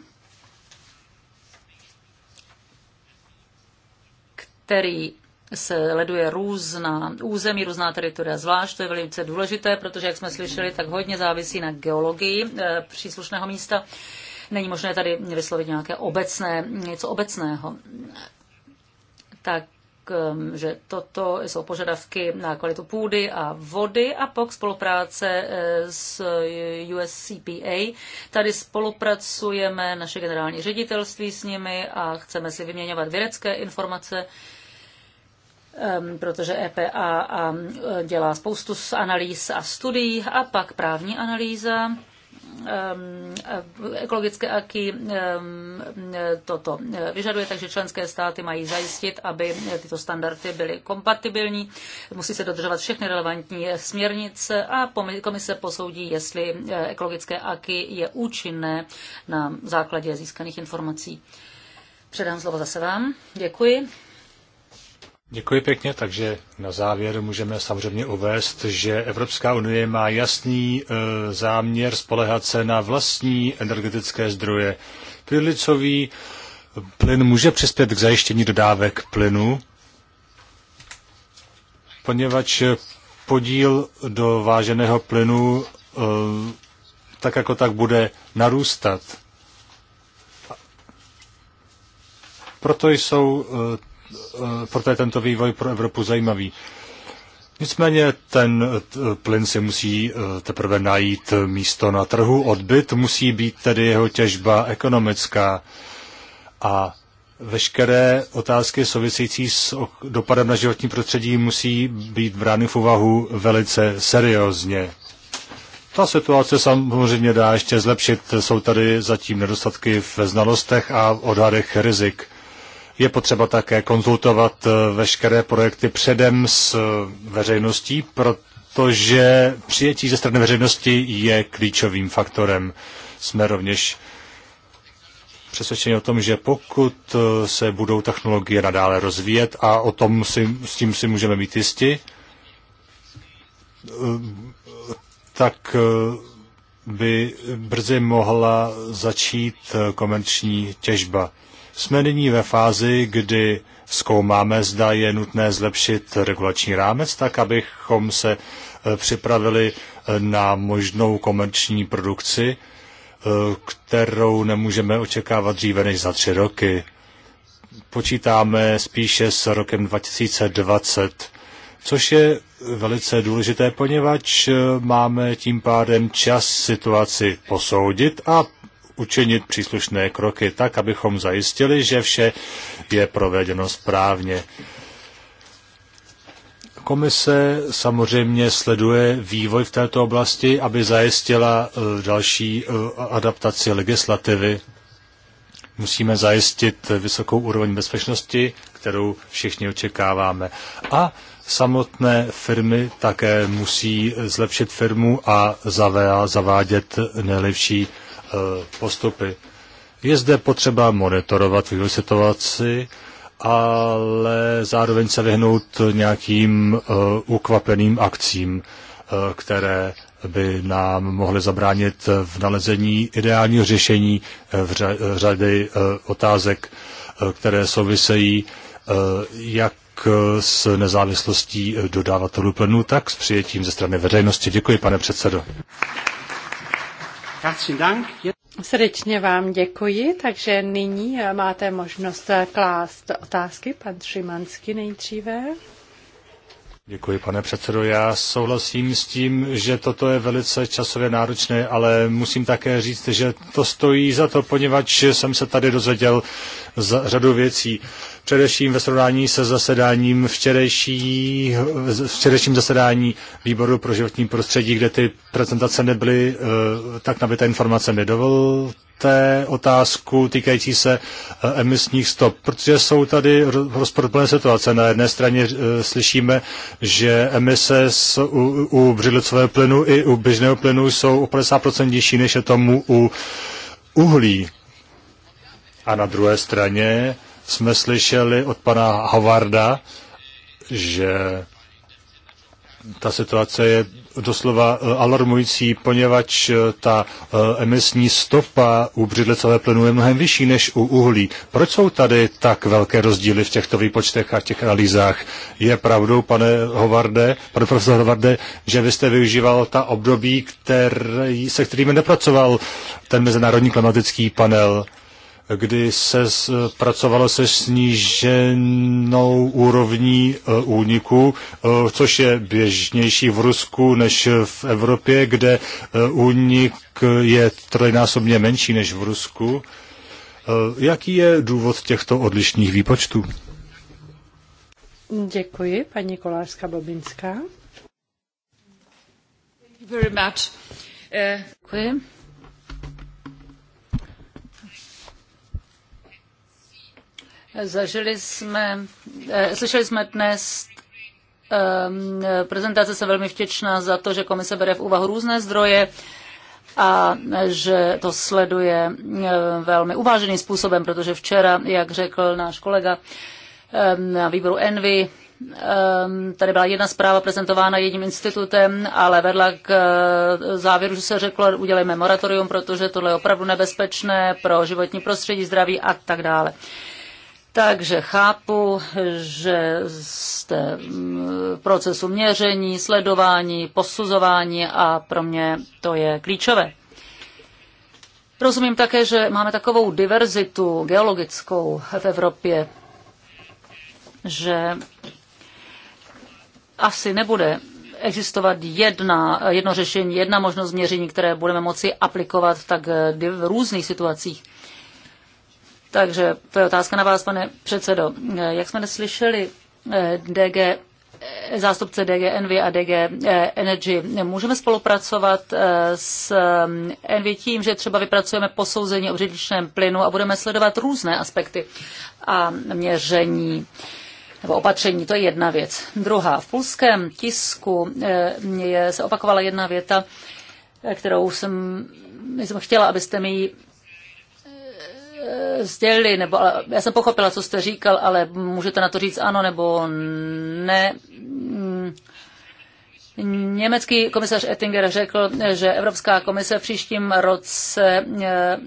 který sleduje různá území, různá teritoria zvlášť. To je velice důležité, protože, jak jsme slyšeli, tak hodně závisí na geologii eh, příslušného místa. Není možné tady vyslovit nějaké obecné, něco obecného. Tak ehm, že toto jsou požadavky na kvalitu půdy a vody a pak spolupráce eh, s USCPA. Tady spolupracujeme naše generální ředitelství s nimi a chceme si vyměňovat vědecké informace Ehm, protože EPA ehm, dělá spoustu analýz a studií a pak právní analýza ehm, e, ekologické aky e, toto e, vyžaduje, takže členské státy mají zajistit, aby tyto standardy byly kompatibilní. Musí se dodržovat všechny relevantní směrnice a komise posoudí, jestli ekologické aky je účinné na základě získaných informací. Předám slovo zase vám. Děkuji. Děkuji pěkně, takže na závěr můžeme samozřejmě uvést, že Evropská unie má jasný e, záměr spolehat se na vlastní energetické zdroje. Prilicový eh, plyn může přispět k zajištění dodávek plynu, poněvadž podíl dováženého plynu e, tak jako tak bude narůstat. Proto jsou e, Eh, proto je tento vývoj pro Evropu zajímavý. Nicméně ten eh, eh, plyn si musí teprve najít místo na trhu. Odbyt musí být tedy jeho těžba ekonomická. A veškeré otázky související s dopadem na životní prostředí musí být brány v úvahu velice seriózně. Ta situace samozřejmě dá ještě zlepšit. Jsou tady zatím nedostatky v znalostech a odhadech rizik. Je potřeba také konzultovat eh, veškeré projekty předem s eh, veřejností, protože přijetí ze strany veřejnosti je klíčovým faktorem. Jsme rovněž přesvědčeni o tom, že pokud eh, se budou technologie nadále rozvíjet, a o tom si, s tím si můžeme být jisti, tak by brzy mohla začít komerční těžba. Jsme nyní ve fázi, kdy zkoumáme, zda je nutné zlepšit regulační rámec, tak abychom se e, připravili e, na možnou komerční produkci, e, kterou nemůžeme očekávat dříve než za tři roky. Počítáme spíše s rokem 2020, což je velice důležité, poněvadž máme tím pádem čas situaci posoudit a učinit příslušné kroky tak, abychom zajistili, že vše je provedeno správně. Komise samozřejmě sleduje vývoj v této oblasti, aby zajistila eh, další eh, adaptaci legislativy. Musíme zajistit vysokou úroveň bezpečnosti, kterou všichni očekáváme. A samotné firmy také musí zlepšit firmu a zavádět nejlepší Eh, postupy. Je zde potřeba monitorovat vývoj situaci, ale zároveň se vyhnout nějakým uh, ukvapeným akcím, uh, které by nám mohly zabránit v nalezení ideálního řešení v řady otázek, které souvisejí jak s nezávislostí dodávatelů plnů, tak s přijetím ze strany veřejnosti. Děkuji, pane předsedo. Srdečně vám děkuji, takže nyní eh, máte možnost eh, klást otázky. Pan Šimanský nejdříve. Děkuji, pane předsedo. Já souhlasím s tím, že toto je velice časově náročné, ale musím také říct, že to stojí za to, poněvadž jsem se tady dozvěděl řadu věcí především ve srovnání se zasedáním včerejší, včerejším zasedání výboru pro životní prostředí, kde ty prezentace nebyly eh, tak nabité informace nedovol té otázku týkající se eh, emisních stop, protože jsou tady rozporuplné situace. Na jedné straně eh, slyšíme, že emise z, u, u břidlicového plynu i u běžného plynu jsou o 50% nižší, než je tomu u uhlí. A na druhé straně jsme slyšeli od pana Havarda, že ta situace je doslova eh, alarmující, poněvadž eh, ta eh, emisní stopa u břidlicové plynu je mnohem vyšší než u uhlí. Proč jsou tady tak velké rozdíly v těchto výpočtech a těch analýzách? Je pravdou, pane Hovarde, pane profesor Hovarde, že vy jste využíval ta období, který, se kterými nepracoval ten Mezinárodní klimatický panel? kdy se pracovalo se sníženou úrovní e, úniku, e, což je běžnější v Rusku než v Evropě, kde e, únik je trojnásobně menší než v Rusku. Jaký je důvod těchto odlišných výpočtů? Děkuji, paní Kolářská-Bobinská. Děkuji. Zažili jsme, eh, slyšeli jsme dnes eh, prezentace se velmi vtěčná za to, že komise bere v úvahu různé zdroje a že to sleduje eh, velmi uváženým způsobem, protože včera, jak řekl náš kolega na výboru Envy, tady byla jedna zpráva prezentována jedním institutem, ale vedla k závěru, že se řeklo, udělejme moratorium, protože tohle je opravdu nebezpečné pro životní prostředí, zdraví a tak dále. Takže chápu, že jste mm, v procesu měření, sledování, posuzování a pro mě to je klíčové. Rozumím také, že máme takovou diverzitu geologickou v Evropě, že asi nebude existovat jedna, jedno řešení, jedna možnost měření, které budeme moci aplikovat tak v různých situacích. Takže to je otázka na vás, pane předsedo. Jak jsme neslyšeli, eh, DG eh, zástupce DG Envy a DG eh, Energy. Můžeme spolupracovat s Envy tím, že třeba vypracujeme posouzení o břidličném plynu a budeme sledovat různé aspekty a měření nebo opatření, to je jedna věc. Druhá, v polském tisku je, se opakovala jedna věta, kterou jsem, jsem chtěla, abyste mi ji Eh, sdělili, nebo já jsem pochopila, co jste říkal, ale můžete na to říct ano nebo ne. Mm. Německý komisař Ettinger řekl, že Evropská komise v příštím roce eh,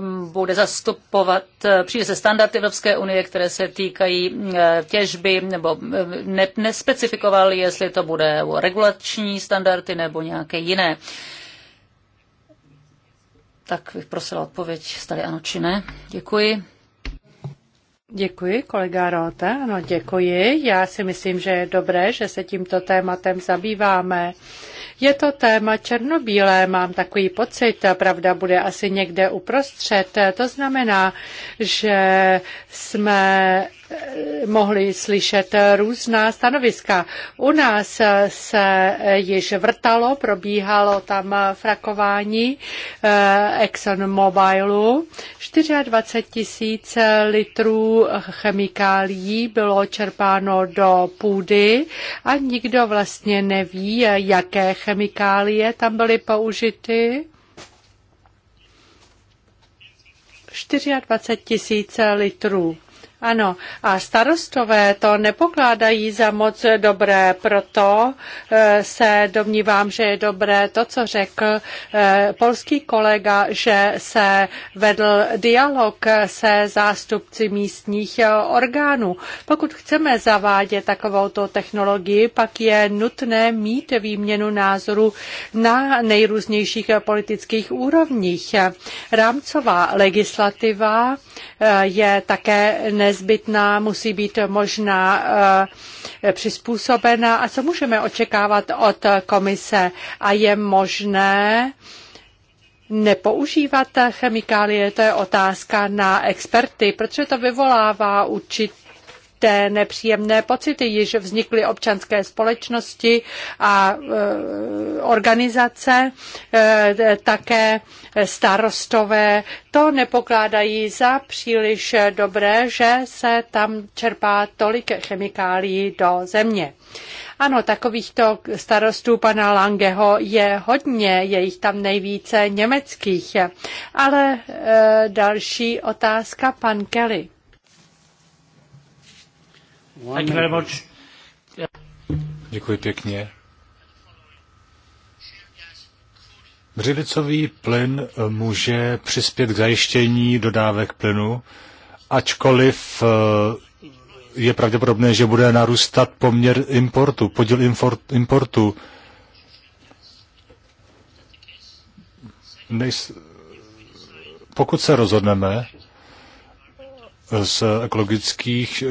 mm, bude zastupovat, eh, přijde se standardy Evropské unie, které se týkají těžby, nebo ne, nespecifikoval, jestli to bude regulační standardy nebo nějaké jiné tak bych prosila odpověď, stali ano či ne. Děkuji. Děkuji, kolega Rota. Ano, děkuji. Já si myslím, že je dobré, že se tímto tématem zabýváme. Je to téma černobílé, mám takový pocit, pravda bude asi někde uprostřed. To znamená, že jsme Eh, mohli slyšet různá stanoviska. U nás se již vrtalo, probíhalo tam frakování eh, Exxon Mobilu. 24 tisíc litrů chemikálií bylo čerpáno do půdy a nikdo vlastně neví, jaké chemikálie tam byly použity. 24 tisíc litrů. Ano, a starostové to nepokládají za moc dobré, proto eh, se domnívám, že je dobré to, co řekl eh, polský kolega, že se vedl dialog se zástupci místních eh, orgánů. Pokud chceme zavádět takovouto technologii, pak je nutné mít výměnu názorů na nejrůznějších politických úrovních. Rámcová legislativa je také ne nezbytná, musí být možná eh, přizpůsobená a co můžeme očekávat od komise a je možné nepoužívat chemikálie, to je otázka na experty, protože to vyvolává určitý té nepříjemné pocity. Již vznikly občanské společnosti a e, organizace, e, také starostové. To nepokládají za příliš dobré, že se tam čerpá tolik chemikálií do země. Ano, takovýchto starostů pana Langeho je hodně, je jich tam nejvíce německých. Ale e, další otázka, pan Kelly. Thank you very much. Děkuji pěkně. Břidlicový plyn může přispět k zajištění dodávek plynu, ačkoliv eh, je pravděpodobné, že bude narůstat poměr importu, podíl importu. pokud se rozhodneme, z ekologických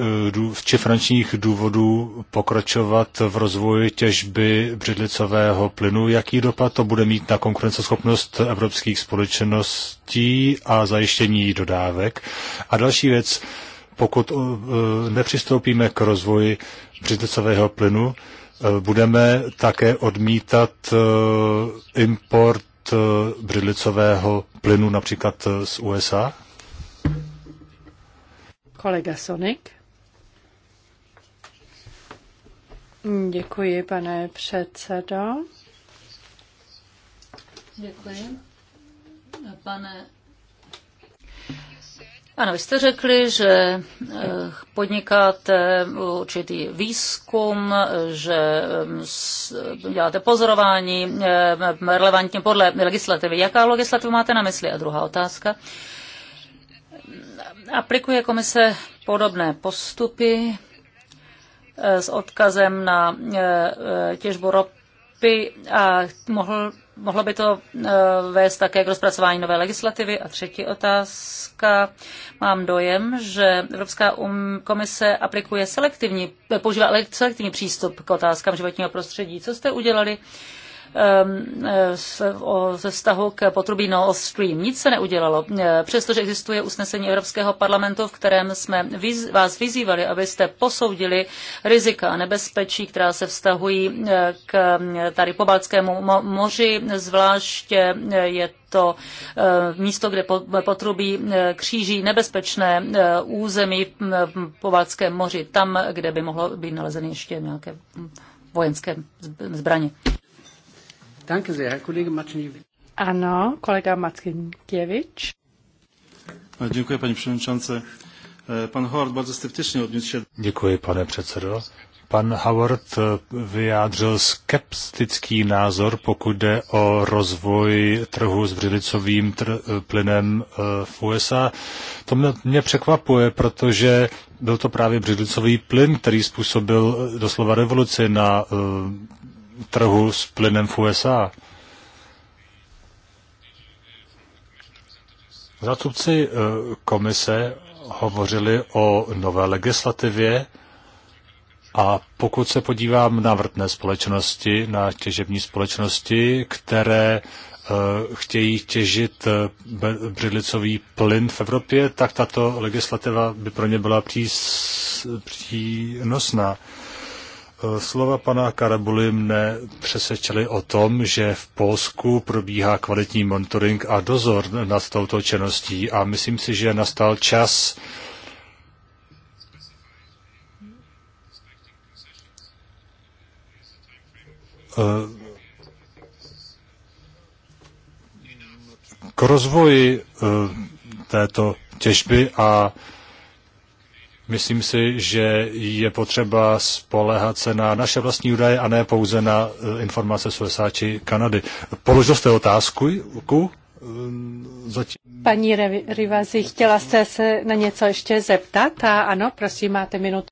eh, či finančních důvodů pokračovat v rozvoji těžby břidlicového plynu. Jaký dopad to bude mít na konkurenceschopnost evropských společností a zajištění dodávek? A další věc, pokud eh, nepřistoupíme k rozvoji břidlicového plynu, eh, budeme také odmítat import břidlicového plynu například z USA? Kolega Sonik. Děkuji, pane předsedo. Děkuji. Pane ano, vy jste řekli, že eh, podnikáte určitý výzkum, že eh, děláte pozorování eh, relevantně podle legislativy. Jaká legislativu máte na mysli? A druhá otázka. Aplikuje komise podobné postupy eh, s odkazem na eh, eh, těžbu ropy a mohl, mohlo by to vést také k rozpracování nové legislativy. A třetí otázka. Mám dojem, že Evropská um, komise aplikuje selektivní, používá selektivní přístup k otázkám životního prostředí. Co jste udělali? Ehm, eh, ze vztahu k potrubí Nord Stream. Nic se neudělalo, eh, přestože existuje usnesení Evropského parlamentu, v kterém jsme vás vyzývali, abyste posoudili rizika a nebezpečí, která se vztahují eh, k tady Balckému moři, zvláště je to místo, kde potrubí kříží nebezpečné území v hm, hm, Povalském moři, tam, kde by mohlo být nalezeny ještě nějaké hm, vojenské zbraně. Danke sehr, Herr Kollege Martiniewicz. Ano, kolega Mackiewicz. Děkuji, paní předsedající. Pan Howard bardzo skeptycznie odniósł się. Děkuji, pane předsedo. Pan Howard e, vyjádřil skeptický názor, pokud jde o rozvoj trhu s břidlicovým tr- e, plynem e, v USA. To mě, mě překvapuje, protože byl to právě břidlicový plyn, který způsobil doslova revoluci na trhu s plynem v USA. Zástupci eh, komise hovořili o nové legislativě a pokud se podívám na vrtné společnosti, na těžební společnosti, které eh, chtějí těžit eh, břidlicový plyn v Evropě, tak tato legislativa by pro ně byla přínosná. Eh, slova pana Karabuly mne přesvědčily o tom, že v Polsku probíhá kvalitní monitoring a dozor nad touto činností a myslím si, že nastal čas eh, k rozvoji eh, této těžby a Myslím si, že je potřeba spolehat se na naše vlastní údaje a ne pouze na eh, informace z USA či Kanady. Položil jste otázku? Ku? Eh, zatím... Paní Rivazi, chtěla jste se na něco ještě zeptat? A ano, prosím, máte minutu.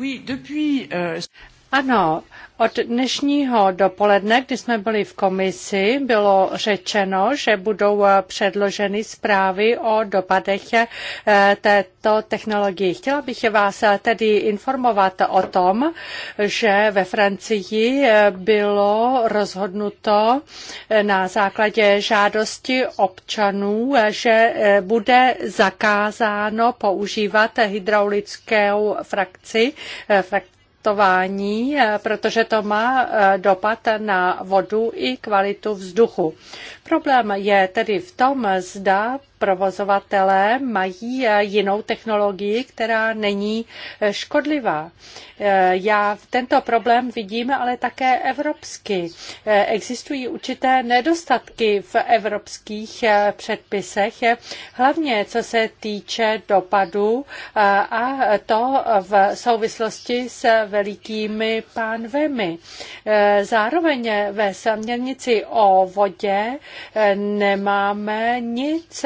Euh, ano, od dnešního dopoledne, kdy jsme byli v komisi, bylo řečeno, že budou předloženy zprávy o dopadech eh, této technologie. Chtěla bych vás tedy informovat o tom, že ve Francii eh, bylo rozhodnuto eh, na základě žádosti občanů, že bude zakázáno používat hydraulickou frakci, frakci Eh, protože to má eh, dopad na vodu i kvalitu vzduchu. Problém je tedy v tom, zda provozovatelé mají eh, jinou technologii, která není eh, škodlivá. Eh, já tento problém vidím ale také evropsky. Existují určité nedostatky v evropských předpisech, hlavně co se týče dopadu a to v souvislosti s velikými pánvemi. Zároveň ve směrnici o vodě nemáme nic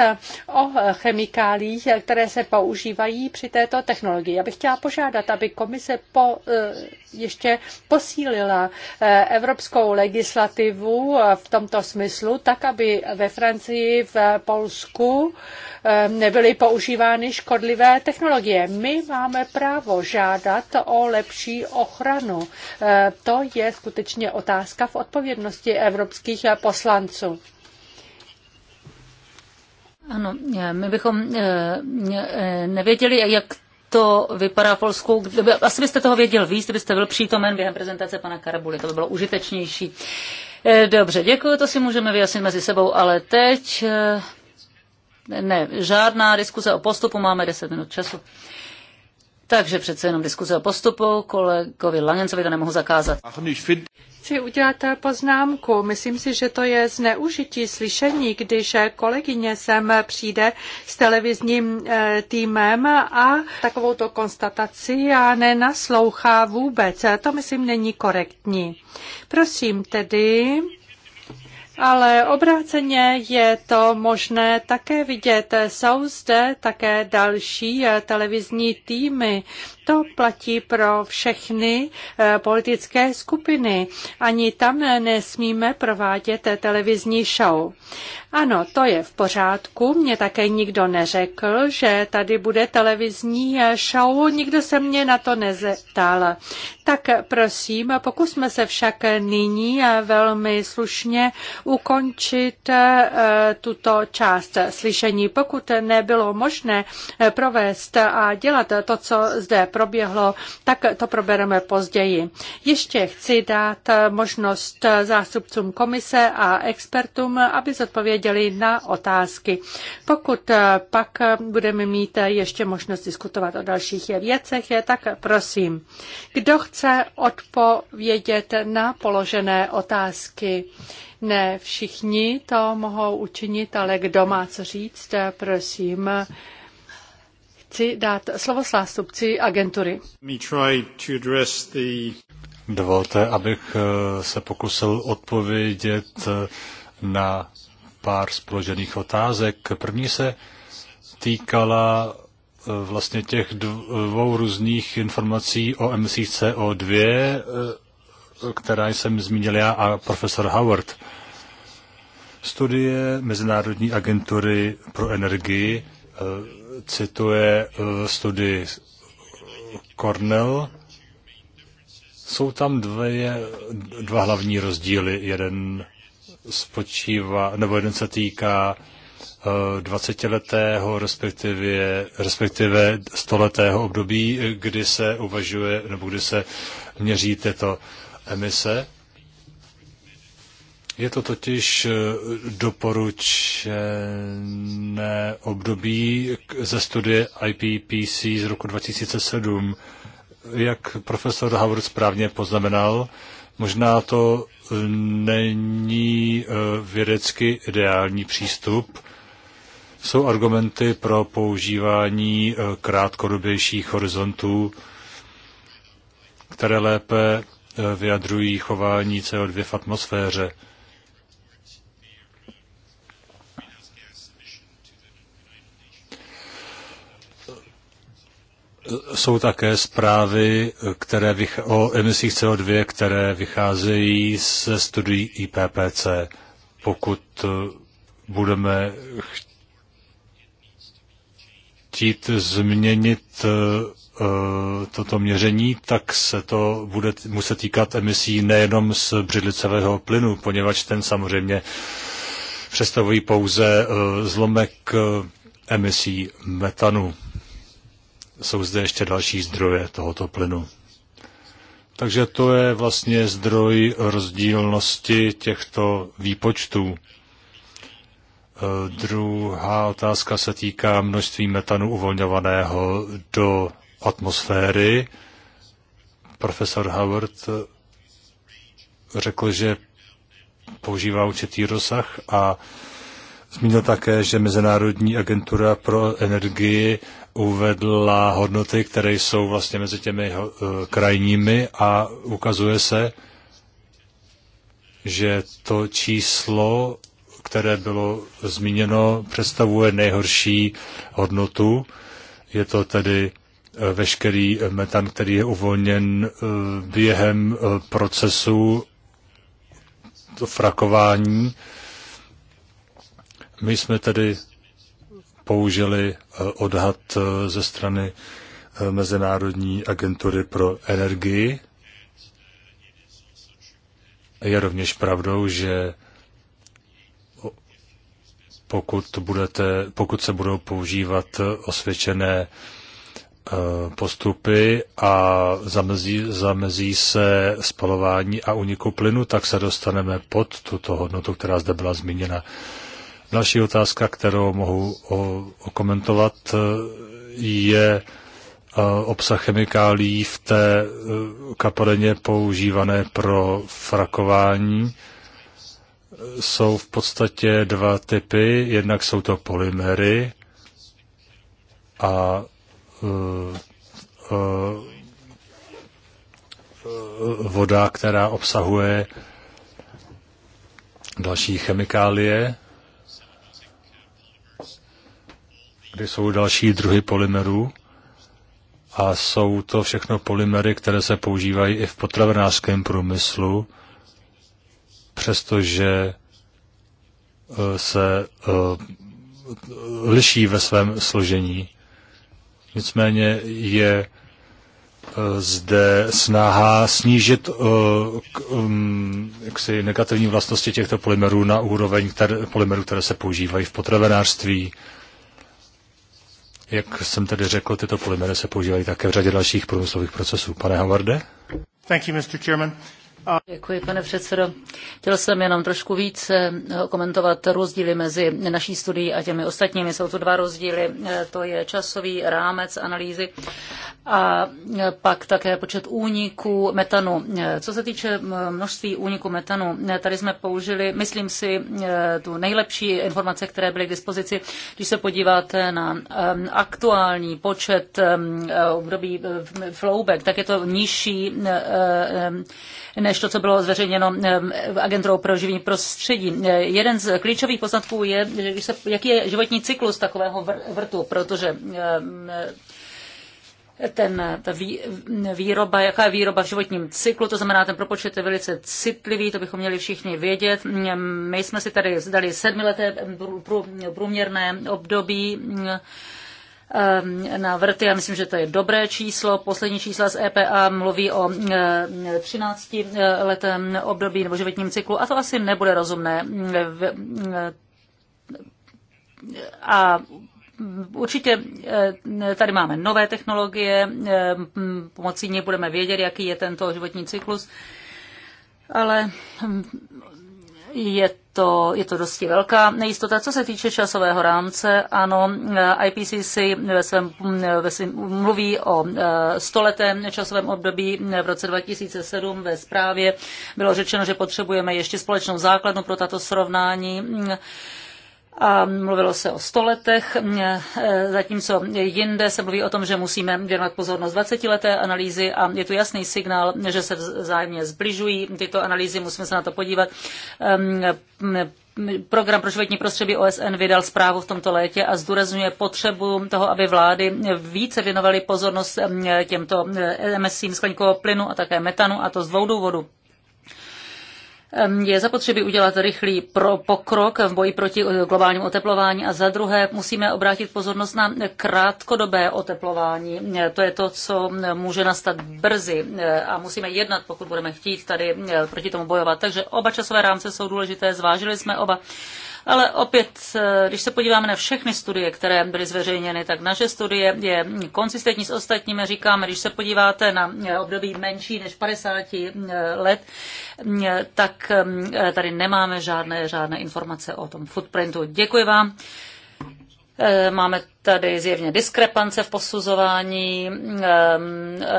o chemikáliích, které se používají při této technologii. Já bych chtěla požádat, aby komise po, eh, ještě posílila eh, evropskou legislativu eh, v tomto smyslu, tak aby ve Francii, v Polsku nebyly používány škodlivé technologie. My máme právo žádat o lepší ochranu. To je skutečně otázka v odpovědnosti evropských poslanců. Ano, eh, my bychom eh, eh, nevěděli, jak to vypadá v Polsku. Kdyby, asi byste toho věděl víc, kdybyste byl přítomen během prezentace pana Karabuly, to by bylo užitečnější. Dobře, děkuji, to si můžeme vyjasnit mezi sebou, ale teď ne, žádná diskuse o postupu, máme 10 minut času. Takže přece jenom diskuze o postupu. Kolegovi Langencovi to nemohu zakázat. Chci udělat eh, poznámku. Myslím si, že to je zneužití slyšení, když eh, kolegyně sem eh, přijde s televizním týmem a takovou to konstataci a nenaslouchá vůbec. To myslím není korektní. Prosím tedy ale obráceně je to možné také vidět. Jsou zde také další eh, televizní týmy. To platí pro všechny eh, politické skupiny. Ani tam nesmíme provádět televizní show. Ano, to je v pořádku. Mě také nikdo neřekl, že tady bude televizní eh, show. Nikdo se mě na to nezeptal. Tak prosím, pokusme se však nyní eh, velmi slušně ukončit tuto část slyšení. Pokud nebylo možné provést a dělat to, co zde Proběhlo, tak to probereme později. Ještě chci dát možnost zástupcům komise a expertům, aby zodpověděli na otázky. Pokud pak budeme mít ještě možnost diskutovat o dalších věcech, tak prosím. Kdo chce odpovědět na položené otázky? Ne všichni to mohou učinit, ale kdo má co říct, prosím, chci dát slovo zástupci agentury. Dovolte, abych eh, se pokusil odpovědět eh, na pár spoložených otázek. První se týkala eh, vlastně těch dvou různých informací o emisích CO2, která jsem zmínil já a profesor Howard. Studie Mezinárodní agentury pro energii cituje eh, studii Cornell. Jsou tam dvě, dva hlavní rozdíly. Jeden spočívá, nebo jeden se týká 20-letého, eh, respektive, respektive 100-letého období, kdy se uvažuje, nebo kdy se měří tyto emise. Je to totiž eh, doporučené období ze studie IPPC z roku 2007. Jak profesor Howard správně poznamenal, možná to eh, není eh, vědecky ideální přístup. Jsou argumenty pro používání krátkodobějších horizontů, které lépe vyjadřují chování CO2 v atmosféře. jsou také zprávy které vych- o emisích CO2, které vycházejí ze studií IPPC. Pokud eh, budeme chtít změnit eh, eh, toto měření, tak se to bude muset týkat emisí nejenom z břidlicového plynu, poněvadž ten samozřejmě představují pouze zlomek emisí metanu jsou zde ještě další zdroje tohoto plynu. Takže to je vlastně zdroj rozdílnosti těchto výpočtů. E, druhá otázka se týká množství metanu uvolňovaného do atmosféry. Profesor Howard řekl, že používá určitý rozsah a Zmínil také, že Mezinárodní agentura pro energii uvedla hodnoty, které jsou vlastně mezi těmi eh, krajními a ukazuje se, že to číslo, které bylo zmíněno, představuje nejhorší hodnotu. Je to tedy eh, veškerý metan, který je uvolněn eh, během procesu frakování my jsme tedy použili eh, odhad eh, ze strany eh, Mezinárodní agentury pro energii. Je rovněž pravdou, že pokud, budete, pokud se budou používat osvědčené postupy a zamezí, zamezí se spalování a uniku plynu, tak se dostaneme pod tuto hodnotu, která zde byla zmíněna. Další otázka, kterou mohu okomentovat, e, je e, obsah chemikálí v té e, kapadeně používané pro frakování. Jsou v podstatě dva typy. Jednak jsou to polymery a voda, která obsahuje další chemikálie. kdy jsou další druhy polymerů a jsou to všechno polymery, které se používají i v potravinářském průmyslu, přestože eh, se eh, liší ve svém složení. Nicméně je eh, zde snaha snížit mm, jaksi, negativní vlastnosti těchto polymerů na úroveň které, polymerů, které se používají v potravinářství. Jak jsem tedy řekl, tyto polymery se používají také v řadě dalších průmyslových procesů. Pane Havarde? Thank you, Mr. Chairman. Děkuji, pane předsedo. Chtěl jsem jenom trošku více eh, komentovat rozdíly mezi naší studií a těmi ostatními. Jsou to dva rozdíly. Eh, to je časový rámec analýzy a eh, pak také počet úniků metanu. Co se týče množství úniků metanu, tady jsme použili, myslím si, tu nejlepší informace, které byly k dispozici. Když se podíváte na aktuální počet období flowback, tak je to nižší než než to, co bylo zveřejněno eh, agenturou pro živní prostředí. Eh, jeden z klíčových poznatků je, jaký je životní cyklus takového vrtu, protože eh, ten, ta vý, výroba, jaká je výroba v životním cyklu, to znamená, ten propočet je velice citlivý, to bychom měli všichni vědět. Mm, my jsme si tady zdali sedmileté průměrné období, Ehm, na vrty. Já myslím, že to je dobré číslo. Poslední čísla z EPA mluví o 13 ehm, eh, letém období nebo životním cyklu a to asi nebude rozumné. Eh, a Určitě eh, tady máme nové technologie, ehm, pomocí ní budeme vědět, jaký je tento životní cyklus, ale je to, je to dosti velká nejistota. Co se týče časového rámce, ano, IPCC ve svém, ve svém mluví o eh, stoletém časovém období v roce 2007 ve zprávě. Bylo řečeno, že potřebujeme ještě společnou základnu pro tato srovnání a mluvilo se o stoletech, e, zatímco jinde se mluví o tom, že musíme věnovat pozornost 20-leté analýzy a je tu jasný signál, že se vzájemně zbližují tyto analýzy, musíme se na to podívat. Program pro životní prostředí OSN vydal zprávu v tomto létě a zdůrazňuje potřebu toho, aby vlády více věnovaly pozornost těmto emisím skleníkového plynu a také metanu, a to z dvou důvodů je zapotřebí udělat rychlý pro pokrok v boji proti eh, globálnímu oteplování a za druhé musíme obrátit pozornost na krátkodobé oteplování. Eh, to je to, co eh, může nastat brzy a musíme jednat, pokud budeme chtít tady proti tomu bojovat. Takže oba časové rámce jsou důležité, zvážili jsme oba ale opět, eh, když se podíváme na všechny studie, které byly zveřejněny, tak naše studie je konsistentní s ostatními. Říkáme, když se podíváte na eh, období menší než 50 eh, let, mm, tak mm, tady nemáme žádné, žádné informace o tom footprintu. Děkuji vám. Máme tady zjevně diskrepance v posuzování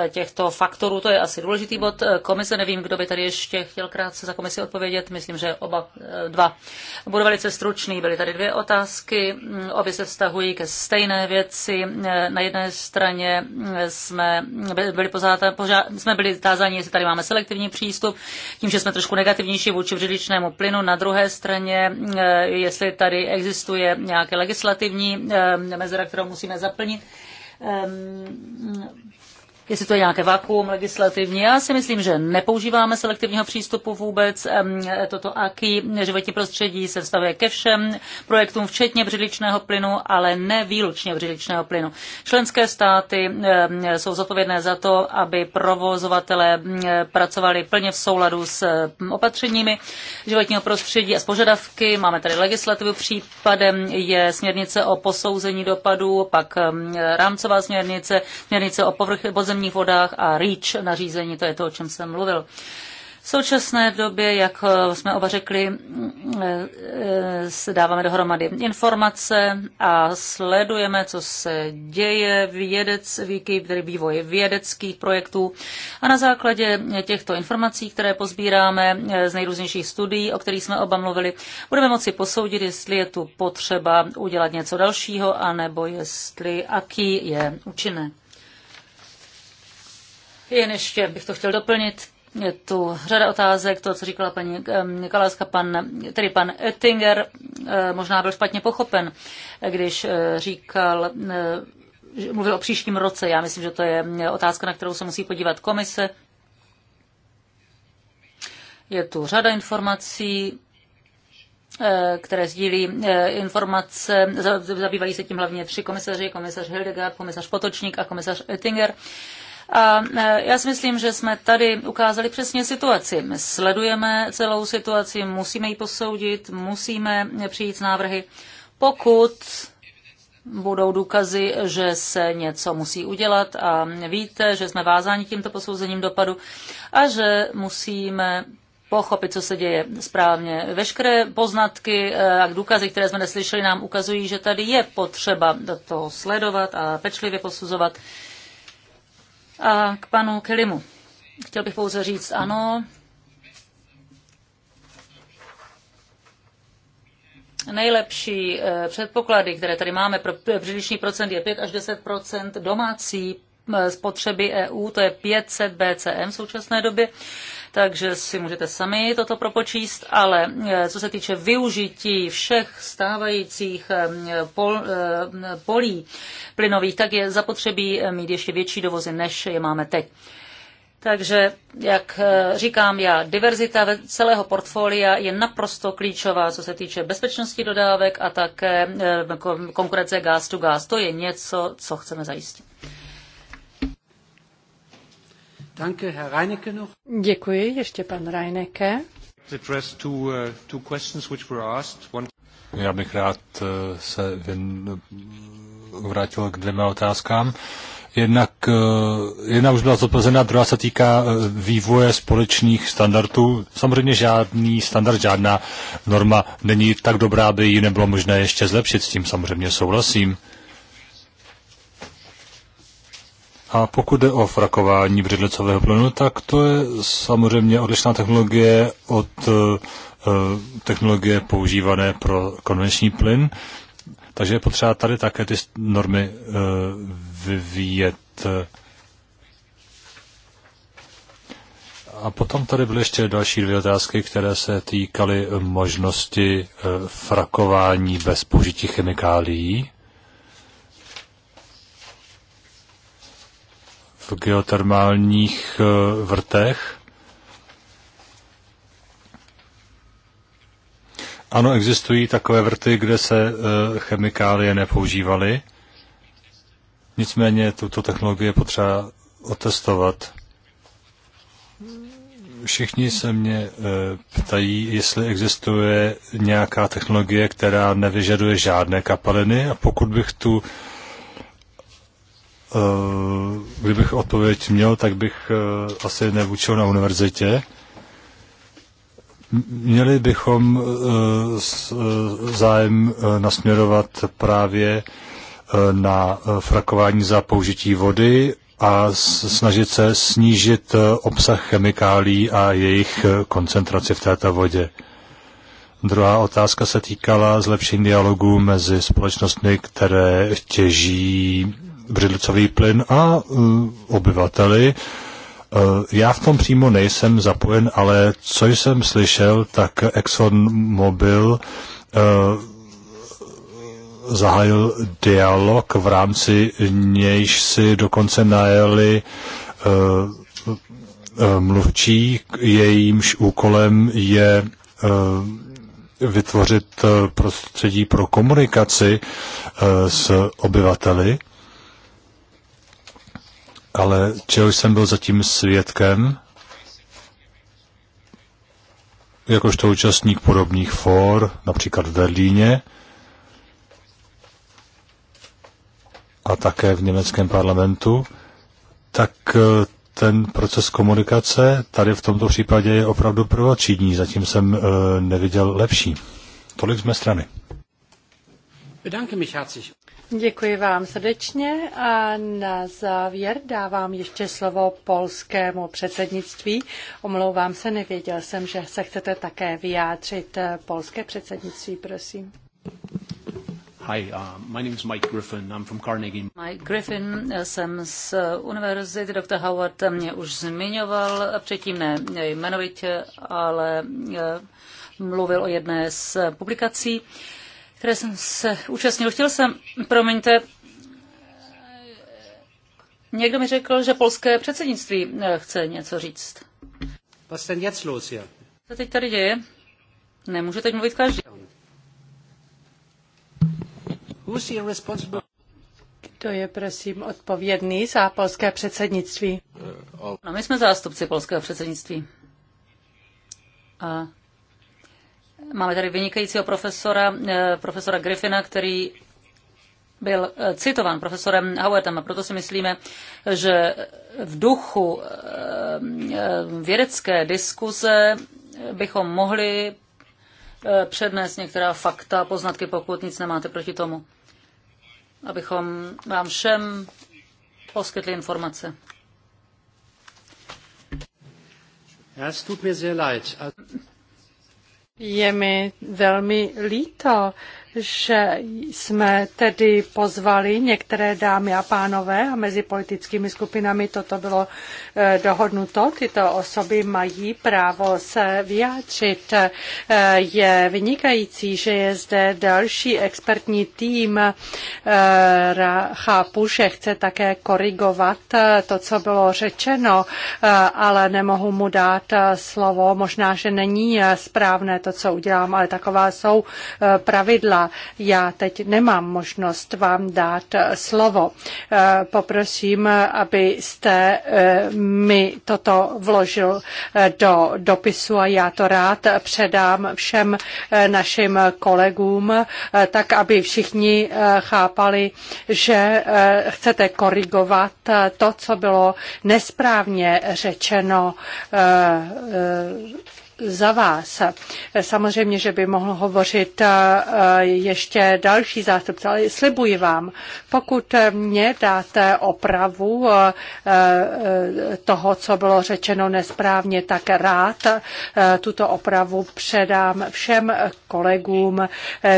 těchto faktorů. To je asi důležitý bod komise. Nevím, kdo by tady ještě chtěl krátce za komisi odpovědět. Myslím, že oba eh, dva. budou velice stručný. Byly tady dvě otázky. Mm, obě se vztahují ke stejné věci. Eh, na jedné straně eh, jsme byli, pozáta, poža, jsme byli tázáni, jestli tady máme selektivní přístup, tím, že jsme trošku negativnější vůči břidličnému plynu. Na druhé straně, jestli tady existuje nějaké legislativní meze mezera, kterou musíme zaplnit jestli to je nějaké vakuum legislativní. Já si myslím, že nepoužíváme selektivního přístupu vůbec. Toto AKI životní prostředí se vztahuje ke všem projektům, včetně břidličného plynu, ale ne výlučně břidličného plynu. Členské státy jsou zodpovědné za to, aby provozovatelé pracovali plně v souladu s opatřeními životního prostředí a s požadavky. Máme tady legislativu případem, je směrnice o posouzení dopadů, pak rámcová směrnice, směrnice o povrch, podzemní podzemních vodách a REACH nařízení, to je to, o čem jsem mluvil. V současné době, jak eh, jsme oba řekli, mm, eh, dáváme dohromady informace a sledujeme, co se děje vědec, tedy vývoj vědeckých projektů. A na základě těchto informací, které pozbíráme eh, z nejrůznějších studií, o kterých jsme oba mluvili, budeme moci posoudit, jestli je tu potřeba udělat něco dalšího, anebo jestli aký je účinné. Jen ještě bych to chtěl doplnit. Je tu řada otázek, to, co říkala paní eh, Kaláska, pan, tedy pan Ettinger, eh, možná byl špatně pochopen, eh, když říkal, mluvil o příštím roce. Já myslím, že to je otázka, na kterou se musí podívat komise. Je tu řada informací, které sdílí informace, zabývají se tím hlavně tři komisaři, komisař Hildegard, komisař Potočník a komisař Ettinger. A e, já si myslím, že jsme tady ukázali přesně situaci. My sledujeme celou situaci, musíme ji posoudit, musíme přijít s návrhy. Pokud budou důkazy, že se něco musí udělat a víte, že jsme vázáni tímto posouzením dopadu a že musíme pochopit, co se děje správně. Veškeré poznatky e, a důkazy, které jsme neslyšeli, nám ukazují, že tady je potřeba to sledovat a pečlivě posuzovat a k panu Kelimu. Chtěl bych pouze říct ano. Nejlepší eh, předpoklady, které tady máme pro přílišný procent, je 5 až 10 domácí spotřeby EU, to je 500 BCM v současné době takže si můžete sami toto propočíst, ale eh, co se týče využití všech stávajících eh, pol, eh, polí plynových, tak je zapotřebí mít ještě větší dovozy, než je máme teď. Takže, jak říkám já, diverzita celého portfolia je naprosto klíčová, co se týče bezpečnosti dodávek a také konkurence gas to gas. To je něco, co chceme zajistit. Danke, Herr Reinecke noch. Děkuji, ještě pan Reinecke. Uh, Já bych rád uh, se věn, vrátil k dvěma otázkám. Jednak uh, jedna už byla zodpovězena, druhá se týká vývoje společných standardů. Samozřejmě žádný standard, žádná norma není tak dobrá, aby ji nebylo možné ještě zlepšit. S tím samozřejmě souhlasím. A pokud jde o frakování břidlicového plynu, tak to je samozřejmě odlišná technologie od eh, eh, technologie používané pro konvenční plyn, takže je potřeba tady také ty normy eh, vyvíjet. A potom tady byly ještě další dvě otázky, které se týkaly možnosti frakování bez použití chemikálií. v geotermálních eh, vrtech. Ano, existují takové vrty, kde se eh, chemikálie nepoužívaly. Nicméně tuto technologii je potřeba otestovat. Všichni se mě eh, ptají, jestli existuje nějaká technologie, která nevyžaduje žádné kapaliny a pokud bych tu Eh, kdybych odpověď měl, tak bych eh, asi nevučil na univerzitě. Měli bychom eh, zájem nasměrovat právě na frakování za použití vody a snažit se snížit obsah chemikálí a jejich koncentraci v této vodě. Druhá otázka se týkala zlepšení dialogu mezi společnostmi, které těží břidlicový plyn a eh, obyvateli. Eh, já v tom přímo nejsem zapojen, ale co jsem slyšel, tak Exxon Mobil eh, zahájil dialog, v rámci nějž si dokonce najeli mluvčí, jejímž úkolem je vytvořit prostředí pro komunikaci s obyvateli ale čeho jsem byl zatím svědkem, jakožto účastník podobných for, například v Berlíně, a také v německém parlamentu, tak eh, ten proces komunikace tady v tomto případě je opravdu prvotřídní. Zatím jsem eh, neviděl lepší. Tolik z mé strany. Děkuji vám srdečně a na závěr dávám ještě slovo polskému předsednictví. Omlouvám se, nevěděl jsem, že se chcete také vyjádřit. Polské předsednictví, prosím. Hi, uh, my name is Mike Griffin. I'm from Carnegie. Mike Griffin, jsem z univerzity. Dr. Howard mě už zmiňoval, předtím ne jmenovitě, ale eh, mluvil o jedné z publikací. Uh, které jsem se účastnil. Chtěl jsem, promiňte, někdo mi řekl, že polské předsednictví eh, chce něco říct. Was denn jetzt los hier? Co teď tady děje? Nemůže teď mluvit každý. Who's here responsible? Kdo je, prosím, odpovědný za polské předsednictví? No, my jsme zástupci polského předsednictví. A Máme tady vynikajícího profesora, eh, profesora Griffina, který byl eh, citován profesorem Howardem a proto si myslíme, že v duchu eh, vědecké diskuze bychom mohli přednést některá fakta, poznatky, pokud nic nemáte proti tomu, abychom vám všem poskytli informace. Ja, es tut mir sehr leid. Je mi velmi líto, že jsme tedy pozvali některé dámy a pánové a mezi politickými skupinami toto bylo eh, dohodnuto. Tyto osoby mají právo se vyjádřit. Eh, je vynikající, že je zde další expertní tým. Eh, chápu, že chce také korigovat to, co bylo řečeno, ale nemohu mu dát slovo. Možná, že není správné to, co udělám, ale taková jsou pravidla já teď nemám možnost vám dát eh, slovo. Eh, poprosím, abyste eh, mi toto vložil do dopisu a já to rád předám všem našim kolegům, tak aby všichni chápali, že chcete korigovat to, co bylo nesprávně řečeno za vás. Samozřejmě, že by mohl hovořit eh, ještě další zástupce, ale slibuji vám, pokud mě dáte opravu eh, eh, toho, co bylo řečeno nesprávně, tak rád tuto opravu předám všem kolegům,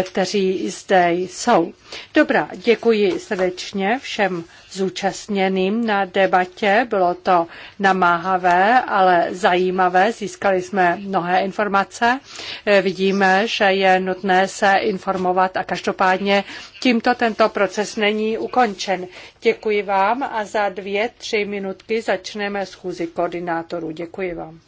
kteří zde jsou. Dobrá, děkuji srdečně všem zúčastněným na debatě. Bylo to namáhavé, ale zajímavé. Získali jsme mnohé informace. Eh, vidíme, že je nutné se informovat a každopádně tímto tento proces není ukončen. Děkuji vám a za dvě, tři minutky začneme schůzi koordinátorů. Děkuji vám.